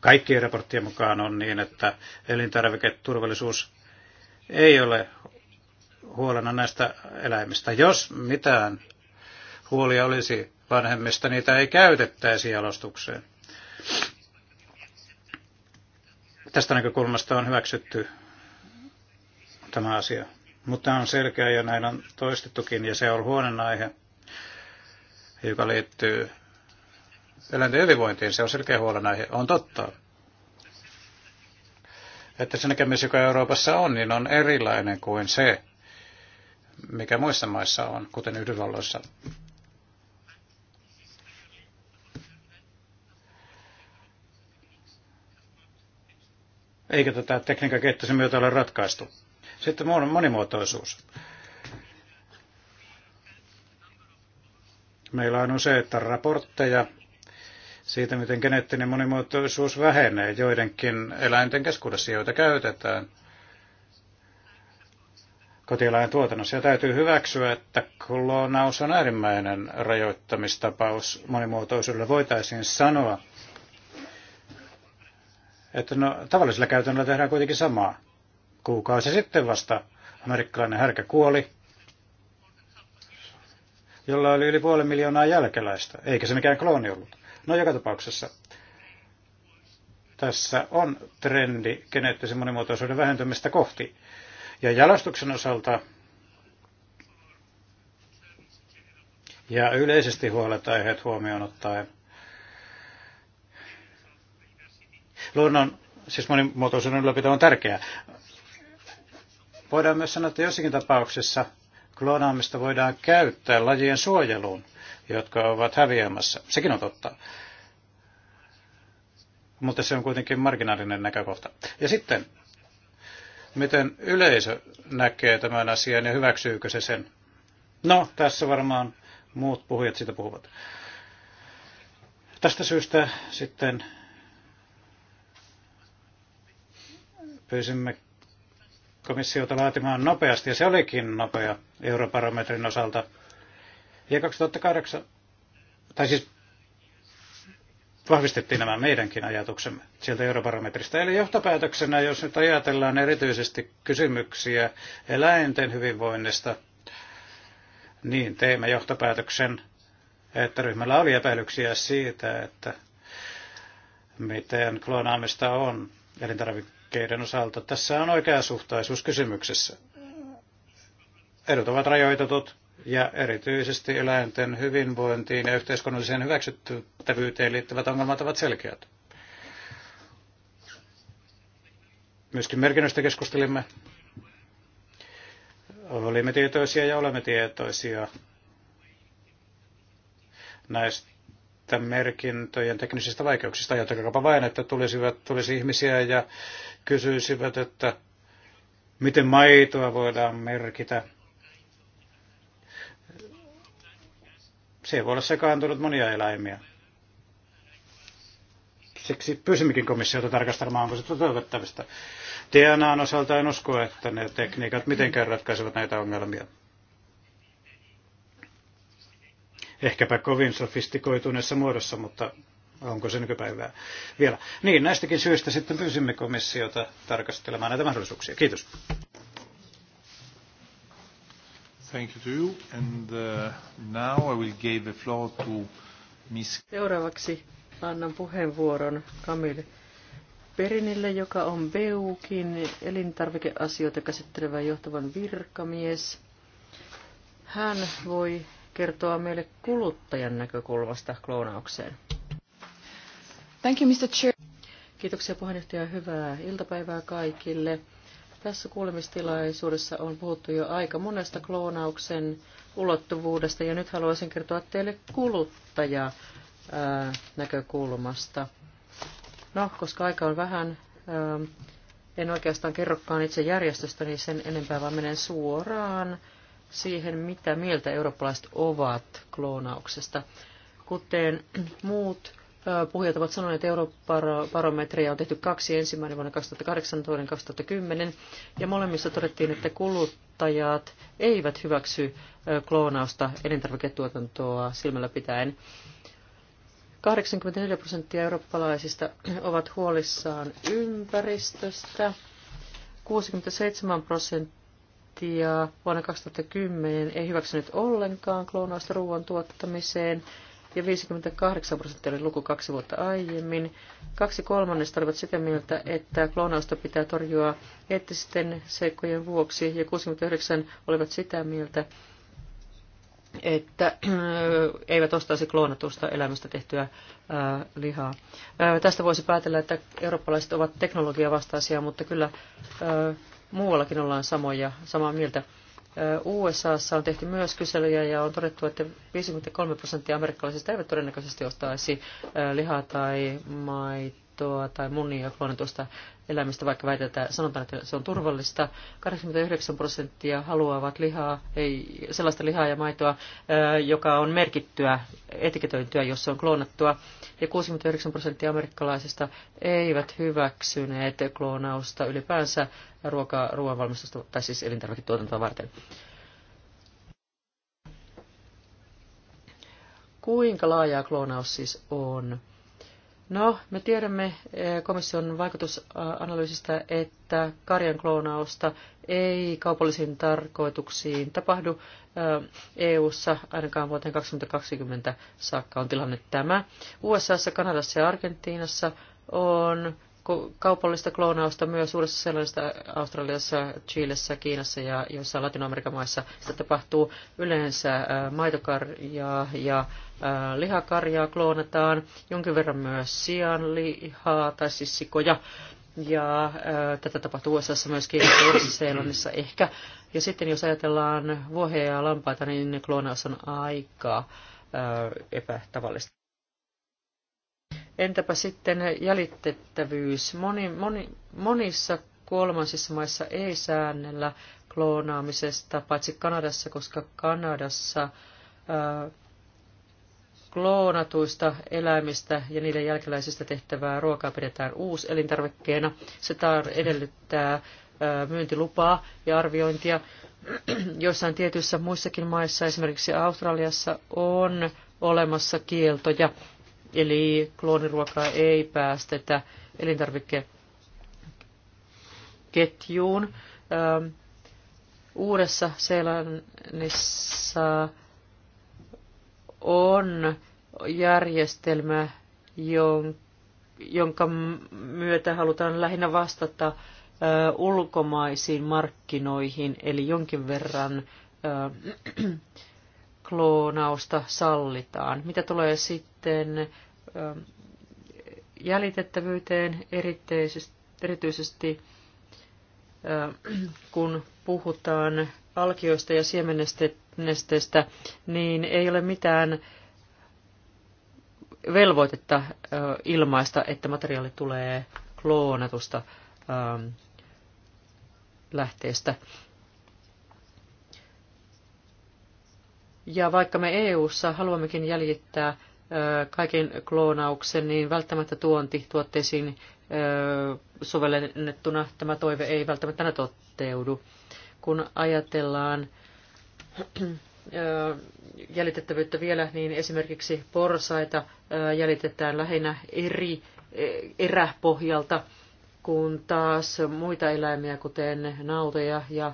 Kaikkien raporttien mukaan on niin, että elintarviketurvallisuus ei ole huolena näistä eläimistä. Jos mitään huolia olisi vanhemmista, niitä ei käytettäisi jalostukseen. Tästä näkökulmasta on hyväksytty tämä asia. Mutta on selkeä ja näin on toistettukin ja se on aihe, joka liittyy eläinten hyvinvointiin. Se on selkeä huolenaihe. On totta, että se näkemys, joka Euroopassa on, niin on erilainen kuin se, mikä muissa maissa on, kuten Yhdysvalloissa. Eikä tätä tekniikan kehittämisen myötä ole ratkaistu. Sitten monimuotoisuus. Meillä on useita raportteja siitä, miten geneettinen monimuotoisuus vähenee joidenkin eläinten keskuudessa, joita käytetään – kotieläintuotannossa. Ja täytyy hyväksyä, että kloonaus on äärimmäinen rajoittamistapaus monimuotoisuudelle. Voitaisiin sanoa, että no, tavallisella käytännöllä tehdään kuitenkin samaa. Kuukausi sitten vasta amerikkalainen härkä kuoli, jolla oli yli puoli miljoonaa jälkeläistä, eikä se mikään klooni ollut. No joka tapauksessa tässä on trendi geneettisen monimuotoisuuden vähentymistä kohti. Ja jalostuksen osalta ja yleisesti huolet aiheet huomioon ottaen. Luonnon, siis monimuotoisen ylläpito on tärkeää. Voidaan myös sanoa, että jossakin tapauksessa kloonaamista voidaan käyttää lajien suojeluun, jotka ovat häviämässä. Sekin on totta. Mutta se on kuitenkin marginaalinen näkökohta. Ja sitten Miten yleisö näkee tämän asian ja hyväksyykö se sen? No, tässä varmaan muut puhujat sitä puhuvat. Tästä syystä sitten pyysimme komissiota laatimaan nopeasti, ja se olikin nopea europarometrin osalta. Ja 2008, tai siis vahvistettiin nämä meidänkin ajatuksemme sieltä eurobarometrista. Eli johtopäätöksenä, jos nyt ajatellaan erityisesti kysymyksiä eläinten hyvinvoinnista, niin teimme johtopäätöksen, että ryhmällä oli epäilyksiä siitä, että miten kloonaamista on elintarvikkeiden osalta. Tässä on oikeasuhtaisuus kysymyksessä. Edut ovat rajoitetut, ja erityisesti eläinten hyvinvointiin ja yhteiskunnalliseen hyväksyttävyyteen liittyvät ongelmat ovat selkeät. Myöskin merkinnöistä keskustelimme. Olimme tietoisia ja olemme tietoisia näistä merkintöjen teknisistä vaikeuksista. Ajatelkaapa vain, että tulisivat, tulisi ihmisiä ja kysyisivät, että miten maitoa voidaan merkitä – siihen voi olla sekaantunut monia eläimiä. Siksi pysymikin komissiota tarkastelemaan, onko se toteutettavista. on osalta en usko, että ne tekniikat mitenkään ratkaisevat näitä ongelmia. Ehkäpä kovin sofistikoituneessa muodossa, mutta onko se nykypäivää vielä. Niin, näistäkin syistä sitten pysymme komissiota tarkastelemaan näitä mahdollisuuksia. Kiitos. Thank you to you. And uh, now I will give the floor to Miss... Seuraavaksi annan puheenvuoron Kamille Perinille, joka on BEUKin elintarvikeasioita käsittelevä johtavan virkamies. Hän voi kertoa meille kuluttajan näkökulmasta kloonaukseen. Thank you, Mr. Chair. Kiitoksia puheenjohtaja. Hyvää iltapäivää kaikille. Tässä kuulemistilaisuudessa on puhuttu jo aika monesta kloonauksen ulottuvuudesta ja nyt haluaisin kertoa teille kuluttaja näkökulmasta. No, koska aika on vähän, en oikeastaan kerrokaan itse järjestöstä, niin sen enempää, vaan menen suoraan siihen, mitä mieltä eurooppalaiset ovat kloonauksesta. Kuten muut puhujat ovat sanoneet, että eurobarometria on tehty kaksi, ensimmäinen vuonna 2008, toinen 2010, ja molemmissa todettiin, että kuluttajat eivät hyväksy kloonausta elintarviketuotantoa silmällä pitäen. 84 prosenttia eurooppalaisista ovat huolissaan ympäristöstä, 67 prosenttia vuonna 2010 ei hyväksynyt ollenkaan kloonausta ruoan tuottamiseen, ja 58 prosenttia oli luku kaksi vuotta aiemmin. Kaksi kolmannesta olivat sitä mieltä, että kloonausta pitää torjua eettisten seikkojen vuoksi, ja 69 olivat sitä mieltä, että eivät ostaisi kloonatusta elämästä tehtyä ää, äh, lihaa. Ää, äh, tästä voisi päätellä, että eurooppalaiset ovat teknologiavastaisia, mutta kyllä ää, äh, muuallakin ollaan samoja, samaa mieltä. USAssa on tehty myös kyselyjä ja on todettu, että 53 prosenttia amerikkalaisista eivät todennäköisesti ostaisi lihaa tai maitoa tuo tai munia kloonitusta eläimistä, vaikka väitetään, sanotaan, että se on turvallista. 89 prosenttia haluavat lihaa, ei, sellaista lihaa ja maitoa, joka on merkittyä, etiketöintyä, jos se on kloonattua. Ja 69 prosenttia amerikkalaisista eivät hyväksyneet kloonausta ylipäänsä ruokaa, ruoanvalmistusta, tai siis elintarviketuotantoa varten. Kuinka laajaa kloonaus siis on? No, me tiedämme eh, komission vaikutusanalyysistä, että karjan kloonausta ei kaupallisiin tarkoituksiin tapahdu EU-ssa eh, e ainakaan vuoteen 2020 saakka on tilanne tämä. USA, Kanadassa ja Argentiinassa on kaupallista kloonausta myös uudessa sellaisessa Australiassa, Chiilessä, Kiinassa ja joissain Latin-Amerikan maissa. Sitä tapahtuu yleensä äh, maitokarjaa ja äh, lihakarjaa kloonataan, jonkin verran myös sianlihaa tai siis sikoja. Ja ää, äh, tätä tapahtuu USA myös Kiinassa ja seelannissa ehkä. Ja sitten jos ajatellaan vuohea ja lampaita, niin kloonaus on aika ää, epätavallista. Entäpä sitten jäljitettävyys? Moni, moni, monissa kolmansissa maissa ei säännellä kloonaamisesta, paitsi Kanadassa, koska Kanadassa ää, äh, kloonatuista eläimistä ja niiden jälkeläisistä tehtävää ruokaa pidetään elintarvikkeena. Se tar- edellyttää ää, äh, myyntilupaa ja arviointia. Joissain tietyissä muissakin maissa, esimerkiksi Australiassa, on olemassa kieltoja Eli klooniruokaa ei päästetä elintarvikeketjuun. Ähm, Uudessa Seelannissa on järjestelmä, jonka myötä halutaan lähinnä vastata äh, ulkomaisiin markkinoihin, eli jonkin verran äh, kloonausta sallitaan. Mitä tulee sitten ähm, jäljitettävyyteen erityisesti, ähm, kun puhutaan alkioista ja siemennesteistä, niin ei ole mitään velvoitetta äh, ilmaista, että materiaali tulee kloonatusta ähm, lähteestä. Ja vaikka me EU-ssa haluammekin jäljittää kaiken kloonauksen, niin välttämättä tuontituotteisiin sovellennettuna tämä toive ei välttämättä toteudu. Kun ajatellaan jäljitettävyyttä vielä, niin esimerkiksi porsaita jäljitetään lähinnä eri e, eräpohjalta, kun taas muita eläimiä, kuten nautoja ja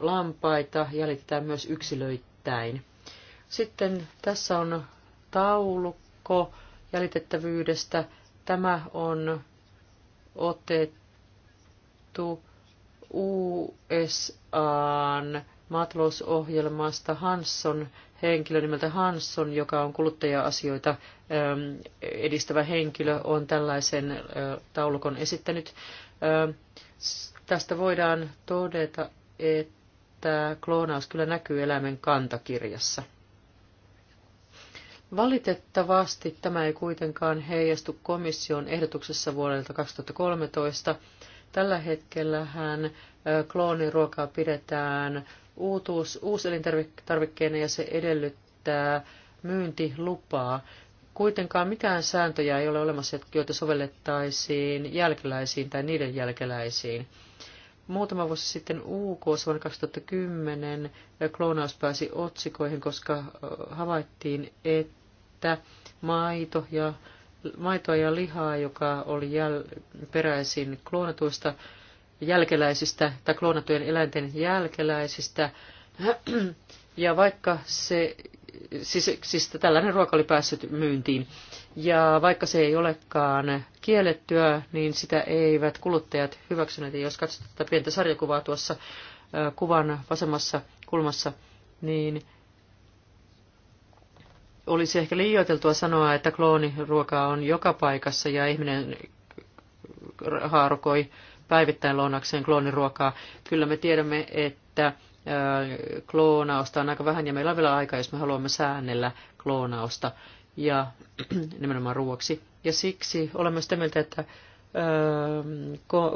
lampaita jäljitetään myös yksilöittäin. Sitten tässä on taulukko jäljitettävyydestä. Tämä on otettu USAn maatalousohjelmasta Hansson, henkilö nimeltä Hansson, joka on kuluttaja-asioita edistävä henkilö, on tällaisen taulukon esittänyt. Tästä voidaan todeta, että tämä kloonaus kyllä näkyy eläimen kantakirjassa. Valitettavasti tämä ei kuitenkaan heijastu komission ehdotuksessa vuodelta 2013. Tällä hetkellä hän klooniruokaa pidetään uutuus, uuselintarvikkeena ja se edellyttää myyntilupaa. Kuitenkaan mitään sääntöjä ei ole olemassa, joita sovellettaisiin jälkeläisiin tai niiden jälkeläisiin. Muutama vuosi sitten UK vuonna 2010 kloonaus pääsi otsikoihin, koska havaittiin, että maito ja, maitoa ja lihaa, joka oli jäl, peräisin kloonatuista jälkeläisistä tai kloonatujen eläinten jälkeläisistä, ja vaikka se siis, siis tällainen ruoka oli päässyt myyntiin. Ja vaikka se ei olekaan kiellettyä, niin sitä eivät kuluttajat hyväksyneet. Ja jos katsot tätä pientä sarjakuvaa tuossa kuvan vasemmassa kulmassa, niin olisi ehkä liioiteltua sanoa, että klooniruokaa on joka paikassa ja ihminen haarukoi päivittäin lounakseen klooniruokaa. Kyllä me tiedämme, että kloonausta on aika vähän ja meillä on vielä aika, jos me haluamme säännellä kloonausta ja nimenomaan ruoksi. Ja siksi olemme sitä mieltä, että ähm,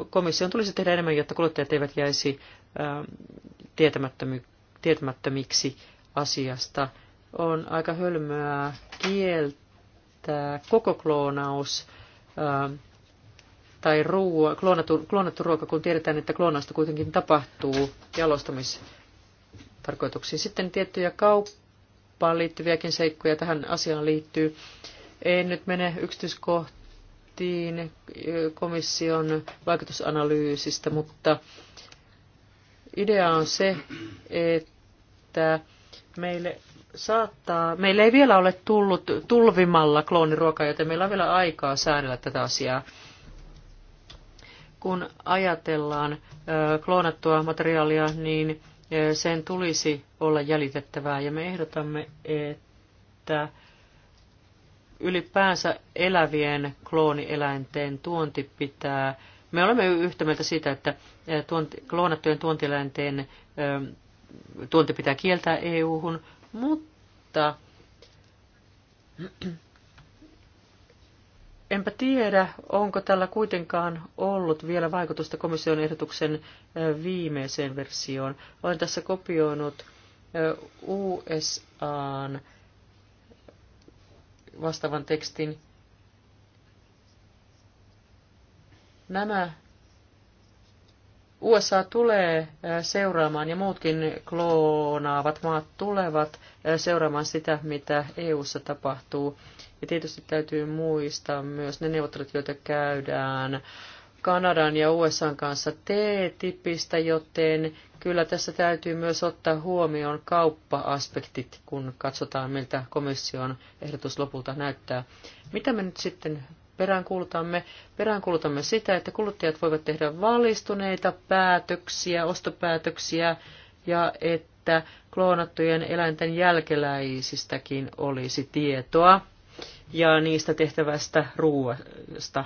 komission tulisi tehdä enemmän, jotta kuluttajat eivät jäisi ähm, tietämättömiksi asiasta. On aika hölmöä kieltää koko kloonaus ähm, tai ruo, kloonattu, kloonattu ruoka, kun tiedetään, että kloonausta kuitenkin tapahtuu jalostamis- tarkoituksiin. Sitten tiettyjä kauppaan liittyviäkin seikkoja tähän asiaan liittyy. En nyt mene yksityiskohtiin komission vaikutusanalyysistä, mutta idea on se, että meille saattaa, meillä ei vielä ole tullut tulvimalla klooniruokaa, joten meillä on vielä aikaa säännellä tätä asiaa. Kun ajatellaan kloonattua materiaalia, niin sen tulisi olla jäljitettävää ja me ehdotamme, että ylipäänsä elävien kloonieläinten tuonti pitää, me olemme yhtä mieltä siitä, että tuonti, kloonattujen tuontieläinten tuonti pitää kieltää EU-hun, mutta Enpä tiedä, onko tällä kuitenkaan ollut vielä vaikutusta komission ehdotuksen viimeiseen versioon. Olen tässä kopioinut USAn vastaavan tekstin. Nämä USA tulee seuraamaan ja muutkin kloonaavat maat tulevat seuraamaan sitä, mitä EU:ssa tapahtuu. Ja tietysti täytyy muistaa myös ne neuvottelut, joita käydään Kanadan ja USAn kanssa T-tipistä, joten kyllä tässä täytyy myös ottaa huomioon kauppa-aspektit, kun katsotaan, miltä komission ehdotus lopulta näyttää. Mitä me nyt sitten peräänkuulutamme? Peräänkuulutamme sitä, että kuluttajat voivat tehdä valistuneita päätöksiä, ostopäätöksiä ja että kloonattujen eläinten jälkeläisistäkin olisi tietoa ja niistä tehtävästä ruoasta.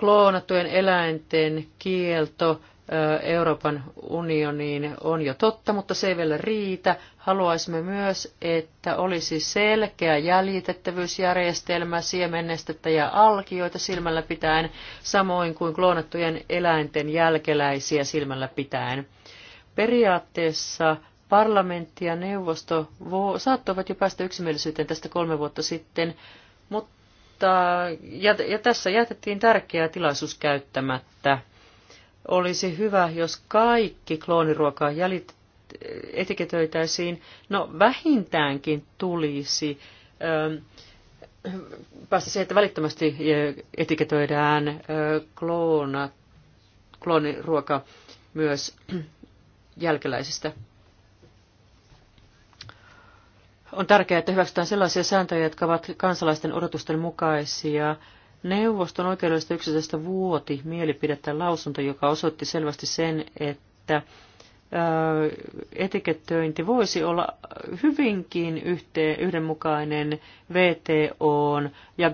Kloonattujen eläinten kielto Euroopan unioniin on jo totta, mutta se ei vielä riitä. Haluaisimme myös, että olisi selkeä jäljitettävyysjärjestelmä siemennestettä ja alkioita silmällä pitäen, samoin kuin kloonattujen eläinten jälkeläisiä silmällä pitäen. Periaatteessa parlamentti ja neuvosto saattoivat jo päästä yksimielisyyteen tästä kolme vuotta sitten, mutta ja, ja tässä jätettiin tärkeä tilaisuus käyttämättä olisi hyvä, jos kaikki klooniruokaa jäljit, eh, etiketöitäisiin, no vähintäänkin tulisi ö, ähm, päästä siihen, että välittömästi eh, etiketöidään ö, eh, kloona, klooniruoka myös jälkeläisistä. On tärkeää, että hyväksytään sellaisia sääntöjä, jotka ovat kansalaisten odotusten mukaisia Neuvoston oikeudellisesta yksisestä vuoti mielipidettä lausunto, joka osoitti selvästi sen, että etikettöinti voisi olla hyvinkin yhteen, yhdenmukainen VTO ja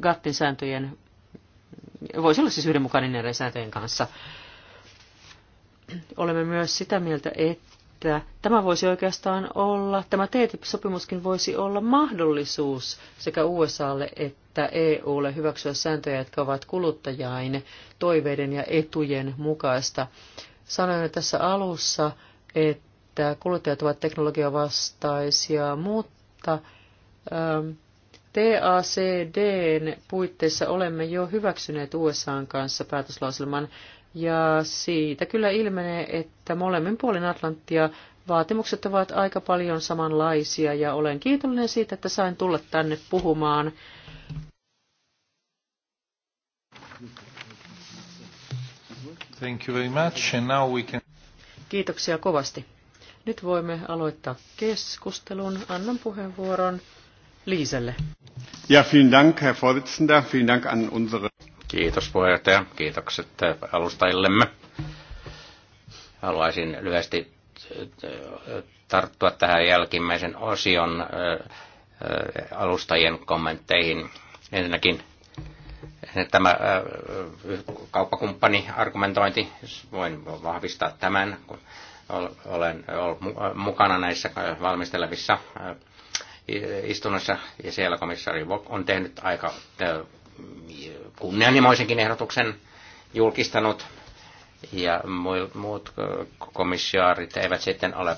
GATTin sääntöjen, voisi olla siis yhdenmukainen näiden sääntöjen kanssa. Olemme myös sitä mieltä, että että tämä voisi oikeastaan olla, tämä TTIP-sopimuskin voisi olla mahdollisuus sekä USAlle että EUlle hyväksyä sääntöjä, jotka ovat kuluttajain toiveiden ja etujen mukaista. Sanoin tässä alussa, että kuluttajat ovat teknologiavastaisia, mutta ähm, TACDn puitteissa olemme jo hyväksyneet USAn kanssa päätöslauselman ja siitä kyllä ilmenee, että molemmin puolin Atlanttia vaatimukset ovat aika paljon samanlaisia ja olen kiitollinen siitä, että sain tulla tänne puhumaan. Thank you very much. And now we can... Kiitoksia kovasti. Nyt voimme aloittaa keskustelun. Annan puheenvuoron Liiselle. Ja, vielen Dank, Herr Vorsitzender. Vielen Dank an unsere Kiitos puheenjohtaja. Kiitokset alustajillemme. Haluaisin lyhyesti tarttua tähän jälkimmäisen osion alustajien kommentteihin. Ensinnäkin tämä kauppakumppani-argumentointi, voin vahvistaa tämän, kun olen ollut mukana näissä valmistelevissa istunnossa ja siellä komissaari on tehnyt aika kunnianhimoisenkin ehdotuksen julkistanut, ja muut komissiaarit eivät sitten ole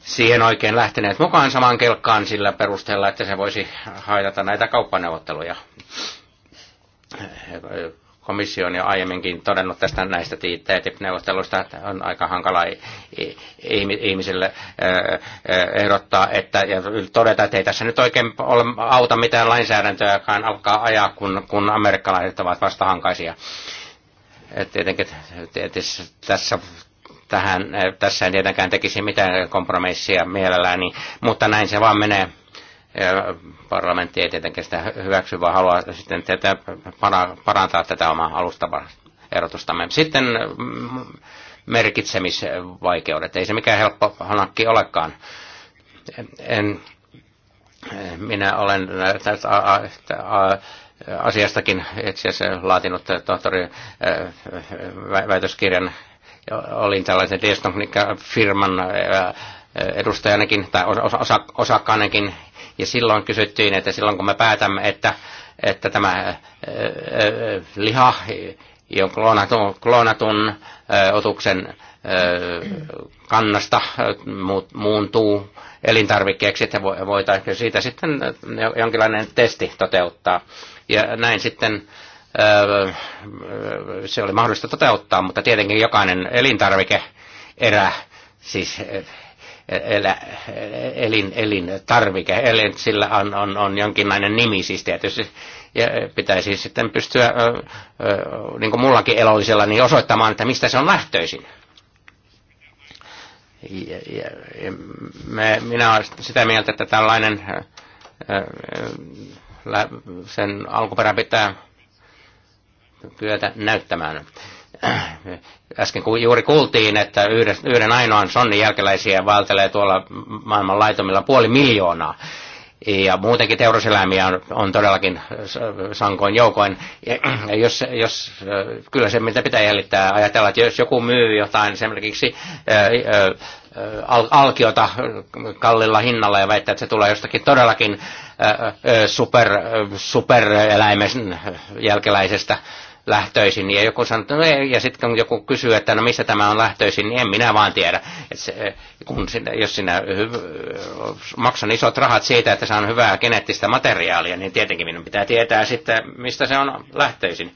siihen oikein lähteneet mukaan samaan kelkkaan sillä perusteella, että se voisi haitata näitä kauppaneuvotteluja komissio on jo aiemminkin todennut tästä näistä TTIP-neuvotteluista, että on aika hankala ihmisille ehdottaa että, ja todeta, että ei tässä nyt oikein ole, auta mitään lainsäädäntöäkään alkaa ajaa, kun, kun amerikkalaiset ovat vastahankaisia. Et tietenkin tietysti tässä tähän, tässä en tietenkään tekisi mitään kompromissia mielellään, niin, mutta näin se vaan menee. Parlamentti ei tietenkään sitä hyväksy, vaan haluaa sitten tätä, parantaa tätä omaa alustavaa erotustamme. Sitten mm, merkitsemisvaikeudet. Ei se mikään helppo hanakki olekaan. En, minä olen tästä asiastakin itse asiassa laatinut tohtori väitöskirjan. Olin tällaisen diagnostikka-firman edustajanakin tai osakkaanakin ja silloin kysyttiin, että silloin kun me päätämme, että, että tämä liha, jonka kloonatun, kloonatun otuksen kannasta muuntuu elintarvikkeeksi, että voitaisiin siitä sitten jonkinlainen testi toteuttaa. Ja näin sitten se oli mahdollista toteuttaa, mutta tietenkin jokainen elintarvike erä, siis elä, elin, elintarvike, elin, sillä on, on, on jonkinlainen nimi siis tietysti, ja pitäisi sitten pystyä, niin kuin mullakin elollisella, niin osoittamaan, että mistä se on lähtöisin. Ja, ja, ja me, minä olen sitä mieltä, että tällainen sen alkuperä pitää kyetä näyttämään äsken juuri kuultiin, että yhden, yhden ainoan sonnin jälkeläisiä vaeltelee tuolla maailman laitomilla puoli miljoonaa. Ja muutenkin teuroseläimiä on, on todellakin sankoin joukoin. Ja jos, jos, kyllä se, mitä pitää jäljittää, ajatella, että jos joku myy jotain esimerkiksi al- alkiota kallilla hinnalla ja väittää, että se tulee jostakin todellakin super, supereläimen jälkeläisestä lähtöisin. Ja joku sanoo, no ei, ja sitten kun joku kysyy, että no mistä tämä on lähtöisin, niin en minä vaan tiedä. Et se, kun sinä, jos sinä hyv- maksan isot rahat siitä, että saan hyvää geneettistä materiaalia, niin tietenkin minun pitää tietää sitten, mistä se on lähtöisin.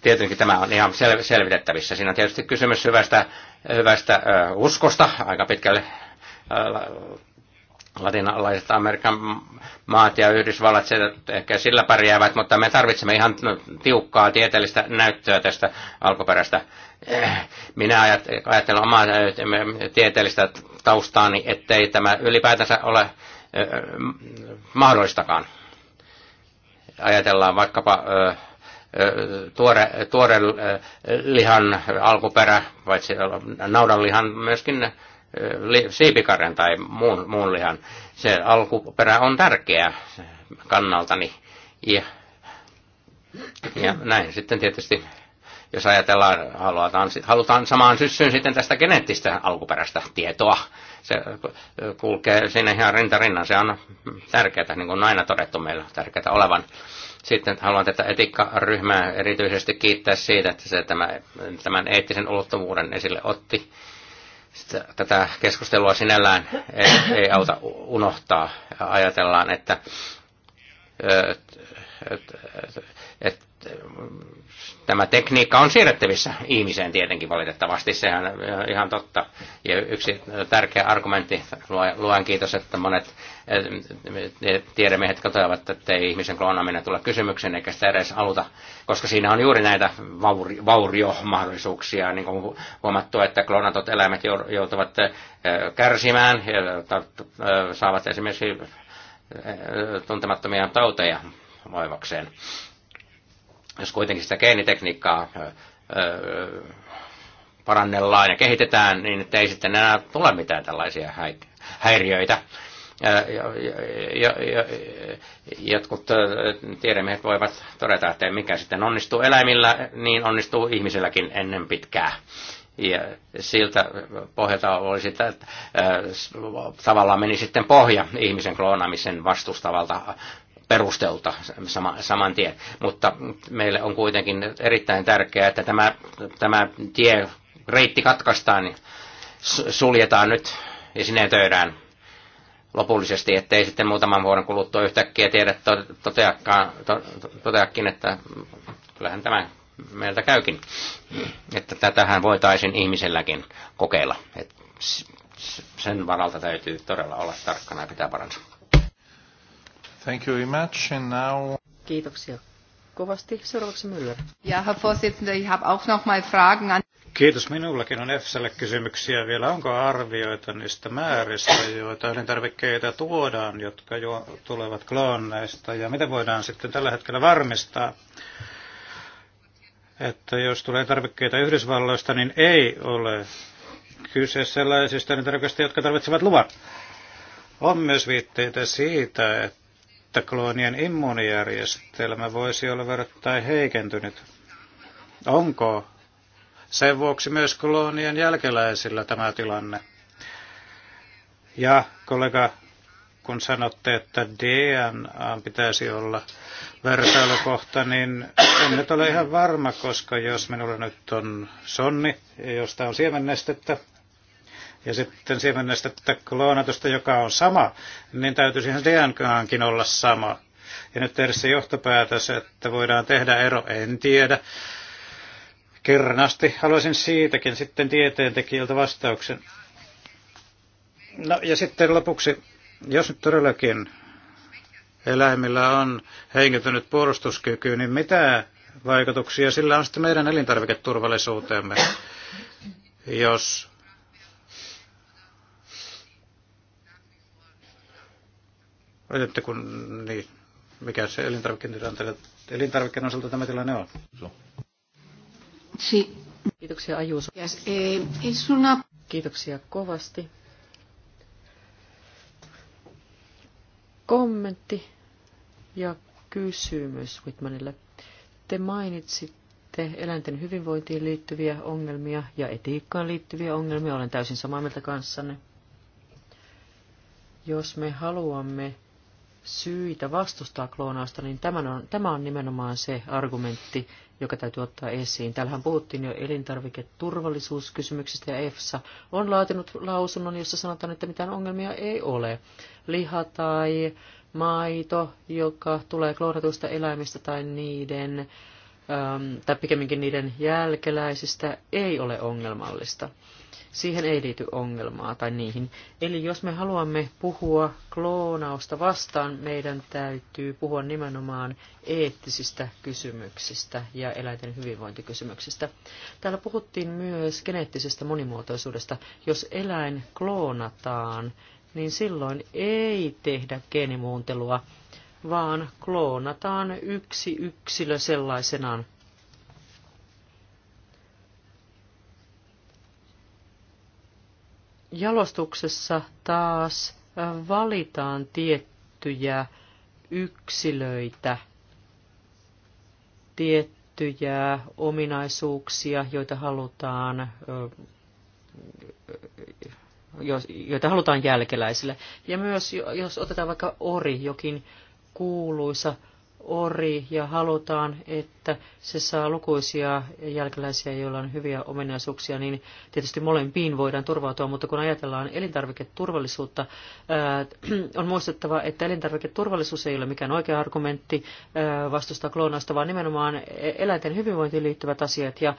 tietenkin tämä on ihan sel- selvitettävissä. Siinä on tietysti kysymys hyvästä, hyvästä ö, uskosta aika pitkälle ö, latinalaiset Amerikan maat ja Yhdysvallat se, ehkä sillä pärjäävät, mutta me tarvitsemme ihan tiukkaa tieteellistä näyttöä tästä alkuperästä. Eh, minä ajattelen omaa eh, tieteellistä taustaani, ettei tämä ylipäätänsä ole eh, mahdollistakaan. Ajatellaan vaikkapa tuore, tuore lihan alkuperä, paitsi naudanlihan myöskin siipikarjan tai muun, muun lihan. Se alkuperä on tärkeä kannaltani. Ja, ja näin sitten tietysti, jos ajatellaan, halutaan, halutaan samaan syssyyn sitten tästä geneettistä alkuperäistä tietoa. Se kulkee sinne ihan rinta rinnan. Se on tärkeää, niin kuin on aina todettu meillä, tärkeää olevan sitten haluan tätä etiikkaryhmää erityisesti kiittää siitä, että se tämä, tämän eettisen ulottuvuuden esille otti. Sitä, tätä keskustelua sinällään ei, ei auta unohtaa. Ajatellaan, että, et, et, että tämä tekniikka on siirrettävissä ihmiseen tietenkin valitettavasti, sehän on ihan totta. Ja yksi tärkeä argumentti, luen kiitos, että monet tiedemiehet katsoivat, että ei ihmisen kloonaaminen tule kysymykseen eikä sitä edes aluta, koska siinä on juuri näitä vauriomahdollisuuksia, niin kuin huomattu, että kloonatot eläimet joutuvat kärsimään, saavat esimerkiksi tuntemattomia tauteja voivakseen jos kuitenkin sitä geenitekniikkaa parannellaan ja kehitetään, niin että ei sitten enää tule mitään tällaisia häiriöitä. Jotkut tiedemiehet voivat todeta, että mikä sitten onnistuu eläimillä, niin onnistuu ihmiselläkin ennen pitkää. Ja siltä pohjalta olisi, että tavallaan meni sitten pohja ihmisen kloonaamisen vastustavalta perustelta sama, saman tien. Mutta meille on kuitenkin erittäin tärkeää, että tämä, tämä tie, reitti katkaistaan, niin suljetaan nyt ja sinne töydään lopullisesti, ettei sitten muutaman vuoden kuluttua yhtäkkiä tiedä toteakaan, to, toteakin, että kyllähän tämä meiltä käykin, että tätähän voitaisiin ihmiselläkin kokeilla. Et sen varalta täytyy todella olla tarkkana ja pitää paransa. Thank you very much. And now... Kiitoksia kovasti. Seuraavaksi Müller. Ja, Herr Vorsitzender, ich habe auch noch mal Fragen an... Kiitos. Minullakin on EFSAlle kysymyksiä vielä. Onko arvioita niistä määristä, joita elintarvikkeita tuodaan, jotka jo tulevat klooneista? Ja miten voidaan sitten tällä hetkellä varmistaa, että jos tulee tarvikkeita Yhdysvalloista, niin ei ole kyse sellaisista elintarvikkeista, jotka tarvitsevat luvan. On myös viitteitä siitä, että että kloonien immuunijärjestelmä voisi olla verrattain heikentynyt. Onko sen vuoksi myös kloonien jälkeläisillä tämä tilanne? Ja kollega, kun sanotte, että DNA pitäisi olla vertailukohta, niin en nyt ole ihan varma, koska jos minulla nyt on sonni, josta on siemennestettä, ja sitten siemenestä kloonatusta, joka on sama, niin täytyisi ihan DNAnkin olla sama. Ja nyt tehdä se johtopäätös, että voidaan tehdä ero, en tiedä. asti haluaisin siitäkin sitten tieteentekijöiltä vastauksen. No ja sitten lopuksi, jos nyt todellakin eläimillä on heikentynyt puolustuskyky, niin mitä vaikutuksia sillä on sitten meidän elintarviketurvallisuuteemme, jos Että kun, niin, mikä se elintarvikkeen osalta tämä tilanne on? Si. Kiitoksia Ajuus. Yes, eh, Kiitoksia kovasti. Kommentti ja kysymys Whitmanille. Te mainitsitte eläinten hyvinvointiin liittyviä ongelmia ja etiikkaan liittyviä ongelmia. Olen täysin samaa mieltä kanssanne. Jos me haluamme syitä vastustaa kloonausta, niin tämän on, tämä on nimenomaan se argumentti, joka täytyy ottaa esiin. Täällähän puhuttiin jo elintarviketurvallisuuskysymyksistä ja EFSA on laatinut lausunnon, jossa sanotaan, että mitään ongelmia ei ole. Liha tai maito, joka tulee kloonatuista eläimistä tai niiden, ähm, tai pikemminkin niiden jälkeläisistä, ei ole ongelmallista siihen ei liity ongelmaa tai niihin. Eli jos me haluamme puhua kloonausta vastaan, meidän täytyy puhua nimenomaan eettisistä kysymyksistä ja eläinten hyvinvointikysymyksistä. Täällä puhuttiin myös geneettisestä monimuotoisuudesta. Jos eläin kloonataan, niin silloin ei tehdä geenimuuntelua, vaan kloonataan yksi yksilö sellaisenaan jalostuksessa taas valitaan tiettyjä yksilöitä, tiettyjä ominaisuuksia, joita halutaan joita halutaan jälkeläisille. Ja myös jos otetaan vaikka ori, jokin kuuluisa ori ja halutaan, että se saa lukuisia jälkeläisiä, joilla on hyviä ominaisuuksia, niin tietysti molempiin voidaan turvautua, mutta kun ajatellaan elintarviketurvallisuutta, äh, on muistettava, että elintarviketurvallisuus ei ole mikään oikea argumentti äh, vastustaa kloonausta, vaan nimenomaan eläinten hyvinvointiin liittyvät asiat ja äh,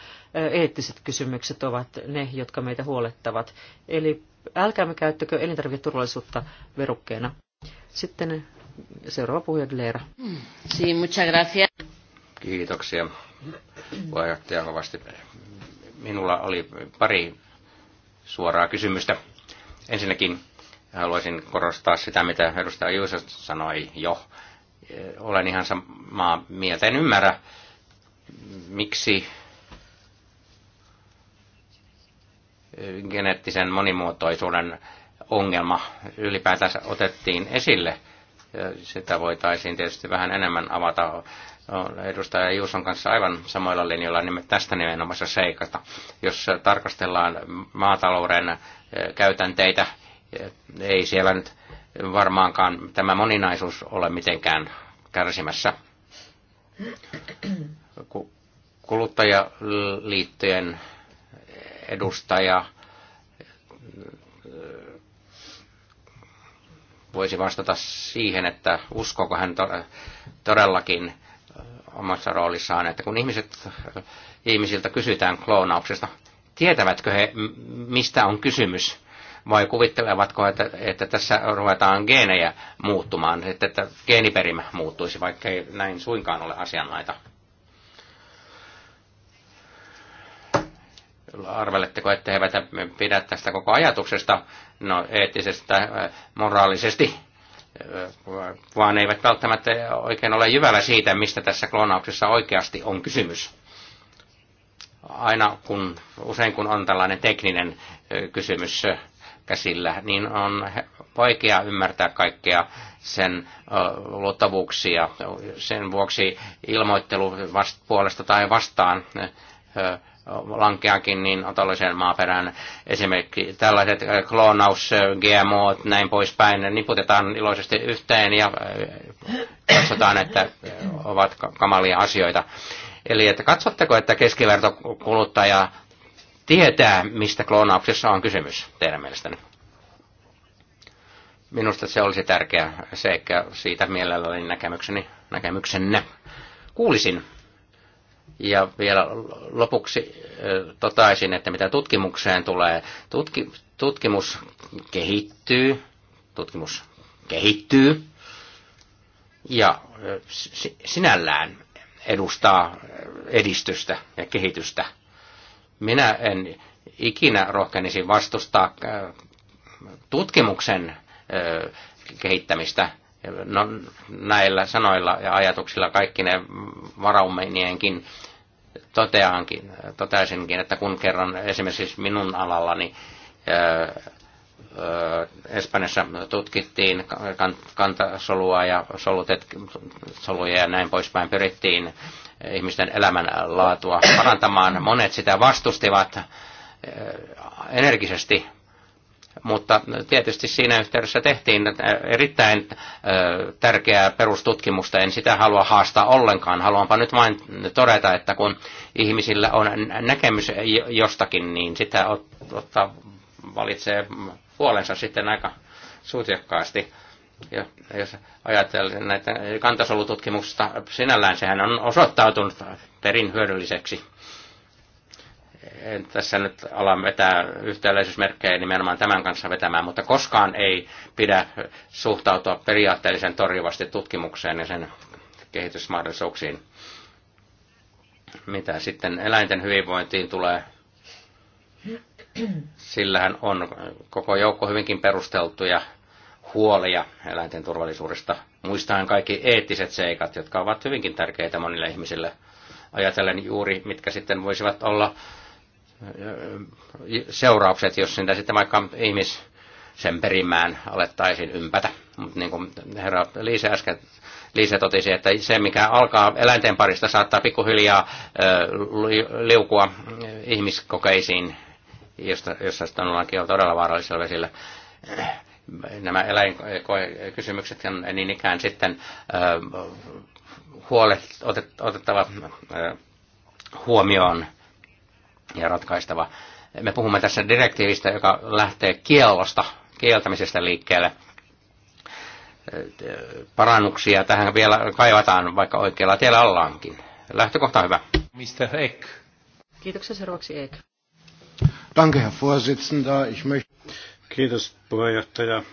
eettiset kysymykset ovat ne, jotka meitä huolettavat. Eli älkäämme käyttäkö elintarviketurvallisuutta verukkeena. Sitten Seuraava puhuja Leera. Sí, muchas gracias. Kiitoksia puheenjohtaja kovasti. Minulla oli pari suoraa kysymystä. Ensinnäkin haluaisin korostaa sitä, mitä edustaja Juuso sanoi jo. Olen ihan samaa mieltä. En ymmärrä, miksi geneettisen monimuotoisuuden ongelma ylipäätänsä otettiin esille – sitä voitaisiin tietysti vähän enemmän avata. Edustaja Juuson kanssa aivan samoilla linjoilla niin tästä nimenomaisesta seikasta. Jos tarkastellaan maatalouden eh, käytänteitä, eh, ei siellä nyt varmaankaan tämä moninaisuus ole mitenkään kärsimässä. Kuluttajaliittojen edustaja eh, voisi vastata siihen, että uskoko hän todellakin omassa roolissaan, että kun ihmiset, ihmisiltä kysytään kloonauksesta, tietävätkö he, mistä on kysymys, vai kuvittelevatko, että, että tässä ruvetaan geenejä muuttumaan, että, että geeniperimä muuttuisi, vaikka ei näin suinkaan ole asianlaita. arveletteko, että he eivät pidä tästä koko ajatuksesta no, eettisestä, äh, moraalisesti, äh, vaan eivät välttämättä oikein ole jyvällä siitä, mistä tässä kloonauksessa oikeasti on kysymys. Aina kun, usein kun on tällainen tekninen äh, kysymys käsillä, niin on vaikea ymmärtää kaikkea sen luottavuuksia. Sen vuoksi ilmoittelu vast, puolesta tai vastaan lankeakin niin otollisen maaperän Esimerkiksi tällaiset äh, kloonaus, äh, GMO, näin poispäin, ne niputetaan iloisesti yhteen ja äh, katsotaan, että ovat kamalia asioita. Eli että katsotteko, että keskivertokuluttaja tietää, mistä kloonauksessa on kysymys teidän mielestänne? Minusta se olisi tärkeä seikka siitä mielelläni näkemykseni, näkemyksenne. Kuulisin ja vielä lopuksi totaisin, että mitä tutkimukseen tulee, tutki, tutkimus kehittyy, tutkimus kehittyy ja sinällään edustaa edistystä ja kehitystä. Minä en ikinä rohkenisi vastustaa tutkimuksen kehittämistä no, näillä sanoilla ja ajatuksilla kaikki ne varaumenienkin toteankin, toteaisinkin, että kun kerran esimerkiksi minun alallani ää, äh, ää, äh, Espanjassa tutkittiin kantasolua ja solutet, soluja ja näin poispäin, pyrittiin ihmisten elämänlaatua parantamaan. Monet sitä vastustivat äh, energisesti mutta tietysti siinä yhteydessä tehtiin erittäin tärkeää perustutkimusta. En sitä halua haastaa ollenkaan. Haluanpa nyt vain todeta, että kun ihmisillä on näkemys jostakin, niin sitä ottaa, valitsee puolensa sitten aika suutiokkaasti. Jos ajatellaan näitä kantasolututkimuksista, sinällään sehän on osoittautunut perin hyödylliseksi en tässä nyt ala vetää yhtäläisyysmerkkejä nimenomaan tämän kanssa vetämään, mutta koskaan ei pidä suhtautua periaatteellisen torjuvasti tutkimukseen ja sen kehitysmahdollisuuksiin. Mitä sitten eläinten hyvinvointiin tulee, sillähän on koko joukko hyvinkin perusteltuja huolia eläinten turvallisuudesta. Muistaen kaikki eettiset seikat, jotka ovat hyvinkin tärkeitä monille ihmisille ajatellen juuri, mitkä sitten voisivat olla seuraukset, jos sitä sitten vaikka ihmis sen perimään alettaisiin ympätä. Mutta niin kuin herra Liisa äsken Liisa totesi, että se mikä alkaa eläinten parista saattaa pikkuhiljaa liukua ihmiskokeisiin, josta, jossa sitten ollaankin jo todella vaarallisilla vesillä. Nämä eläinkysymykset on niin ikään sitten huolet otettava huomioon ja ratkaistava. Me puhumme tässä direktiivistä, joka lähtee kiellosta, kieltämisestä liikkeelle. Parannuksia tähän vielä kaivataan, vaikka oikealla tiellä ollaankin. Lähtökohta on hyvä. Mr. Eck. Kiitoksia seuraavaksi Eck. Danke, Herr Vorsitzender. Ich möchte... Kiitos puheenjohtaja.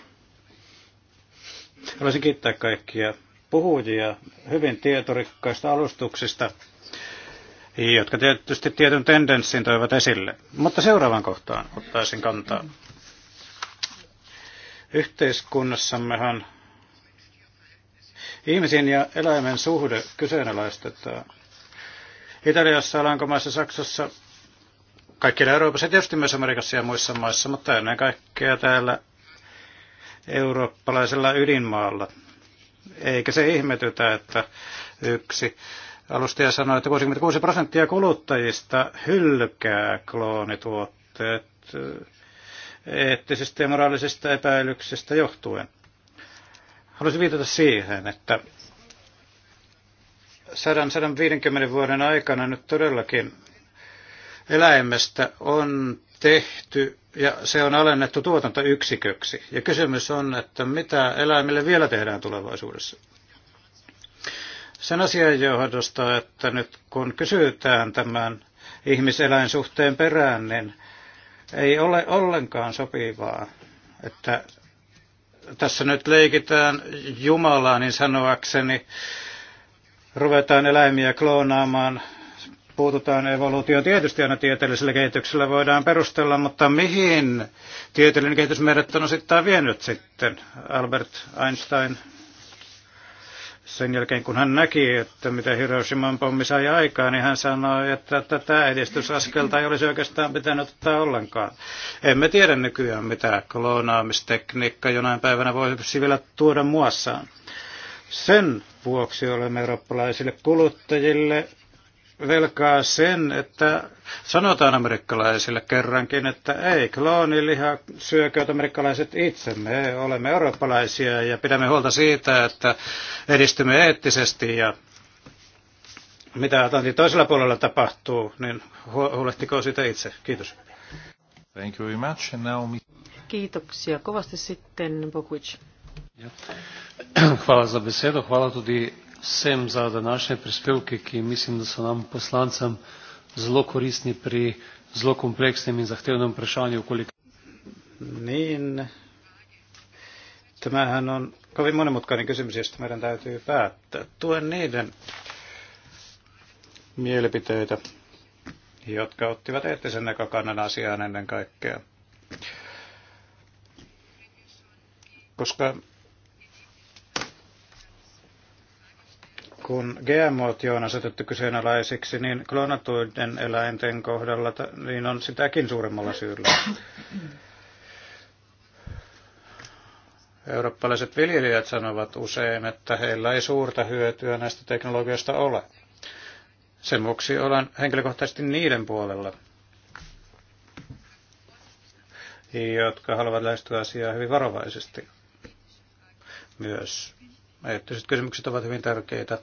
Haluaisin kiittää kaikkia puhujia hyvin tietorikkaista alustuksista jotka tietysti tietyn tendenssin toivat esille. Mutta seuraavaan kohtaan ottaisin kantaa. Yhteiskunnassammehan ihmisen ja eläimen suhde kyseenalaistetaan. Italiassa, Alankomaissa, Saksassa, kaikkialla Euroopassa, tietysti myös Amerikassa ja muissa maissa, mutta ennen kaikkea täällä eurooppalaisella ydinmaalla. Eikä se ihmetytä, että yksi alustaja sanoi, että 66 prosenttia kuluttajista hylkää kloonituotteet eh, eettisistä ja moraalisista epäilyksistä johtuen. Haluaisin viitata siihen, että 150 vuoden aikana nyt todellakin eläimestä on tehty ja se on alennettu tuotantoyksiköksi. Ja kysymys on, että mitä eläimille vielä tehdään tulevaisuudessa sen asian johdosta, että nyt kun kysytään tämän ihmiseläinsuhteen perään, niin ei ole ollenkaan sopivaa, että tässä nyt leikitään Jumalaa niin sanoakseni, ruvetaan eläimiä kloonaamaan, puututaan evoluutioon. Tietysti aina tieteellisellä kehityksellä voidaan perustella, mutta mihin tieteellinen kehitys meidät on osittain vienyt sitten? Albert Einstein sen jälkeen kun hän näki, että mitä Hiroshiman pommi sai aikaa, niin hän sanoi, että tätä edistysaskelta ei olisi oikeastaan pitänyt ottaa ollenkaan. Emme tiedä nykyään, mitä kloonaamistekniikka jonain päivänä voisi vielä tuoda muassaan. Sen vuoksi olemme eurooppalaisille kuluttajille velkaa sen, että sanotaan amerikkalaisille kerrankin, että ei, klooniliha syökööt amerikkalaiset itse. Me olemme eurooppalaisia ja pidämme huolta siitä, että edistymme eettisesti ja mitä Atlantin toisella puolella tapahtuu, niin huolehtiko siitä itse. Kiitos. Thank you very much. And now... Kiitoksia kovasti sitten Bokuic. Hvala za besedo, hvala tudi vsem za današnje prispevke, ki mislim, da so nam poslancem zelo koristni pri zelo kompleksnem in zahtevnem vprašanju. Niin, tämähän on kovin monimutkainen kysymys, josta meidän täytyy päättää. Tuen niiden mielipiteitä, jotka ottivat eettisen näkökannan asiaan ennen kaikkea. Koska kun GMOt on asetettu kyseenalaisiksi, niin klonatuiden eläinten kohdalla niin on sitäkin suuremmalla syyllä. Eurooppalaiset viljelijät sanovat usein, että heillä ei suurta hyötyä näistä teknologioista ole. Sen vuoksi olen henkilökohtaisesti niiden puolella, jotka haluavat lähestyä asiaa hyvin varovaisesti. Myös eettiset kysymykset ovat hyvin tärkeitä.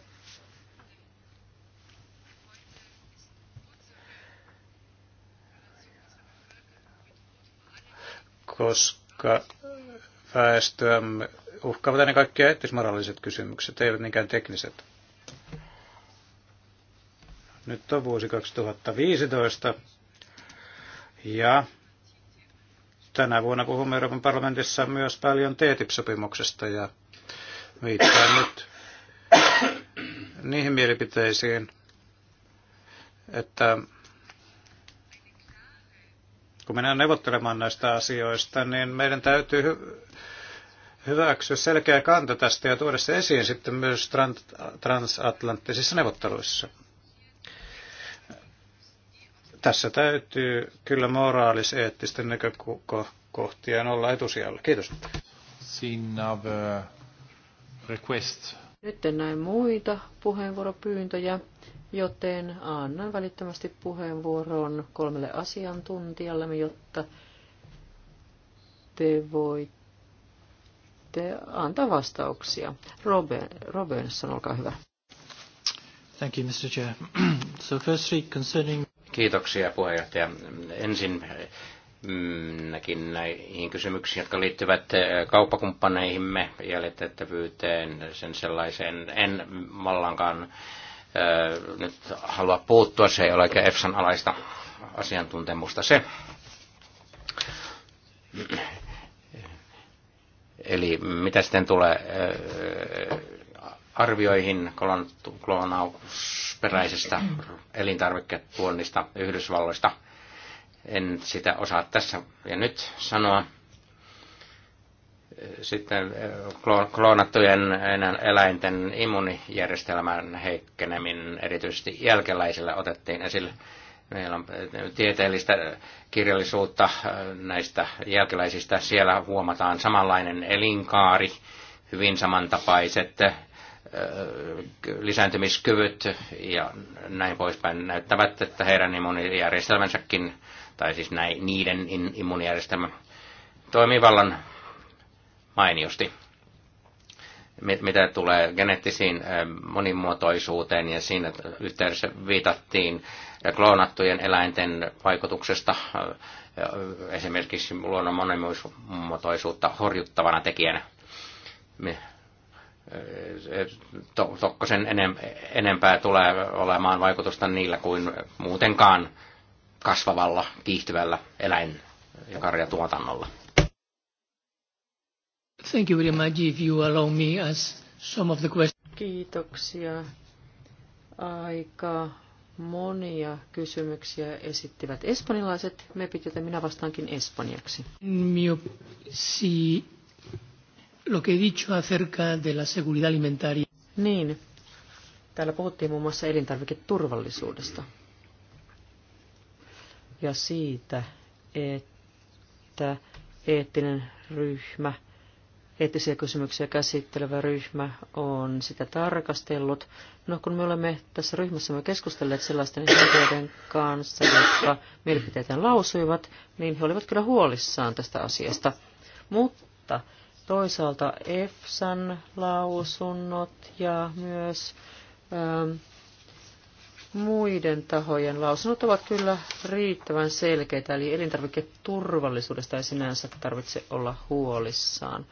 koska väestöämme uhkaavat ennen kaikkea eettismoraaliset kysymykset, eivät niinkään tekniset. Nyt on vuosi 2015 ja tänä vuonna puhumme Euroopan parlamentissa myös paljon TTIP-sopimuksesta e ja viittaan nyt niihin mielipiteisiin, että kun mennään neuvottelemaan näistä asioista, niin meidän täytyy hyväksyä selkeä kanta tästä ja tuoda se esiin sitten myös transatlanttisissa neuvotteluissa. Tässä täytyy kyllä moraalis-eettisten näkökohtien olla etusijalla. Kiitos. Äh, request. Nyt en näe muita puheenvuoropyyntöjä, joten annan välittömästi puheenvuoron kolmelle asiantuntijalle, jotta te voitte antaa vastauksia. Robin, Robinson, olkaa hyvä. Thank you, Mr. Chair. so firstly, concerning... Kiitoksia puheenjohtaja. Ensin näkin mm, näihin kysymyksiin, jotka liittyvät eh, kauppakumppaneihimme, jäljitettävyyteen, sen sellaiseen. En mallankaan nyt halua puuttua. Se ei ole oikein EFSAn alaista asiantuntemusta se. Eli mitä sitten tulee arvioihin kloonausperäisestä elintarviketuonnista Yhdysvalloista, en sitä osaa tässä ja nyt sanoa sitten eh, kloonattujen eh, eläinten immunijärjestelmän heikkeneminen erityisesti jälkeläisillä otettiin esille. Meillä on eh, tieteellistä kirjallisuutta näistä jälkeläisistä. Siellä huomataan samanlainen elinkaari, hyvin samantapaiset lisääntymiskyvyt ja näin poispäin näyttävät, että heidän immunijärjestelmänsäkin, tai siis näin, niiden immunijärjestelmä toimivallan mainiosti. Mitä tulee geneettisiin eh, monimuotoisuuteen ja siinä yhteydessä viitattiin eh, kloonattujen eläinten vaikutuksesta eh, esimerkiksi luonnon monimuotoisuutta horjuttavana tekijänä. To, Tokkosen enempää tulee olemaan vaikutusta niillä kuin muutenkaan kasvavalla, kiihtyvällä eläin- ja karjatuotannolla. Thank you very much if you allow me as some of the questions. Kiitoksia. Aika monia kysymyksiä esittivät espanjalaiset Me joten minä vastaankin espanjaksi. Mio, si, lo que he dicho acerca de la seguridad alimentaria. Niin, täällä puhuttiin muun muassa elintarviketurvallisuudesta ja siitä, että eettinen ryhmä – eettisiä kysymyksiä käsittelevä ryhmä on sitä tarkastellut. No kun me olemme tässä ryhmässä me keskustelleet sellaisten henkilöiden kanssa, jotka mielipiteitään lausuivat, niin he olivat kyllä huolissaan tästä asiasta. Mutta toisaalta EFSAn lausunnot ja myös ähm, muiden tahojen lausunnot ovat kyllä riittävän selkeitä, eli elintarviketurvallisuudesta ei sinänsä tarvitse olla huolissaan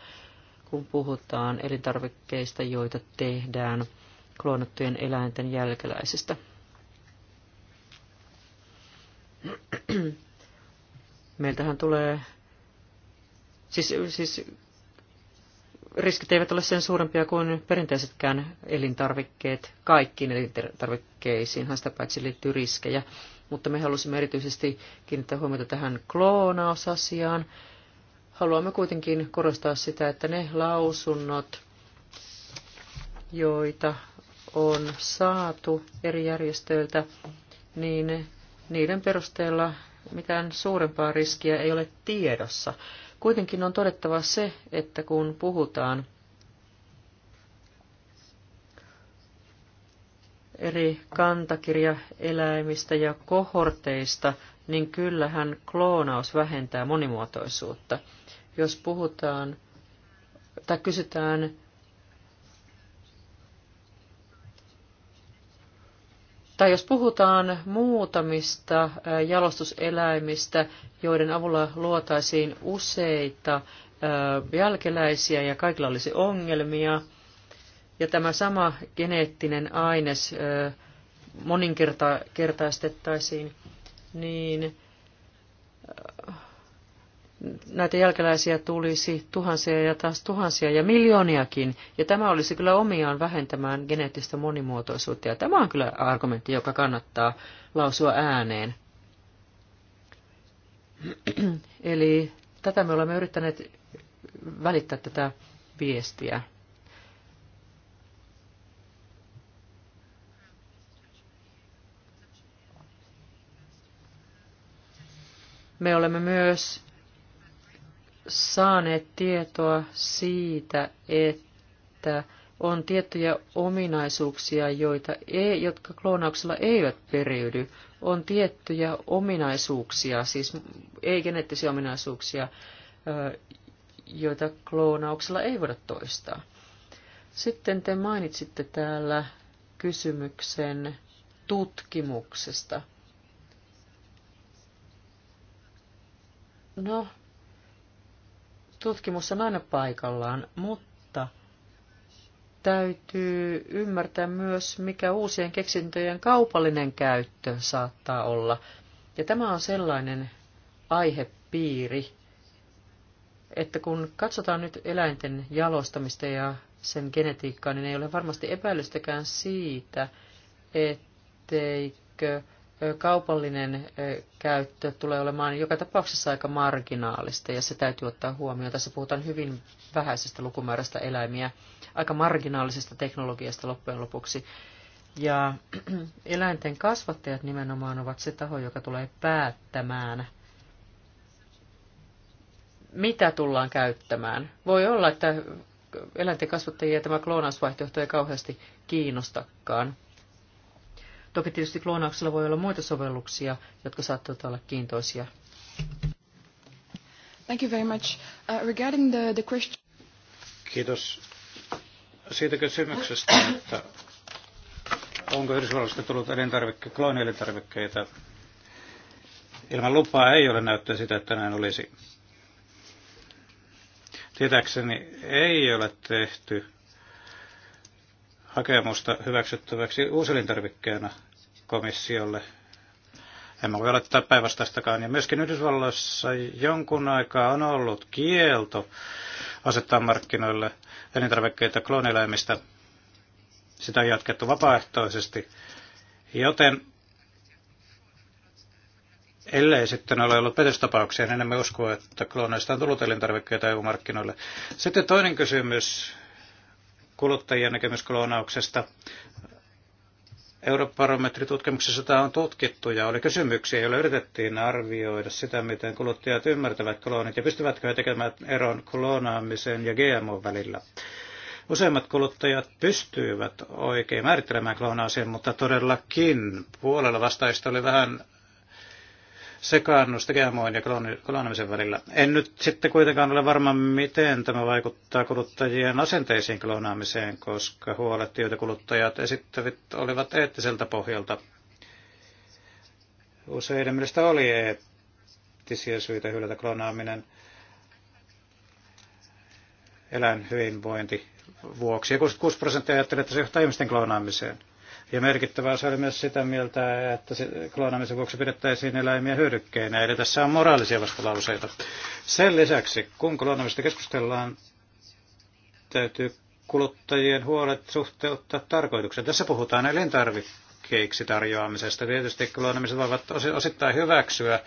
kun puhutaan elintarvikkeista, joita tehdään kloonattujen eläinten jälkeläisistä. Meiltähän tulee, siis, siis riskit eivät ole sen suurempia kuin perinteisetkään elintarvikkeet. Kaikkiin elintarvikkeisiin sitä paitsi liittyy riskejä, mutta me halusimme erityisesti kiinnittää huomiota tähän kloonausasiaan. Haluamme kuitenkin korostaa sitä, että ne lausunnot, joita on saatu eri järjestöiltä, niin niiden perusteella mitään suurempaa riskiä ei ole tiedossa. Kuitenkin on todettava se, että kun puhutaan eri kantakirjaeläimistä ja kohorteista, niin kyllähän kloonaus vähentää monimuotoisuutta – jos puhutaan tai kysytään Tai jos puhutaan muutamista jalostuseläimistä, joiden avulla luotaisiin useita jälkeläisiä ja kaikilla olisi ongelmia, ja tämä sama geneettinen aines moninkertaistettaisiin, niin näitä jälkeläisiä tulisi tuhansia ja taas tuhansia ja miljooniakin, ja tämä olisi kyllä omiaan vähentämään geneettistä monimuotoisuutta, ja tämä on kyllä argumentti, joka kannattaa lausua ääneen. Eli tätä me olemme yrittäneet välittää tätä viestiä. Me olemme myös saaneet tietoa siitä, että on tiettyjä ominaisuuksia, joita ei, jotka kloonauksella eivät periydy. On tiettyjä ominaisuuksia, siis ei-geneettisiä ominaisuuksia, joita kloonauksella ei voida toistaa. Sitten te mainitsitte täällä kysymyksen tutkimuksesta. No, tutkimus on aina paikallaan, mutta täytyy ymmärtää myös, mikä uusien keksintöjen kaupallinen käyttö saattaa olla. Ja tämä on sellainen aihepiiri, että kun katsotaan nyt eläinten jalostamista ja sen genetiikkaa, niin ei ole varmasti epäilystäkään siitä, etteikö kaupallinen käyttö tulee olemaan joka tapauksessa aika marginaalista, ja se täytyy ottaa huomioon. Tässä puhutaan hyvin vähäisestä lukumäärästä eläimiä, aika marginaalisesta teknologiasta loppujen lopuksi. Ja eläinten kasvattajat nimenomaan ovat se taho, joka tulee päättämään, mitä tullaan käyttämään. Voi olla, että eläinten kasvattajia tämä kloonausvaihtoehto ei kauheasti kiinnostakaan Toki tietysti kloonauksella voi olla muita sovelluksia, jotka saattavat olla kiintoisia. Thank you very much. Uh, regarding the, the question... Kiitos siitä kysymyksestä, että onko Yhdysvalloista tullut elintarvikke, kloonielintarvikkeita. Ilman lupaa ei ole näyttöä sitä, että näin olisi. Tietääkseni ei ole tehty hakemusta hyväksyttäväksi uuselintarvikkeena komissiolle. Emme voi olettaa päinvastaistakaan. Ja myöskin Yhdysvalloissa jonkun aikaa on ollut kielto asettaa markkinoille elintarvikkeita klooneläimistä. Sitä on jatkettu vapaaehtoisesti. Joten ellei sitten ole ollut petostapauksia, niin enemmän usko, että klooneista on tullut elintarvikkeita EU-markkinoille. Sitten toinen kysymys kuluttajien näkemys kloonauksesta. Eurobarometritutkimuksessa tämä on tutkittu ja oli kysymyksiä, joilla yritettiin arvioida sitä, miten kuluttajat ymmärtävät kloonit ja pystyvätkö he tekemään eron kloonaamisen ja GMO välillä. Useimmat kuluttajat pystyivät oikein määrittelemään kloonaasien, mutta todellakin puolella vastaista oli vähän sekaannusta GMOin ja kloonamisen välillä. En nyt sitten kuitenkaan ole varma, miten tämä vaikuttaa kuluttajien asenteisiin kloonaamiseen, koska huolet, joita kuluttajat esittävät, olivat eettiseltä pohjalta. Useiden mielestä oli eettisiä syitä hylätä kloonaaminen eläinhyvinvointi vuoksi. Ja 66 prosenttia ajattelee, että se johtaa ihmisten kloonaamiseen. Ja merkittävää se oli myös sitä mieltä, että kloonaamisen vuoksi pidettäisiin eläimiä hyödykkeinä. Eli tässä on moraalisia vastalauseita. Sen lisäksi, kun kloonaamista keskustellaan, täytyy kuluttajien huolet suhteuttaa tarkoitukseen. Tässä puhutaan elintarvikkeiksi tarjoamisesta. Tietysti kloonaamiset voivat osittain hyväksyä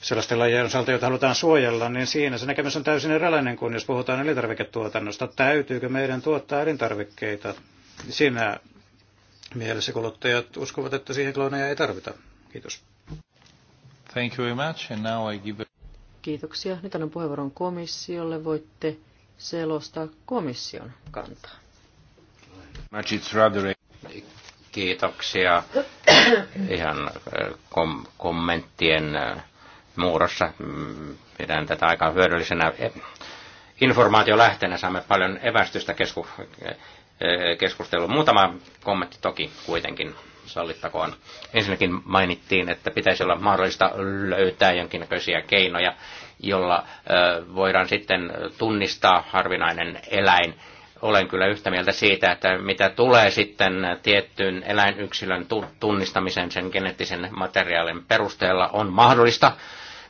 sellaisten lajien osalta, joita halutaan suojella, niin siinä se näkemys on täysin erilainen kuin jos puhutaan elintarviketuotannosta. Täytyykö meidän tuottaa elintarvikkeita? Siinä mielessä kuluttajat uskovat, että siihen klooneja ei tarvita. Kiitos. Thank you very much. And now I give... Kiitoksia. Nyt annan puheenvuoron komissiolle. Voitte selostaa komission kantaa. Kiitoksia ihan äh, kom- kommenttien äh, muodossa. Mm, pidän tätä aika hyödyllisenä eh, informaatiolähteenä. Saamme paljon evästystä kesku- Eh, keskusteluun. Muutama kommentti toki kuitenkin sallittakoon. Ensinnäkin mainittiin, että pitäisi olla mahdollista löytää jonkinnäköisiä keinoja, jolla eh, voidaan sitten tunnistaa harvinainen eläin. Olen kyllä yhtä mieltä siitä, että mitä tulee sitten tiettyyn eläinyksilön tunnistamiseen sen geneettisen materiaalin perusteella on mahdollista.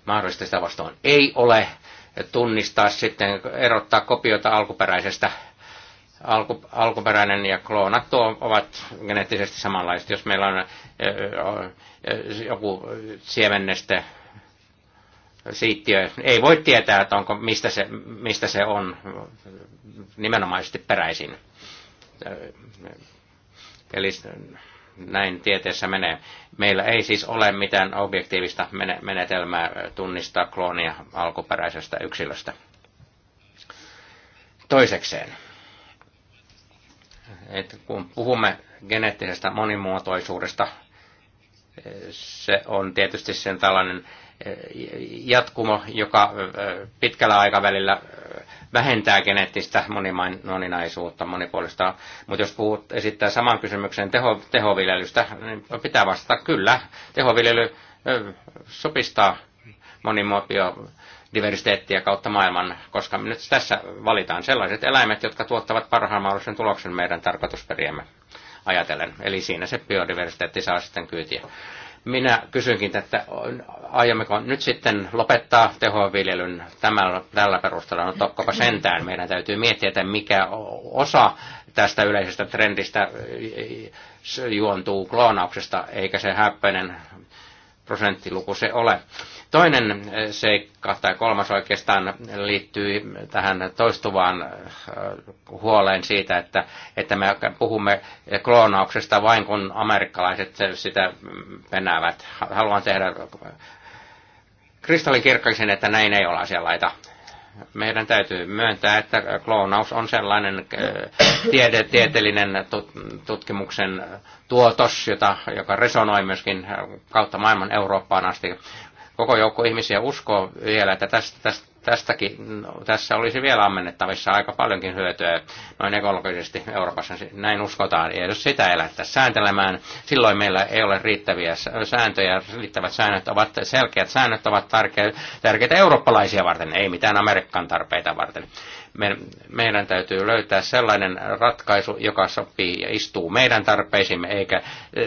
Mahdollista sitä vastoin ei ole tunnistaa sitten, erottaa kopiota alkuperäisestä alku, alkuperäinen ja kloonattu ovat geneettisesti samanlaiset. Jos meillä on joku siemenneste, siittiö, ei voi tietää, että onko, mistä, se, mistä se on nimenomaisesti peräisin. Eli näin tieteessä menee. Meillä ei siis ole mitään objektiivista menetelmää tunnistaa kloonia alkuperäisestä yksilöstä. Toisekseen että kun puhumme geneettisestä monimuotoisuudesta, se on tietysti sen tällainen eh, jatkumo, joka eh, pitkällä aikavälillä eh, vähentää geneettistä moninaisuutta, monipuolista. Mutta jos puhut, esittää saman kysymyksen teho, tehoviljelystä, niin pitää vastata kyllä. Tehoviljely sopistaa monimuopio diversiteettiä kautta maailman, koska nyt tässä valitaan sellaiset eläimet, jotka tuottavat parhaan mahdollisen tuloksen meidän tarkoitusperiemme ajatellen. Eli siinä se biodiversiteetti saa sitten kyytiä. Minä kysynkin, että aiommeko nyt sitten lopettaa tehoviljelyn tämällä, tällä perusteella, no tokkopa sentään. Meidän täytyy miettiä, että mikä osa tästä yleisestä trendistä juontuu kloonauksesta, eikä se häppäinen prosenttiluku se ole. Toinen eh, seikka tai kolmas oikeastaan liittyy tähän toistuvaan eh, huoleen siitä, että, että me puhumme kloonauksesta vain kun amerikkalaiset sitä penäävät. Haluan tehdä kristallinkirkkaisen, että näin ei ole asianlaita. Meidän täytyy myöntää, että kloonaus on sellainen eh, tiede, tieteellinen tutkimuksen tuotos, jota, joka resonoi myöskin kautta maailman Eurooppaan asti koko joukko ihmisiä uskoo vielä, että tästä, tästä Tästäkin, no, tässä olisi vielä ammennettavissa aika paljonkin hyötyä noin ekologisesti Euroopassa, näin uskotaan. Ja jos sitä ei lähdetä sääntelemään, silloin meillä ei ole riittäviä sääntöjä, riittävät säännöt ovat, selkeät säännöt ovat tärkeitä eurooppalaisia varten, ei mitään Amerikan tarpeita varten meidän täytyy löytää sellainen ratkaisu, joka sopii ja istuu meidän tarpeisiimme, eikä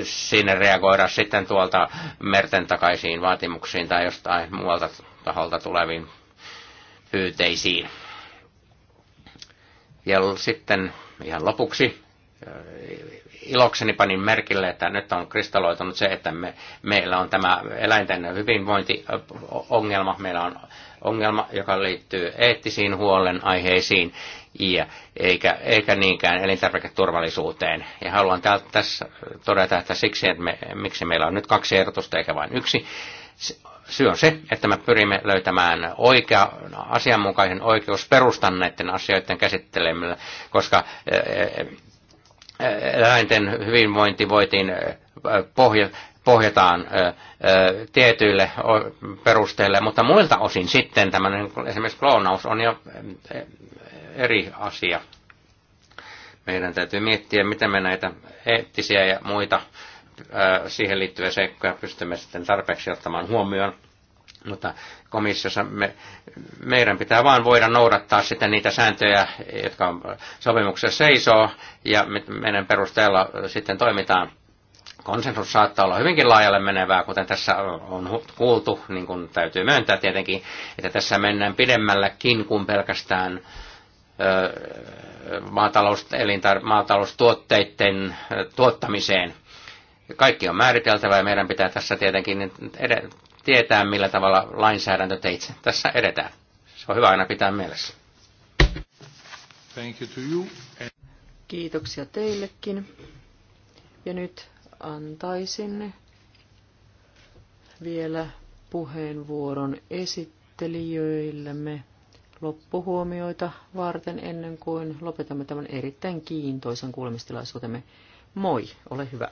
sinne reagoida sitten tuolta merten takaisiin vaatimuksiin tai jostain muualta taholta tuleviin pyyteisiin. Ja sitten ihan lopuksi äh, ilokseni panin merkille, että nyt on kristalloitunut se, että me, meillä on tämä eläinten hyvinvointiongelma, äh, meillä on ongelma, joka liittyy eettisiin huolenaiheisiin ja eikä, eikä niinkään elintarviketurvallisuuteen. Ja haluan tässä todeta, että siksi, että me, miksi meillä on nyt kaksi ehdotusta eikä vain yksi, syy on se, että me pyrimme löytämään oikea, asianmukaisen oikeusperustan näiden asioiden käsittelemällä, koska eh, eh, eh, eläinten hyvinvointi voitiin pohja, pohjataan tietyille perusteille, mutta muilta osin sitten tämmöinen esimerkiksi kloonaus on jo eri asia. Meidän täytyy miettiä, miten me näitä eettisiä ja muita siihen liittyviä seikkoja pystymme sitten tarpeeksi ottamaan huomioon. Mutta komissiossa me, meidän pitää vain voida noudattaa sitten niitä sääntöjä, jotka on sopimuksessa seisoo, ja meidän perusteella sitten toimitaan. Konsensus saattaa olla hyvinkin laajalle menevää, kuten tässä on kuultu, niin kuin täytyy myöntää tietenkin, että tässä mennään pidemmälläkin kuin pelkästään maatalous, elintar- maataloustuotteiden tuottamiseen kaikki on määriteltävä ja meidän pitää tässä tietenkin tietää, millä tavalla lainsäädäntöteitse tässä edetään. Se on hyvä aina pitää mielessä. Thank you to you. Kiitoksia teillekin. Ja nyt antaisin vielä puheenvuoron esittelijöillemme loppuhuomioita varten ennen kuin lopetamme tämän erittäin kiintoisen kuulemistilaisuutemme. Moi, ole hyvä.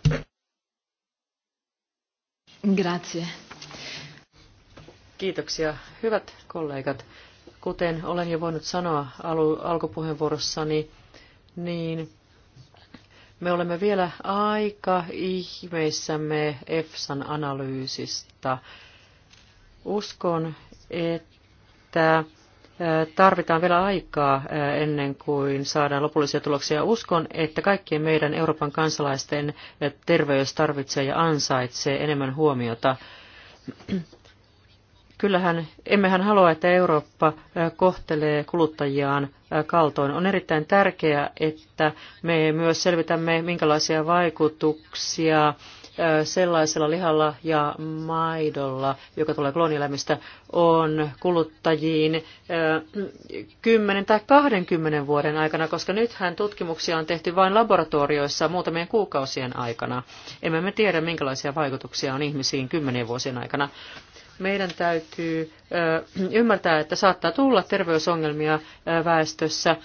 Grazie. Kiitoksia. Hyvät kollegat, kuten olen jo voinut sanoa alu- alkupuheenvuorossani, niin me olemme vielä aika ihmeissämme EFSAn analyysistä. Uskon, että tarvitaan vielä aikaa ennen kuin saadaan lopullisia tuloksia. Uskon, että kaikkien meidän Euroopan kansalaisten terveys tarvitsee ja ansaitsee enemmän huomiota. Kyllähän, emmehän halua, että Eurooppa kohtelee kuluttajiaan kaltoin. On erittäin tärkeää, että me myös selvitämme, minkälaisia vaikutuksia sellaisella lihalla ja maidolla, joka tulee kloonieläimistä, on kuluttajiin 10 tai 20 vuoden aikana, koska nythän tutkimuksia on tehty vain laboratorioissa muutamien kuukausien aikana. Emme me tiedä, minkälaisia vaikutuksia on ihmisiin kymmenen vuosien aikana meidän täytyy ymmärtää, että saattaa tulla terveysongelmia väestössä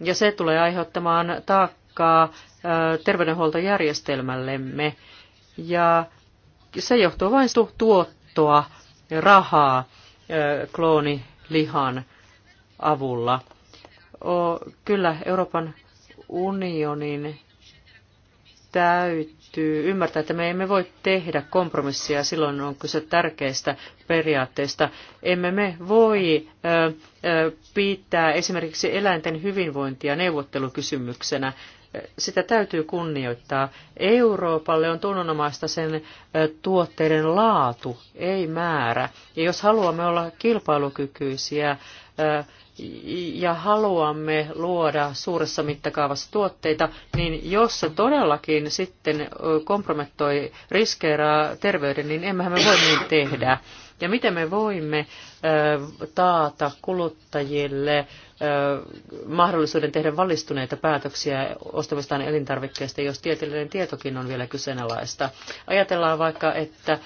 ja se tulee aiheuttamaan taakkaa terveydenhuoltojärjestelmällemme. Ja se johtuu vain tuottoa, rahaa kloonilihan avulla. Kyllä Euroopan unionin täytyy ymmärtää, että me emme voi tehdä kompromissia, silloin on kyse tärkeistä periaatteista. Emme me voi ö, ö, pitää esimerkiksi eläinten hyvinvointia neuvottelukysymyksenä sitä täytyy kunnioittaa. Euroopalle on tunnonomaista sen tuotteiden laatu, ei määrä. Ja jos haluamme olla kilpailukykyisiä ja haluamme luoda suuressa mittakaavassa tuotteita, niin jos se todellakin sitten kompromettoi, riskeeraa terveyden, niin emmehän me voi niin tehdä. Ja miten me voimme taata kuluttajille mahdollisuuden tehdä valistuneita päätöksiä ostamistaan elintarvikkeista, jos tieteellinen tietokin on vielä kyseenalaista. Ajatellaan vaikka, että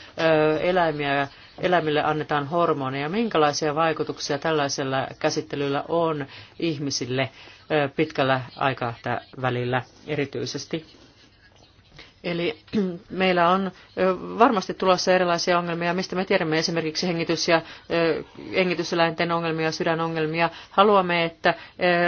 eläimiä eläimille annetaan hormoneja. Minkälaisia vaikutuksia tällaisella käsittelyllä on ihmisille pitkällä aikavälillä erityisesti? Eli meillä on varmasti tulossa erilaisia ongelmia, mistä me tiedämme esimerkiksi hengitys- ja hengityseläinten ongelmia, sydänongelmia. Haluamme, että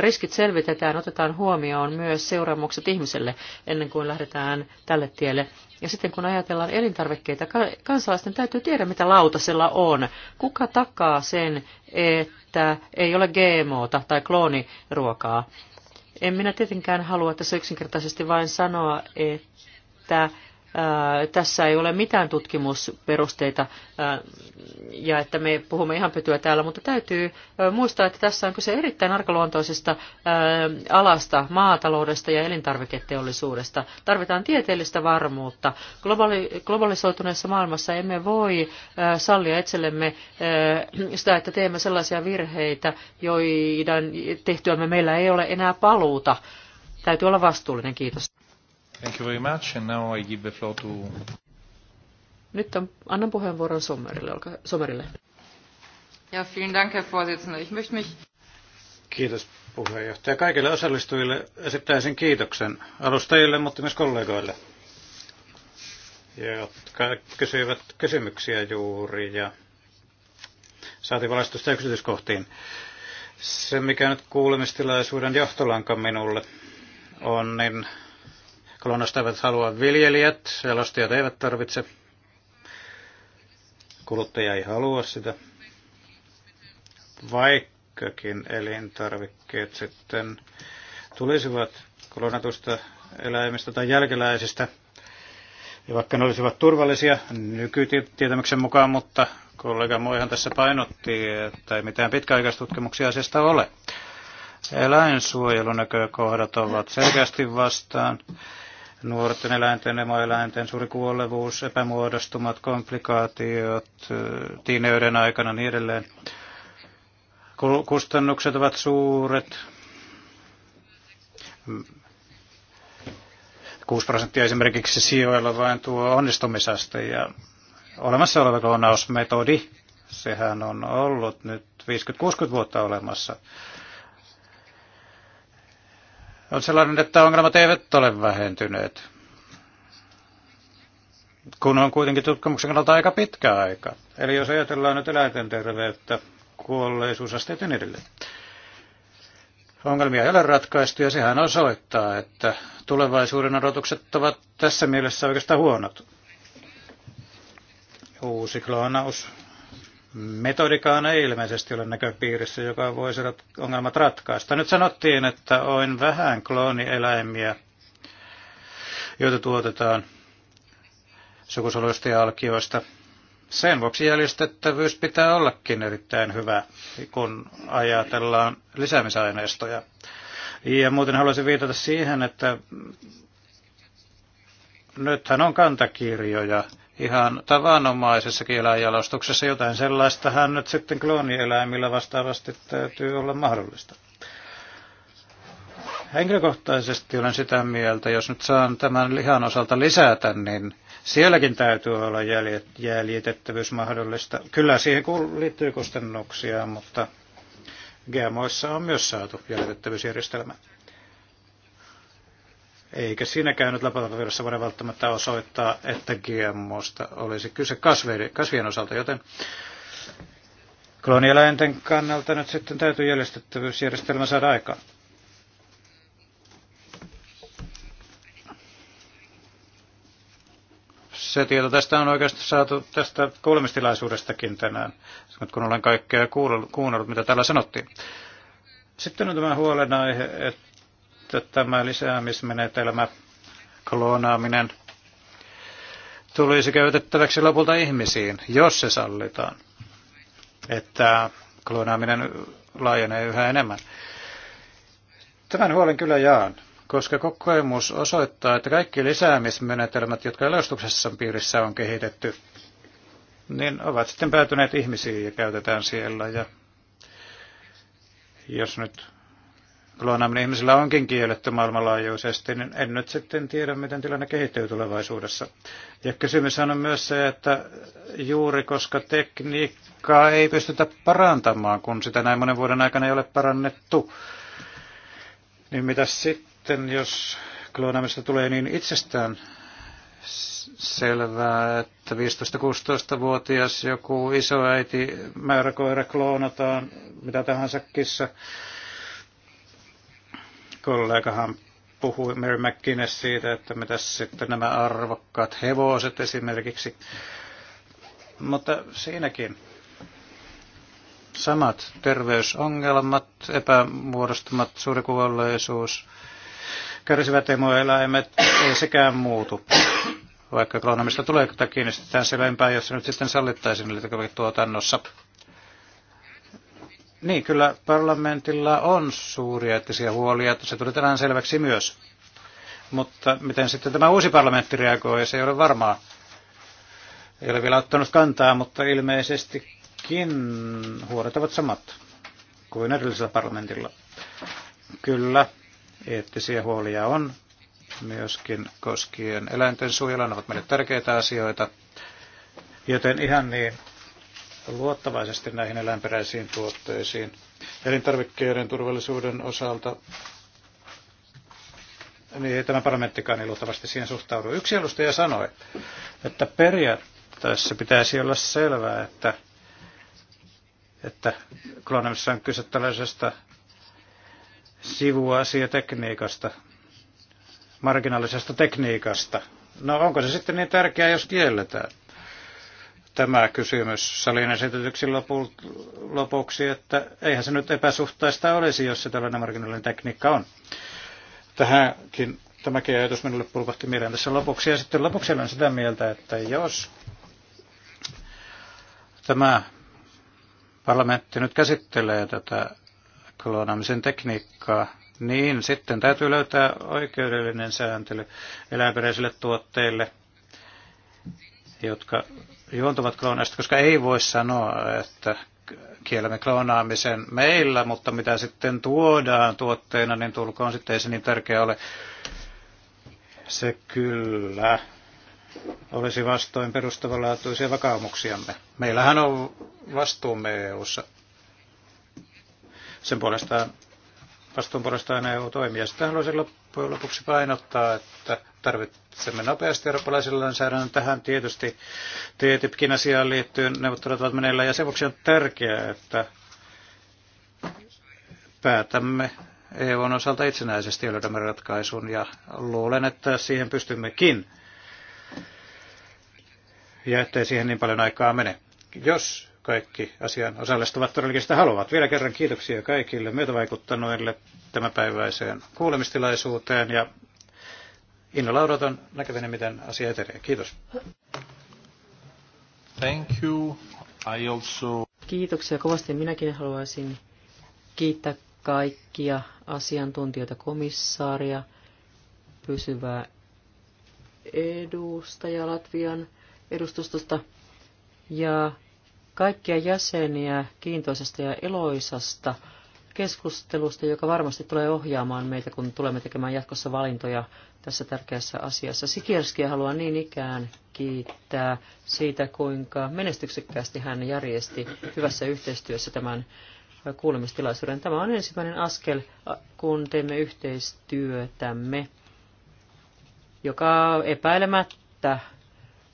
riskit selvitetään, otetaan huomioon myös seuraamukset ihmiselle ennen kuin lähdetään tälle tielle. Ja sitten kun ajatellaan elintarvikkeita, kansalaisten täytyy tiedä, mitä lautasella on. Kuka takaa sen, että ei ole GMOta tai klooniruokaa? En minä tietenkään halua tässä yksinkertaisesti vain sanoa, että että äh, tässä ei ole mitään tutkimusperusteita äh, ja että me puhumme ihan pötyä täällä, mutta täytyy äh, muistaa, että tässä on kyse erittäin arkaluontoisesta alasta, maataloudesta ja elintarviketeollisuudesta. Tarvitaan tieteellistä varmuutta. Globaali, globalisoituneessa maailmassa emme voi sallia itsellemme sitä, että teemme sellaisia virheitä, joiden tehtyämme meillä ei ole enää paluuta. Täytyy olla vastuullinen. Kiitos. Thank you very much, and now I give the floor to... Nyt on, annan puheenvuoron Sommerille. Olkaa, Sommerille. Ja, vielen Dank, Herr Vorsitzender. Ich möchte mich... Kiitos puheenjohtaja. Kaikille osallistujille esittäisin kiitoksen alustajille, mutta myös kollegoille, jotka kysyivät kysymyksiä juuri ja saatiin valaistusta yksityiskohtiin. Se, mikä nyt kuulemistilaisuuden johtolanka minulle on, niin Klonasta eivät halua viljelijät, selostajat eivät tarvitse. Kuluttaja ei halua sitä. Vaikkakin elintarvikkeet sitten tulisivat klonatusta eläimistä tai jälkeläisistä, ja vaikka ne olisivat turvallisia nykytietämyksen mukaan, mutta kollega Moihan tässä painotti, että ei mitään pitkäaikaistutkimuksia asiasta ole. Eläinsuojelunäkökohdat ovat selkeästi vastaan nuorten eläinten, emoeläinten, suuri kuolevuus, epämuodostumat, komplikaatiot, tiineyden aikana niin edelleen. Kustannukset ovat suuret. 6 prosenttia esimerkiksi sijoilla vain tuo onnistumisaste ja olemassa oleva kloonausmetodi, sehän on ollut nyt 50-60 vuotta olemassa on sellainen, että ongelmat eivät ole vähentyneet, kun on kuitenkin tutkimuksen kannalta aika pitkä aika. Eli jos ajatellaan nyt eläinten terveyttä, kuolleisuusasteet ja niin edelleen. Ongelmia ei ole ratkaistu ja sehän osoittaa, että tulevaisuuden odotukset ovat tässä mielessä oikeastaan huonot. Uusi klaanaus. Metodikaan ei ilmeisesti ole näköpiirissä, joka voisi ongelmat ratkaista. Nyt sanottiin, että on vähän kloonieläimiä, joita tuotetaan sukusoluista ja alkioista. Sen vuoksi jäljistettävyys pitää ollakin erittäin hyvä, kun ajatellaan lisäämisaineistoja. Ja muuten haluaisin viitata siihen, että nythän on kantakirjoja ihan tavanomaisessa eläinjalostuksessa. Jotain sellaista hän nyt sitten kloonieläimillä vastaavasti täytyy olla mahdollista. Henkilökohtaisesti olen sitä mieltä, jos nyt saan tämän lihan osalta lisätä, niin sielläkin täytyy olla jäljitettävyys mahdollista. Kyllä siihen liittyy kustannuksia, mutta GMOissa on myös saatu jäljitettävyysjärjestelmä. Eikä siinäkään nyt laboratoriossa voida välttämättä osoittaa, että GMOsta olisi kyse kasvien osalta, joten kloonieläinten kannalta nyt sitten täytyy jäljestettävyysjärjestelmä saada aikaan. se tieto tästä on oikeastaan saatu tästä kuulemistilaisuudestakin tänään, kun olen kaikkea kuunnellut, mitä täällä sanottiin. Sitten on tämä huolenaihe, että sitten tämä lisäämismenetelmä, kloonaaminen, tulisi käytettäväksi lopulta ihmisiin, jos se sallitaan, että kloonaaminen laajenee yhä enemmän. Tämän huolen kyllä jaan, koska kokemus osoittaa, että kaikki lisäämismenetelmät, jotka elostuksessa piirissä on kehitetty, niin ovat sitten päätyneet ihmisiin ja käytetään siellä. Ja jos nyt Klonaaminen ihmisillä onkin kielletty maailmanlaajuisesti, niin en nyt sitten tiedä, miten tilanne kehittyy tulevaisuudessa. Ja kysymys on myös se, että juuri koska tekniikkaa ei pystytä parantamaan, kun sitä näin monen vuoden aikana ei ole parannettu, niin mitä sitten, jos kloonaamista tulee niin itsestään selvää, että 15-16-vuotias joku isoäiti määräkoira kloonataan, mitä tahansa kissa, kollegahan puhui Mary McGuinness siitä, että mitä sitten nämä arvokkaat hevoset esimerkiksi. Mutta siinäkin samat terveysongelmat, epämuodostumat, surikuolleisuus, kärsivät emoeläimet, ei sekään muutu. Vaikka kloonamista tulee kiinnitetään selvempää, jos se nyt sitten sallittaisiin tuotannossa. Niin, kyllä parlamentilla on suuria eettisiä huolia, että se tuli tänään selväksi myös. Mutta miten sitten tämä uusi parlamentti reagoi, se ei ole varmaa. Ei ole vielä ottanut kantaa, mutta ilmeisestikin huolet ovat samat kuin edellisellä parlamentilla. Kyllä, eettisiä huolia on myöskin koskien eläinten suojelua, ovat meille tärkeitä asioita. Joten ihan niin luottavaisesti näihin eläinperäisiin tuotteisiin. Elintarvikkeiden turvallisuuden osalta niin ei tämä parlamenttikaan niin luottavasti siihen suhtaudu. Yksi edustaja sanoi, että periaatteessa pitäisi olla selvää, että, että kloonamissa on kyse tällaisesta sivuasiatekniikasta, marginaalisesta tekniikasta. No onko se sitten niin tärkeää, jos kielletään? tämä kysymys salin esitetyksi lopuksi, että eihän se nyt epäsuhtaista olisi, jos se tällainen marginaalinen tekniikka on. Tähänkin tämäkin ajatus minulle pulpahti mieleen tässä lopuksi. Ja sitten lopuksi olen sitä mieltä, että jos tämä parlamentti nyt käsittelee tätä kloonaamisen tekniikkaa, niin sitten täytyy löytää oikeudellinen sääntely eläinperäisille tuotteille, jotka juontuvat kloonaista, koska ei voi sanoa, että kielemme kloonaamisen meillä, mutta mitä sitten tuodaan tuotteena, niin tulkoon sitten ei se niin tärkeä ole. Se kyllä olisi vastoin perustavanlaatuisia vakaumuksiamme. Meillähän on vastuumme EU-ssa. Sen puolestaan, vastuun puolestaan EU toimii. Ja sitä haluaisin loppujen lopuksi painottaa, että tarvitsemme nopeasti eurooppalaisen lainsäädännön. Tähän tietysti TTIPkin e asiaan liittyen neuvottelut ovat meneillään ja sen vuoksi on tärkeää, että päätämme EUn osalta itsenäisesti ja löydämme ratkaisun ja luulen, että siihen pystymmekin ja ettei siihen niin paljon aikaa mene. Jos kaikki asian osallistuvat todellakin sitä haluavat. Vielä kerran kiitoksia kaikille myötävaikuttaneille tämänpäiväiseen kuulemistilaisuuteen ja Innolla odotan näkeväni, miten asia etenee. Kiitos. Thank you. I also... Kiitoksia kovasti. Minäkin haluaisin kiittää kaikkia asiantuntijoita, komissaaria, pysyvää edustajaa Latvian edustustosta ja kaikkia jäseniä kiintoisesta ja eloisasta keskustelusta, joka varmasti tulee ohjaamaan meitä, kun tulemme tekemään jatkossa valintoja tässä tärkeässä asiassa. Sikierskiä haluan niin ikään kiittää siitä, kuinka menestyksekkäästi hän järjesti hyvässä yhteistyössä tämän kuulemistilaisuuden. Tämä on ensimmäinen askel, kun teemme yhteistyötämme, joka epäilemättä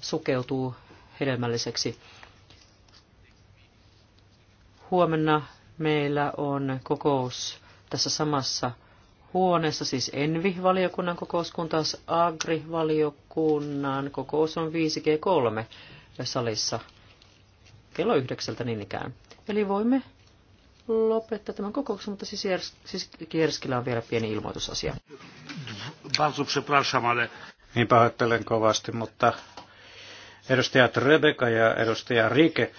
sukeutuu hedelmälliseksi. Huomenna meillä on kokous tässä samassa huoneessa, siis Envi-valiokunnan kokous, kun taas Agri-valiokunnan kokous on 5G3 salissa kello yhdeksältä niin ikään. Eli voimme lopettaa tämän kokouksen, mutta siis, Jers, siis Kierskillä on vielä pieni ilmoitusasia. Niin pahoittelen kovasti, mutta edustajat Rebeka ja edustaja Rike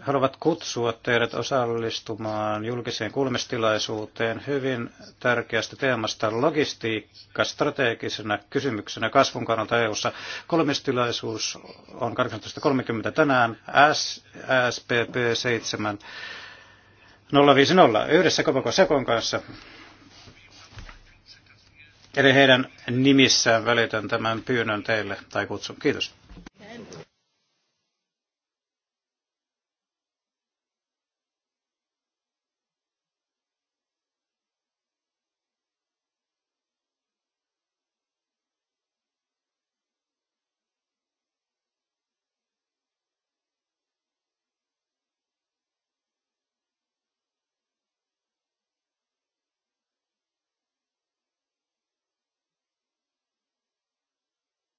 haluavat kutsua teidät osallistumaan julkiseen kulmistilaisuuteen hyvin tärkeästä teemasta logistiikka strategisena kysymyksenä kasvun kannalta EU-ssa. Kulmistilaisuus on 18.30 tänään SPP 7050 yhdessä koko Sekon kanssa. Eli heidän nimissään välitän tämän pyynnön teille tai kutsun. Kiitos.